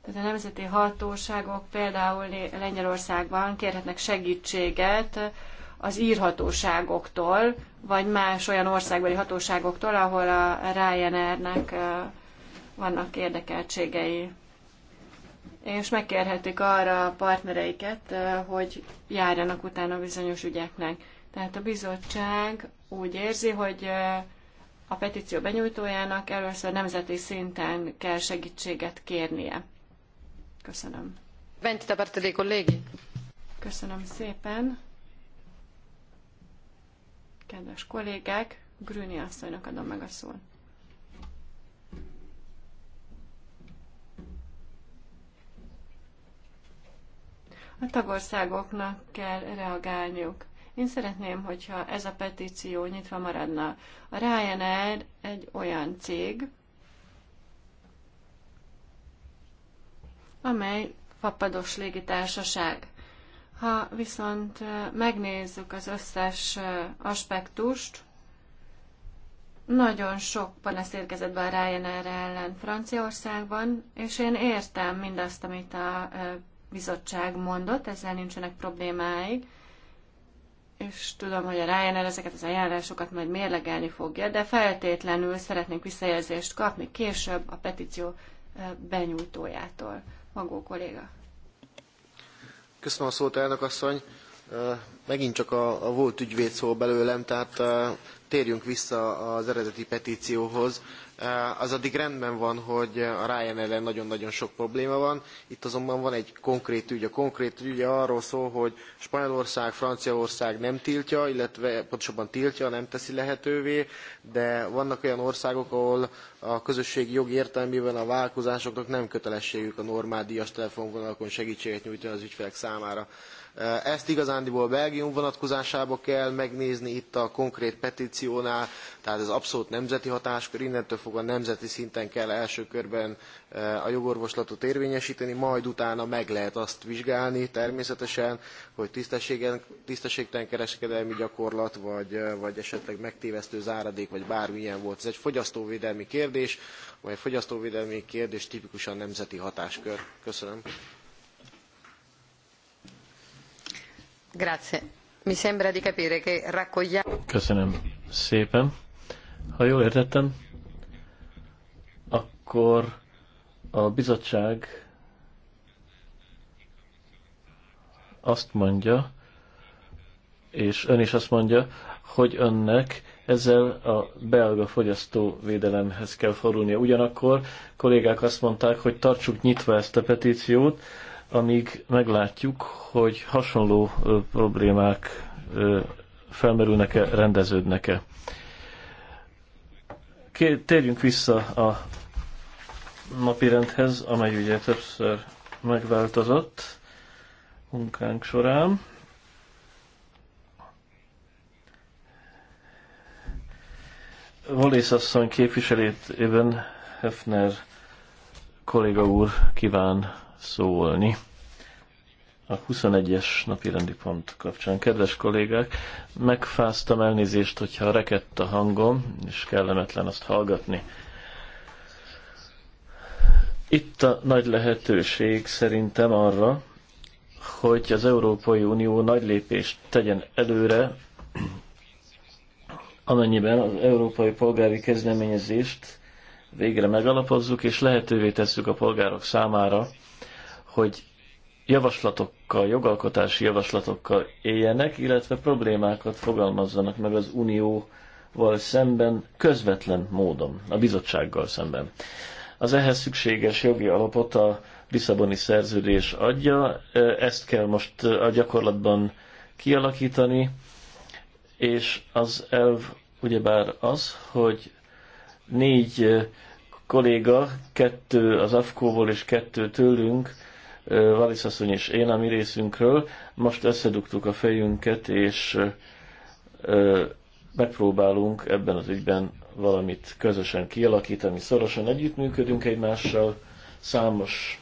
Tehát a nemzeti hatóságok például Lengyelországban kérhetnek segítséget az írhatóságoktól, vagy más olyan országbeli hatóságoktól, ahol a Ryanairnek eh, vannak érdekeltségei és megkérhetik arra a partnereiket, eh, hogy járjanak utána bizonyos ügyeknek. Tehát a bizottság úgy érzi, hogy eh, a petíció benyújtójának először nemzeti szinten kell segítséget kérnie. Köszönöm. Ventita parte dei colleghi. Köszönöm szépen. Kedves kollégák, Grüni asszonynak adom meg a szót. A tagországoknak kell reagálniuk. Én szeretném, hogyha ez a petíció nyitva maradna. A Ryanair egy olyan cég, amely fapados légitársaság. Ha viszont megnézzük az összes aspektust, nagyon sok panasz érkezett be a Ryanair ellen Franciaországban, és én értem mindazt, amit a bizottság mondott, ezzel nincsenek problémáik, és tudom, hogy a Ryanair ezeket az ajánlásokat majd mérlegelni fogja, de feltétlenül szeretnénk visszajelzést kapni később a petíció benyújtójától. Magó kolléga. Köszönöm a szót, elnök asszony. Megint csak a, a volt ügyvéd szól belőlem, tehát térjünk vissza az eredeti petícióhoz. Eh, az addig rendben van, hogy a Ryanair-en nagyon-nagyon sok probléma van. Itt azonban van egy konkrét ügy. A konkrét ügy arról szól, hogy Spanyolország, Franciaország nem tiltja, illetve pontosabban tiltja, nem teszi lehetővé, de vannak olyan országok, ahol a közösségi jog értelmében a vállalkozásoknak nem kötelességük a normál díjas telefonvonalakon segítséget nyújtani az ügyfelek számára. Ezt igazándiból Belgium vonatkozásába kell megnézni itt a konkrét petíciónál, tehát ez abszolút nemzeti hatáskör, innentől fogva nemzeti szinten kell első körben a jogorvoslatot érvényesíteni, majd utána meg lehet azt vizsgálni természetesen, hogy tisztességtelen kereskedelmi gyakorlat, vagy, vagy esetleg megtévesztő záradék, vagy bármilyen volt. Ez egy fogyasztóvédelmi kérdés, vagy fogyasztóvédelmi kérdés tipikusan nemzeti hatáskör. Köszönöm. Köszönöm szépen. Ha jól értettem, akkor a bizottság azt mondja, és ön is azt mondja, hogy önnek ezzel a belga fogyasztóvédelemhez kell fordulnia. Ugyanakkor kollégák azt mondták, hogy tartsuk nyitva ezt a petíciót, amíg meglátjuk, hogy hasonló problémák felmerülnek-e, rendeződnek-e. Térjünk vissza a napirendhez, amely ugye többször megváltozott munkánk során. Valész asszony képviselétében Hefner kolléga úr kíván szólni a 21-es rendi pont kapcsán. Kedves kollégák, megfáztam elnézést, hogyha rekedt a hangom, és kellemetlen azt hallgatni. Itt a nagy lehetőség szerintem arra, hogy az Európai Unió nagy lépést tegyen előre, amennyiben az európai polgári kezdeményezést végre megalapozzuk, és lehetővé tesszük a polgárok számára, hogy javaslatokkal, jogalkotási javaslatokkal éljenek, illetve problémákat fogalmazzanak meg az unióval szemben közvetlen módon, a bizottsággal szemben. Az ehhez szükséges jogi alapot a Lisszaboni szerződés adja, ezt kell most a gyakorlatban kialakítani, és az elv ugyebár az, hogy négy kolléga, kettő az AFKO-ból és kettő tőlünk, Valisz asszony és én a mi részünkről. Most összedugtuk a fejünket, és megpróbálunk ebben az ügyben valamit közösen kialakítani. Szorosan együttműködünk egymással, számos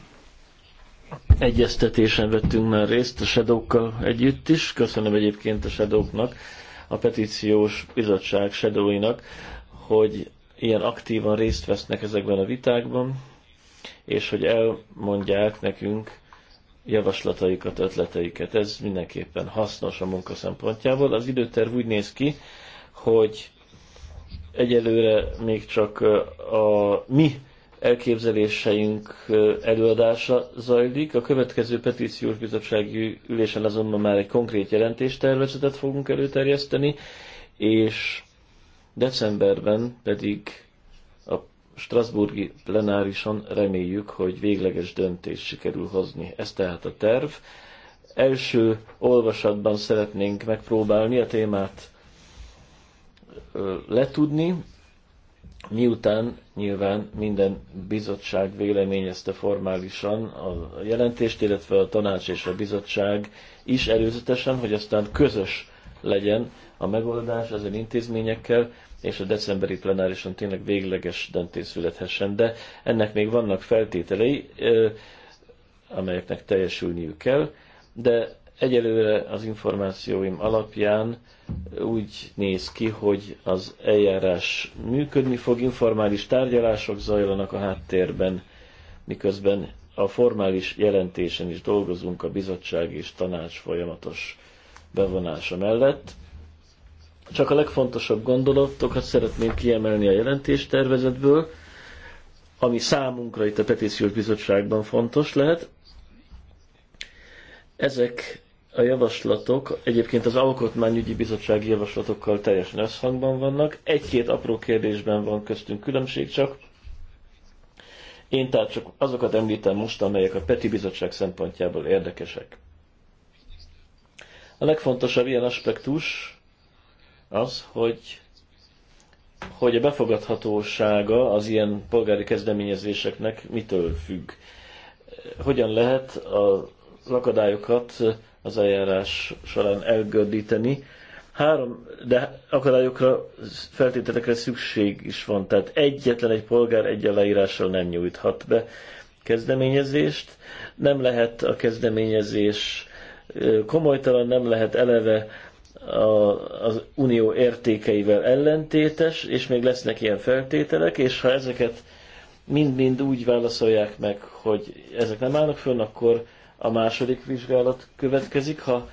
egyeztetésen vettünk már részt a sedókkal együtt is. Köszönöm egyébként a sedóknak, a petíciós bizottság sedóinak, hogy ilyen aktívan részt vesznek ezekben a vitákban és hogy elmondják nekünk javaslataikat, ötleteiket. Ez mindenképpen hasznos a munka szempontjából. Az időterv úgy néz ki, hogy egyelőre még csak a mi elképzeléseink előadása zajlik. A következő petíciós bizottsági ülésen azonban már egy konkrét jelentéstervezetet fogunk előterjeszteni, és decemberben pedig Strasburgi plenárison reméljük, hogy végleges döntést sikerül hozni. Ez tehát a terv. Első olvasatban szeretnénk megpróbálni a témát letudni, miután nyilván minden bizottság véleményezte formálisan a jelentést, illetve a tanács és a bizottság is előzetesen, hogy aztán közös legyen a megoldás az intézményekkel, és a decemberi plenárison tényleg végleges döntés születhessen. De ennek még vannak feltételei, amelyeknek teljesülniük kell, de egyelőre az információim alapján úgy néz ki, hogy az eljárás működni fog, informális tárgyalások zajlanak a háttérben, miközben a formális jelentésen is dolgozunk a bizottság és tanács folyamatos bevonása mellett. Csak a legfontosabb gondolatokat szeretném kiemelni a jelentés tervezetből, ami számunkra itt a Petíciós Bizottságban fontos lehet. Ezek a javaslatok egyébként az Alkotmányügyi Bizottsági javaslatokkal teljesen összhangban vannak. Egy-két apró kérdésben van köztünk különbség csak. Én tehát csak azokat említem most, amelyek a Peti Bizottság szempontjából érdekesek. A legfontosabb ilyen aspektus az, hogy, hogy a befogadhatósága az ilyen polgári kezdeményezéseknek mitől függ. Hogyan lehet a akadályokat az eljárás során elgördíteni. Három, de akadályokra, feltételekre szükség is van. Tehát egyetlen egy polgár egy aláírással nem nyújthat be kezdeményezést. Nem lehet a kezdeményezés komolytalan, nem lehet eleve a, az unió értékeivel ellentétes, és még lesznek ilyen feltételek, és ha ezeket mind-mind úgy válaszolják meg, hogy ezek nem állnak fönn, akkor a második vizsgálat következik. Ha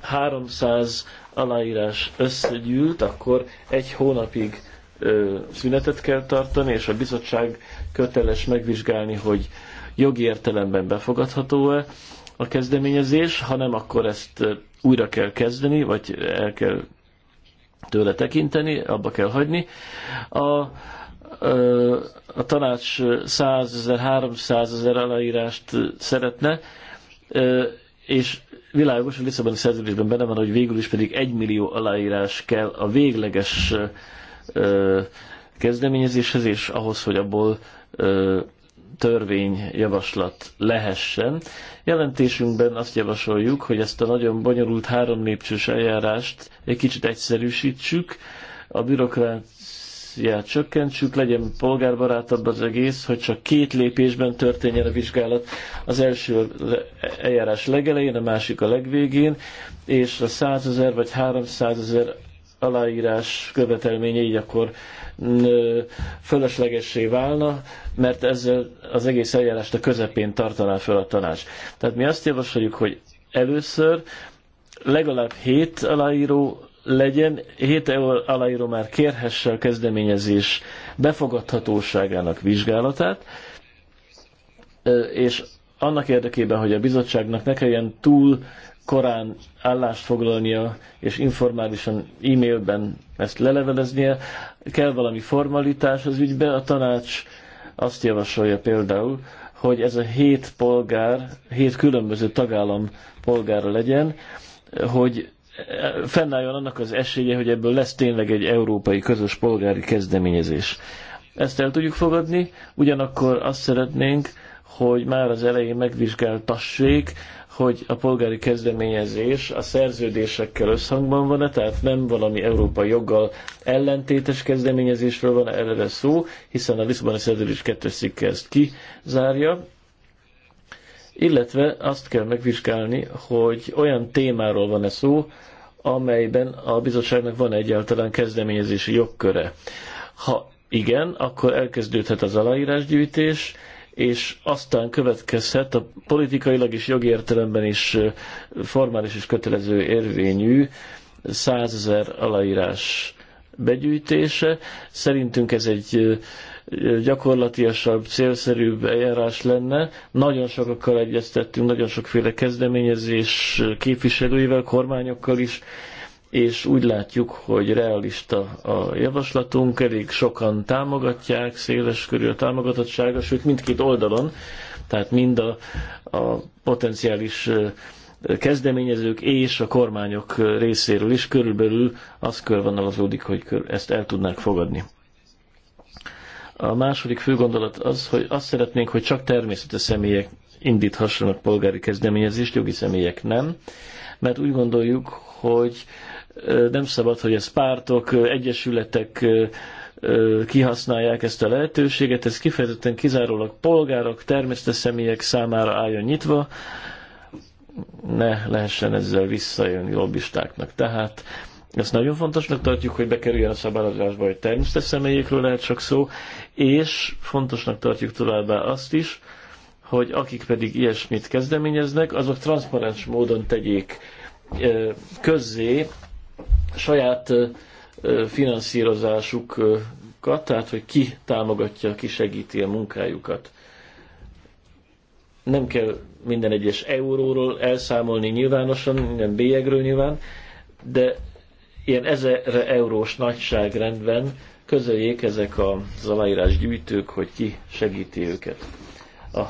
300 aláírás összegyűlt, akkor egy hónapig ö, szünetet kell tartani, és a bizottság köteles megvizsgálni, hogy jogi értelemben befogadható-e a kezdeményezés, ha nem, akkor ezt újra kell kezdeni, vagy el kell tőle tekinteni, abba kell hagyni. A, a tanács 100 ezer, 300 ezer aláírást szeretne, és világos, a Lisszaboni szerződésben benne van, hogy végül is pedig 1 millió aláírás kell a végleges kezdeményezéshez, és ahhoz, hogy abból törvényjavaslat lehessen. Jelentésünkben azt javasoljuk, hogy ezt a nagyon bonyolult három lépcsős eljárást egy kicsit egyszerűsítsük, a bürokráciát csökkentsük, legyen polgárbarátabb az egész, hogy csak két lépésben történjen a vizsgálat. Az első eljárás legelején, a másik a legvégén, és a 100 ezer vagy 300 ezer aláírás követelménye így akkor fölöslegessé válna, mert ezzel az egész eljárást a közepén tartaná fel a tanács. Tehát mi azt javasoljuk, hogy először legalább hét aláíró legyen, hét aláíró már kérhesse a kezdeményezés befogadhatóságának vizsgálatát, és annak érdekében, hogy a bizottságnak ne kelljen túl korán állást foglalnia, és informálisan e-mailben ezt leleveleznie, kell valami formalitás az ügybe, a tanács azt javasolja például, hogy ez a hét polgár, hét különböző tagállam polgára legyen, hogy fennálljon annak az esélye, hogy ebből lesz tényleg egy európai közös polgári kezdeményezés. Ezt el tudjuk fogadni, ugyanakkor azt szeretnénk, hogy már az elején megvizsgáltassék, hogy a polgári kezdeményezés a szerződésekkel összhangban van-e, tehát nem valami európai joggal ellentétes kezdeményezésről van erre szó, hiszen a Lisszaboni szerződés kettős cikke ezt kizárja, illetve azt kell megvizsgálni, hogy olyan témáról van-e szó, amelyben a bizottságnak van egyáltalán kezdeményezési jogköre. Ha igen, akkor elkezdődhet az aláírásgyűjtés, és aztán következhet a politikailag és jogi értelemben is formális és kötelező érvényű százezer aláírás begyűjtése. Szerintünk ez egy gyakorlatiasabb, célszerűbb eljárás lenne. Nagyon sokakkal egyeztettünk, nagyon sokféle kezdeményezés képviselőivel, kormányokkal is, és úgy látjuk, hogy realista a javaslatunk, elég sokan támogatják, széles körű a támogatottsága, sőt mindkét oldalon, tehát mind a, a potenciális kezdeményezők és a kormányok részéről is körülbelül az körvonalazódik, hogy ezt el tudnák fogadni. A második fő gondolat az, hogy azt szeretnénk, hogy csak természetes személyek indíthassanak polgári kezdeményezést, jogi személyek nem, mert úgy gondoljuk, hogy nem szabad, hogy ez pártok, egyesületek kihasználják ezt a lehetőséget, ez kifejezetten kizárólag polgárok, természetes személyek számára álljon nyitva, ne lehessen ezzel visszajönni lobbistáknak. Tehát ezt nagyon fontosnak tartjuk, hogy bekerüljön a szabályozásba, hogy természetes személyekről lehet csak szó, és fontosnak tartjuk továbbá azt is, hogy akik pedig ilyesmit kezdeményeznek, azok transzparens módon tegyék közzé saját finanszírozásukat, tehát hogy ki támogatja, ki segíti a munkájukat. Nem kell minden egyes euróról elszámolni nyilvánosan, minden bélyegről nyilván, de ilyen ezer eurós nagyságrendben közeljék ezek a aláírás gyűjtők, hogy ki segíti őket. A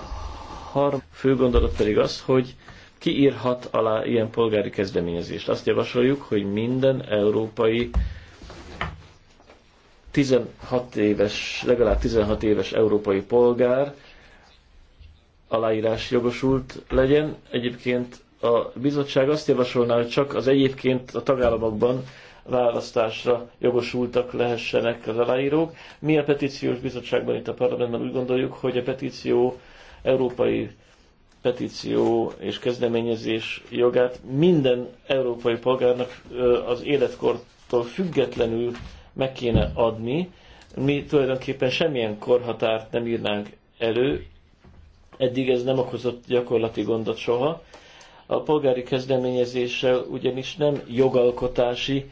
harm fő gondolat pedig az, hogy ki írhat alá ilyen polgári kezdeményezést? Azt javasoljuk, hogy minden európai 16 éves, legalább 16 éves európai polgár aláírás jogosult legyen. Egyébként a bizottság azt javasolná, hogy csak az egyébként a tagállamokban választásra jogosultak lehessenek az aláírók. Mi a petíciós bizottságban itt a parlamentben úgy gondoljuk, hogy a petíció európai petíció és kezdeményezés jogát minden európai polgárnak az életkortól függetlenül meg kéne adni. Mi tulajdonképpen semmilyen korhatárt nem írnánk elő, eddig ez nem okozott gyakorlati gondot soha. A polgári kezdeményezéssel ugyanis nem jogalkotási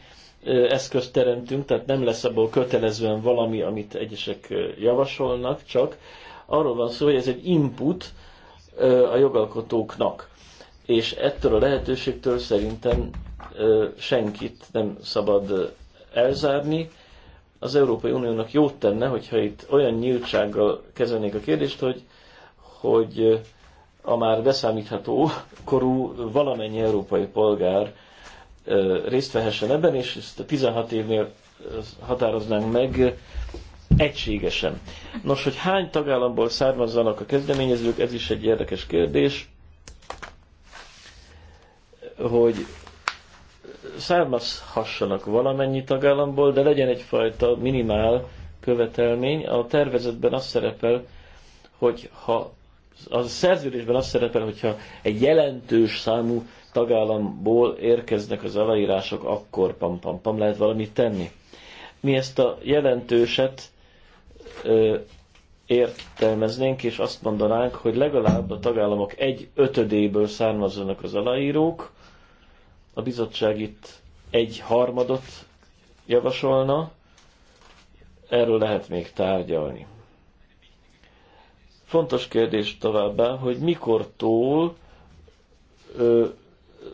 eszközt teremtünk, tehát nem lesz abból kötelezően valami, amit egyesek javasolnak, csak arról van szó, hogy ez egy input, a jogalkotóknak. És ettől a lehetőségtől szerintem senkit nem szabad elzárni. Az Európai Uniónak jót tenne, hogyha itt olyan nyíltsággal kezelnék a kérdést, hogy, hogy a már beszámítható korú valamennyi európai polgár részt vehessen ebben, és ezt a 16 évnél határoznánk meg egységesen. Nos, hogy hány tagállamból származzanak a kezdeményezők, ez is egy érdekes kérdés, hogy származhassanak valamennyi tagállamból, de legyen egyfajta minimál követelmény. A tervezetben az szerepel, hogy ha a szerződésben az szerepel, hogyha egy jelentős számú tagállamból érkeznek az aláírások, akkor pam, pam, pam lehet valamit tenni. Mi ezt a jelentőset ö, értelmeznénk, és azt mondanánk, hogy legalább a tagállamok egy ötödéből származzanak az aláírók, a bizottság itt egy harmadot javasolna, erről lehet még tárgyalni. Fontos kérdés továbbá, hogy mikortól ö,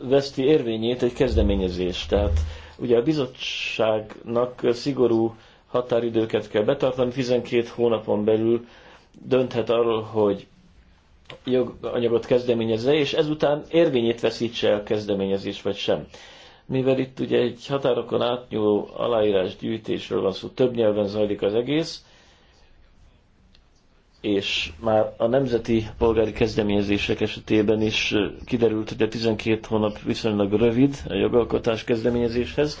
veszti érvényét egy kezdeményezés. Tehát ugye a bizottságnak szigorú határidőket kell betartani, 12 hónapon belül dönthet arról, hogy joganyagot kezdeményezze, és ezután érvényét veszítse el kezdeményezés, vagy sem. Mivel itt ugye egy határokon átnyúló aláírás gyűjtésről van szó, több nyelven zajlik az egész, és már a nemzeti polgári kezdeményezések esetében is kiderült, hogy a 12 hónap viszonylag rövid a jogalkotás kezdeményezéshez,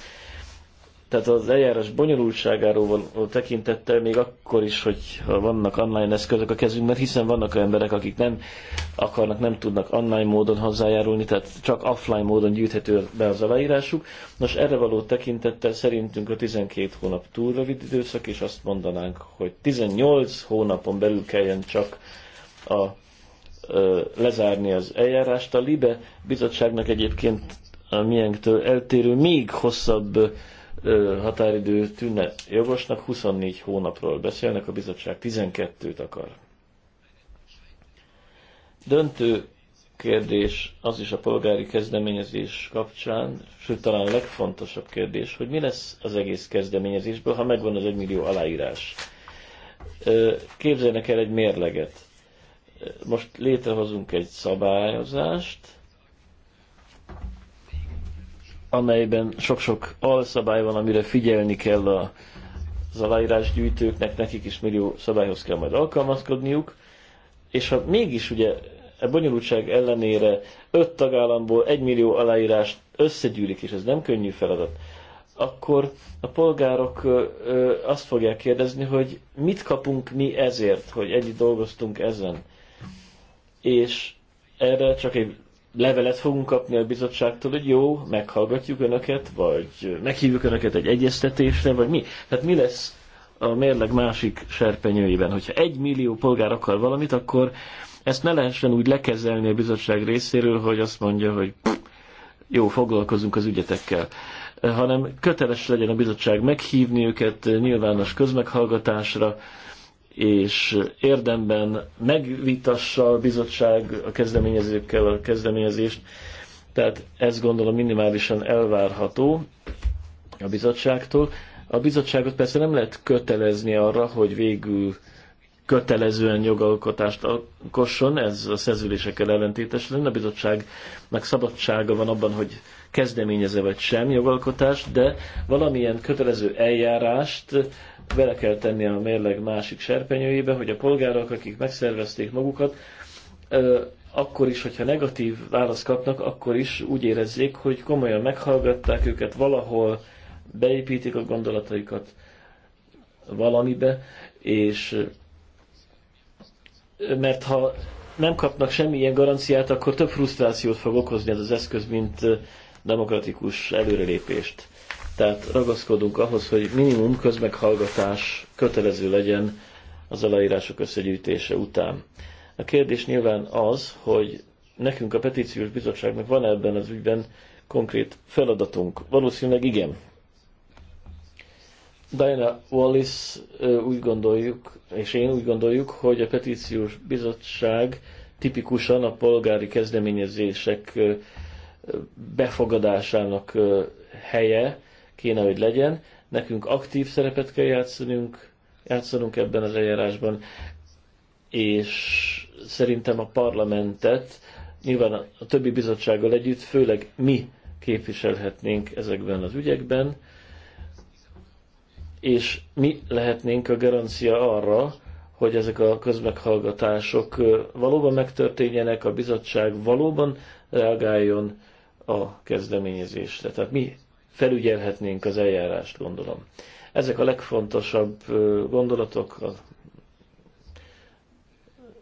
tehát az eljárás bonyolultságáról való tekintettel még akkor is, hogy vannak online eszközök a kezünkben, hiszen vannak olyan emberek, akik nem akarnak, nem tudnak online módon hozzájárulni, tehát csak offline módon gyűjthető be az aláírásuk. Nos, erre való tekintettel szerintünk a 12 hónap túl rövid időszak, és azt mondanánk, hogy 18 hónapon belül kelljen csak a ö, lezárni az eljárást. A LIBE bizottságnak egyébként a miénktől eltérő még hosszabb határidő tűnne jogosnak, 24 hónapról beszélnek, a bizottság 12-t akar. Döntő kérdés az is a polgári kezdeményezés kapcsán, sőt talán a legfontosabb kérdés, hogy mi lesz az egész kezdeményezésből, ha megvan az egymillió aláírás. Képzeljenek el egy mérleget. Most létrehozunk egy szabályozást, amelyben sok-sok alszabály van, amire figyelni kell a, az aláírásgyűjtőknek, nekik is millió szabályhoz kell majd alkalmazkodniuk, és ha mégis ugye a e bonyolultság ellenére öt tagállamból egy millió aláírás összegyűlik, és ez nem könnyű feladat, akkor a polgárok azt fogják kérdezni, hogy mit kapunk mi ezért, hogy együtt dolgoztunk ezen. És erre csak egy levelet fogunk kapni a bizottságtól, hogy jó, meghallgatjuk önöket, vagy meghívjuk önöket egy egyeztetésre, vagy mi? Tehát mi lesz a mérleg másik serpenyőjében? Hogyha egy millió polgár akar valamit, akkor ezt ne lehessen úgy lekezelni a bizottság részéről, hogy azt mondja, hogy pff, jó, foglalkozunk az ügyetekkel hanem köteles legyen a bizottság meghívni őket nyilvános közmeghallgatásra, és érdemben megvitassa a bizottság a kezdeményezőkkel a kezdeményezést, tehát ez gondolom minimálisan elvárható a bizottságtól. A bizottságot persze nem lehet kötelezni arra, hogy végül kötelezően jogalkotást alkosson, ez a szerződésekkel ellentétes lenne. A bizottságnak szabadsága van abban, hogy kezdeményeze vagy sem jogalkotást, de valamilyen kötelező eljárást bele kell tenni a mérleg másik serpenyőjébe, hogy a polgárok, akik megszervezték magukat, akkor is, hogyha negatív választ kapnak, akkor is úgy érezzék, hogy komolyan meghallgatták őket, valahol beépítik a gondolataikat valamibe, és mert ha nem kapnak semmilyen garanciát, akkor több frusztrációt fog okozni ez az eszköz, mint demokratikus előrelépést. Tehát ragaszkodunk ahhoz, hogy minimum közmeghallgatás kötelező legyen az aláírások összegyűjtése után. A kérdés nyilván az, hogy nekünk a petíciós bizottságnak van ebben az ügyben konkrét feladatunk. Valószínűleg igen. Diana Wallis úgy gondoljuk, és én úgy gondoljuk, hogy a petíciós bizottság tipikusan a polgári kezdeményezések befogadásának helye kéne, hogy legyen. Nekünk aktív szerepet kell játszanunk, játszanunk ebben az eljárásban, és szerintem a parlamentet, nyilván a többi bizottsággal együtt, főleg mi képviselhetnénk ezekben az ügyekben, és mi lehetnénk a garancia arra, hogy ezek a közmeghallgatások valóban megtörténjenek, a bizottság valóban reagáljon a kezdeményezésre. Tehát mi felügyelhetnénk az eljárást, gondolom. Ezek a legfontosabb gondolatok a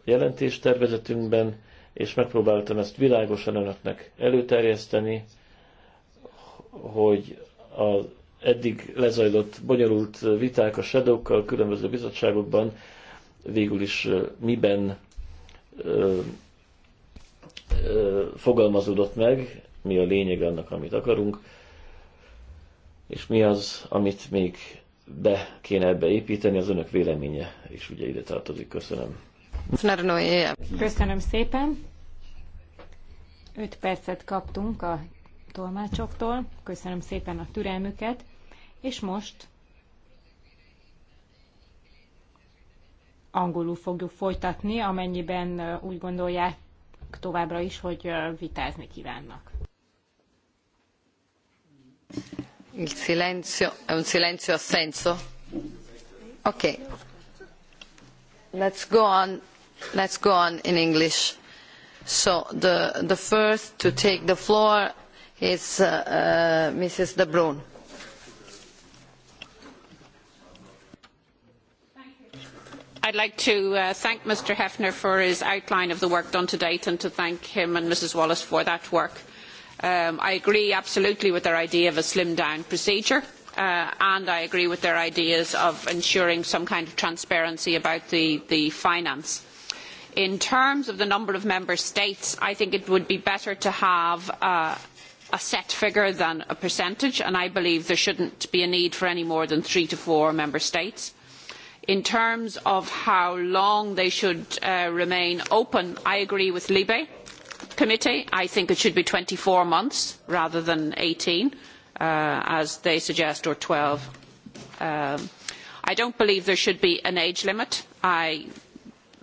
jelentéstervezetünkben, és megpróbáltam ezt világosan önöknek előterjeszteni, hogy az eddig lezajlott bonyolult viták a shadowkkal, különböző bizottságokban végül is miben ö, ö, fogalmazódott meg, mi a lényeg annak, amit akarunk, és mi az, amit még be kéne ebbe építeni, az önök véleménye is ugye ide tartozik. Köszönöm. Köszönöm szépen. 5 percet kaptunk a tolmácsoktól. Köszönöm szépen a türelmüket. És most angolul fogjuk folytatni, amennyiben úgy gondolják továbbra is, hogy vitázni kívánnak. Il silenzio è un silenzio assenso? Ok. Let's go on. Let's go on in English. So the, the first to take the floor is uh, uh, Mrs. De Bruyne. I'd like to uh, thank Mr Hefner for his outline of the work done to date and to thank him and Mrs Wallace for that work. Um, I agree absolutely with their idea of a slimmed down procedure. Uh, and I agree with their ideas of ensuring some kind of transparency about the, the finance. In terms of the number of member states, I think it would be better to have uh, a set figure than a percentage, and I believe there shouldn't be a need for any more than three to four member states. In terms of how long they should uh, remain open, I agree with Libe committee, I think it should be 24 months rather than 18, uh, as they suggest, or 12. Um, I don't believe there should be an age limit. I,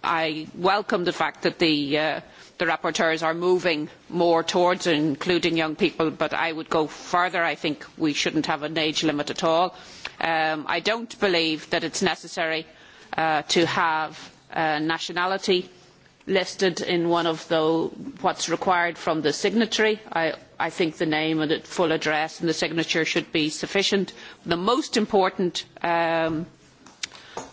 I welcome the fact that the, uh, the rapporteurs are moving more towards including young people, but I would go further. I think we shouldn't have an age limit at all. Um, I don't believe that it's necessary uh, to have uh, nationality uh, listed in one of the what's required from the signatory. I, I think the name and the full address and the signature should be sufficient. The most important um,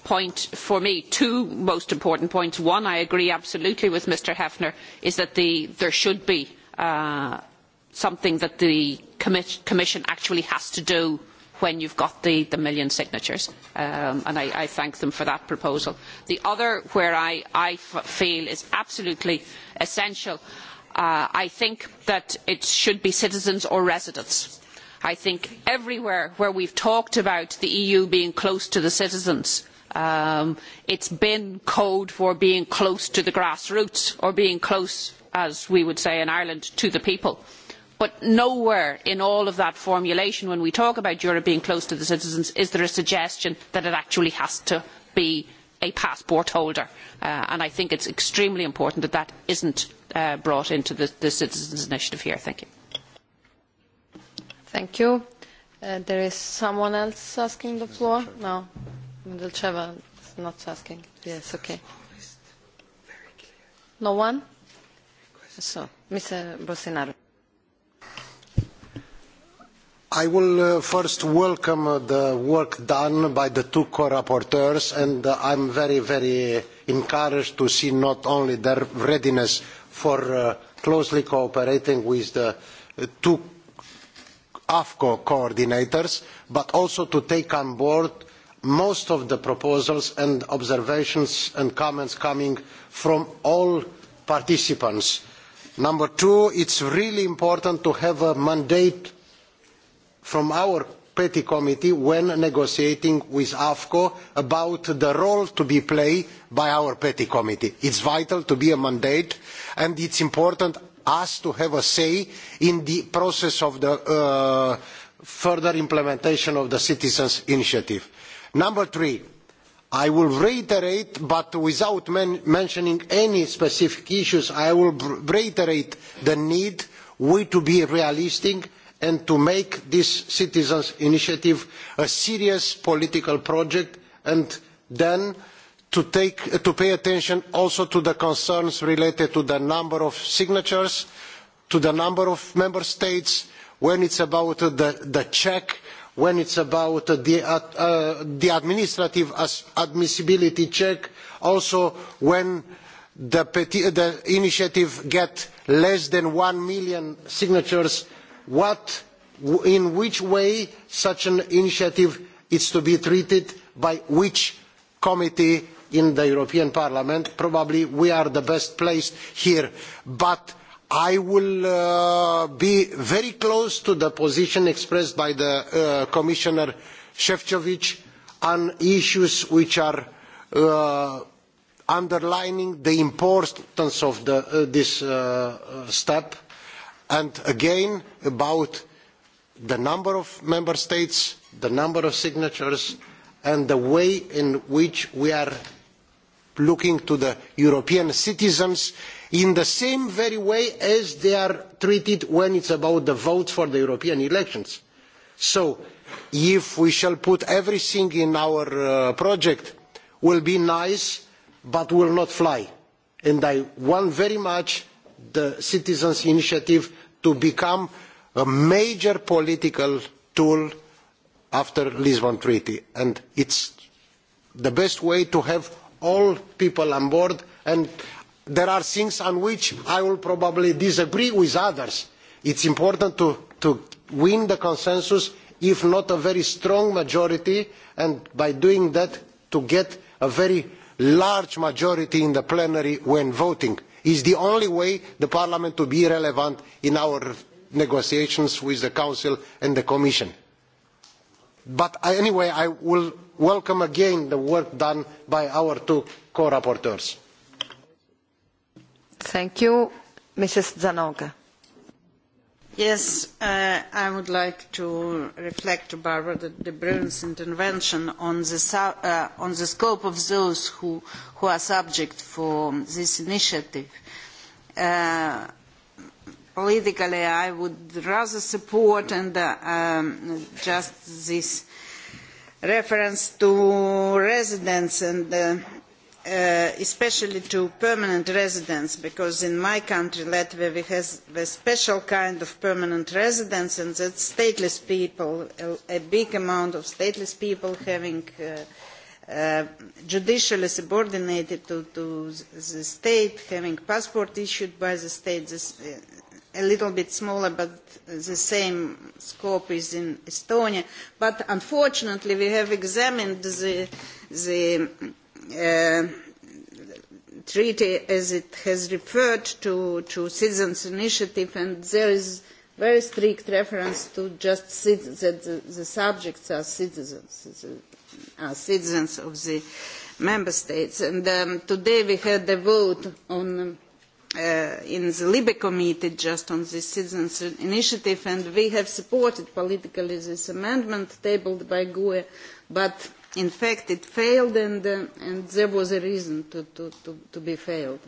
point for me, two most important points. One, I agree absolutely with Mr Hefner, is that the, there should be uh, something that the commi Commission actually has to do when you've got the, the million signatures. Um, and I, I thank them for that proposal. The other where I, I feel is absolutely essential, uh, I think that it should be citizens or residents. I think everywhere where we've talked about the EU being close to the citizens, um, it's been code for being close to the grassroots or being close, as we would say in Ireland, to the people but nowhere in all of that formulation when we talk about europe being close to the citizens is there a suggestion that it actually has to be a passport holder uh, and i think it's extremely important that that isn't uh, brought into the, the citizens initiative here thank you thank you uh, there is someone else asking the floor no Milcheva is not asking yes okay no one so mr bolsonaro I will uh, first welcome the work done by the two co-rapporteurs and uh, I'm very, very encouraged to see not only their readiness for uh, closely cooperating with the two AFCO coordinators, but also to take on board most of the proposals and observations and comments coming from all participants. Number two, it's really important to have a mandate from our peti committee when negotiating with afco about the role to be played by our peti committee. it is vital to be a mandate and it is important us to have a say in the process of the uh, further implementation of the citizens' initiative. number three i will reiterate but without mentioning any specific issues i will reiterate the need we to be realistic and to make this citizens' initiative a serious political project and then to, take, to pay attention also to the concerns related to the number of signatures to the number of member states when it is about the, the check when it is about the, uh, the administrative admissibility check also when the, the initiative gets less than one million signatures in which way such an initiative is to be treated by which committee in the European Parliament. Probably we are the best placed here. But I will uh, be very close to the position expressed by the uh, Commissioner efovi on issues which are uh, underlining the importance of this step and again about the number of member states the number of signatures and the way in which we are looking to the european citizens in the same very way as they are treated when it is about the vote for the european elections. so if we shall put everything in our uh, project it will be nice but will not fly and i want very much the citizens' initiative to become a major political tool after the Lisbon Treaty. And it's the best way to have all people on board. And there are things on which I will probably disagree with others. It's important to, to win the consensus, if not a very strong majority, and by doing that, to get a very large majority in the plenary when voting is the only way for parliament to be relevant in our negotiations with the council and the commission. but anyway i will welcome again the work done by our two co rapporteurs. Yes, uh, I would like to reflect to Barbara de, de intervention on the, uh, on the scope of those who, who are subject for this initiative. Uh, politically, I would rather support and uh, um, just this reference to residents and uh, Uh, especially to permanent residents because in my country latvia we have a special kind of permanent residents and that is stateless people a, big amount of stateless people having uh, uh, judicially subordinated to, the state having passport issued by the state this, a little bit smaller but the same scope is in estonia but unfortunately we have examined the, the Uh, treaty as it has referred to, to citizens' initiative, and there is very strict reference to just that the, the subjects are citizens, are citizens of the member states. And um, today we had a vote on, uh, in the Libe committee just on the citizens' initiative, and we have supported politically this amendment tabled by GUE, but in fact it failed and, uh, and there was a reason to, to, to, to be failed.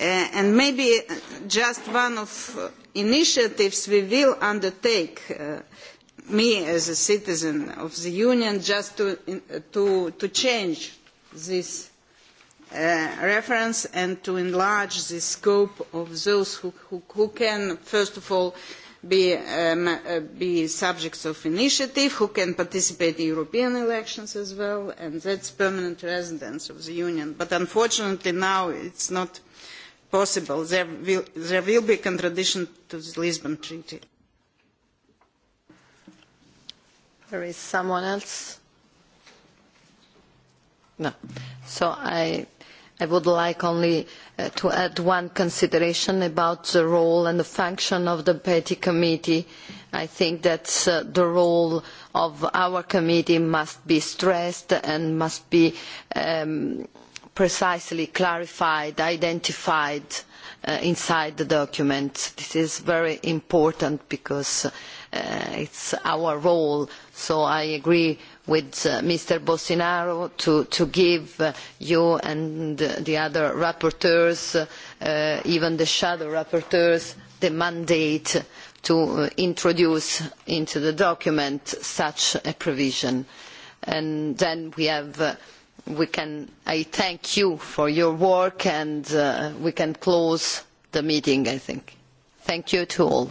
Uh, and maybe uh, just one of uh, initiatives we will undertake, uh, me as a citizen of the Union, just to, in, uh, to, to change this uh, reference and to enlarge the scope of those who, who, who can, first of all, uh, be, um, be subjects of initiative, who can participate in European elections as well, and that's permanent residents of the Union. But unfortunately now it's not possible. There will, there will be contradiction to the Lisbon Treaty. There is someone else? No. So I I would like only uh, to add one consideration about the role and the function of the Petty Committee. I think that uh, the role of our committee must be stressed and must be um, precisely clarified, identified uh, inside the document. This is very important because uh, it's our role. So I agree with uh, Mr. Bolsonaro to, to give uh, you and the other rapporteurs, uh, even the shadow rapporteurs, the mandate to uh, introduce into the document such a provision. And then we have uh, we can, I thank you for your work and uh, we can close the meeting, I think. Thank you to all.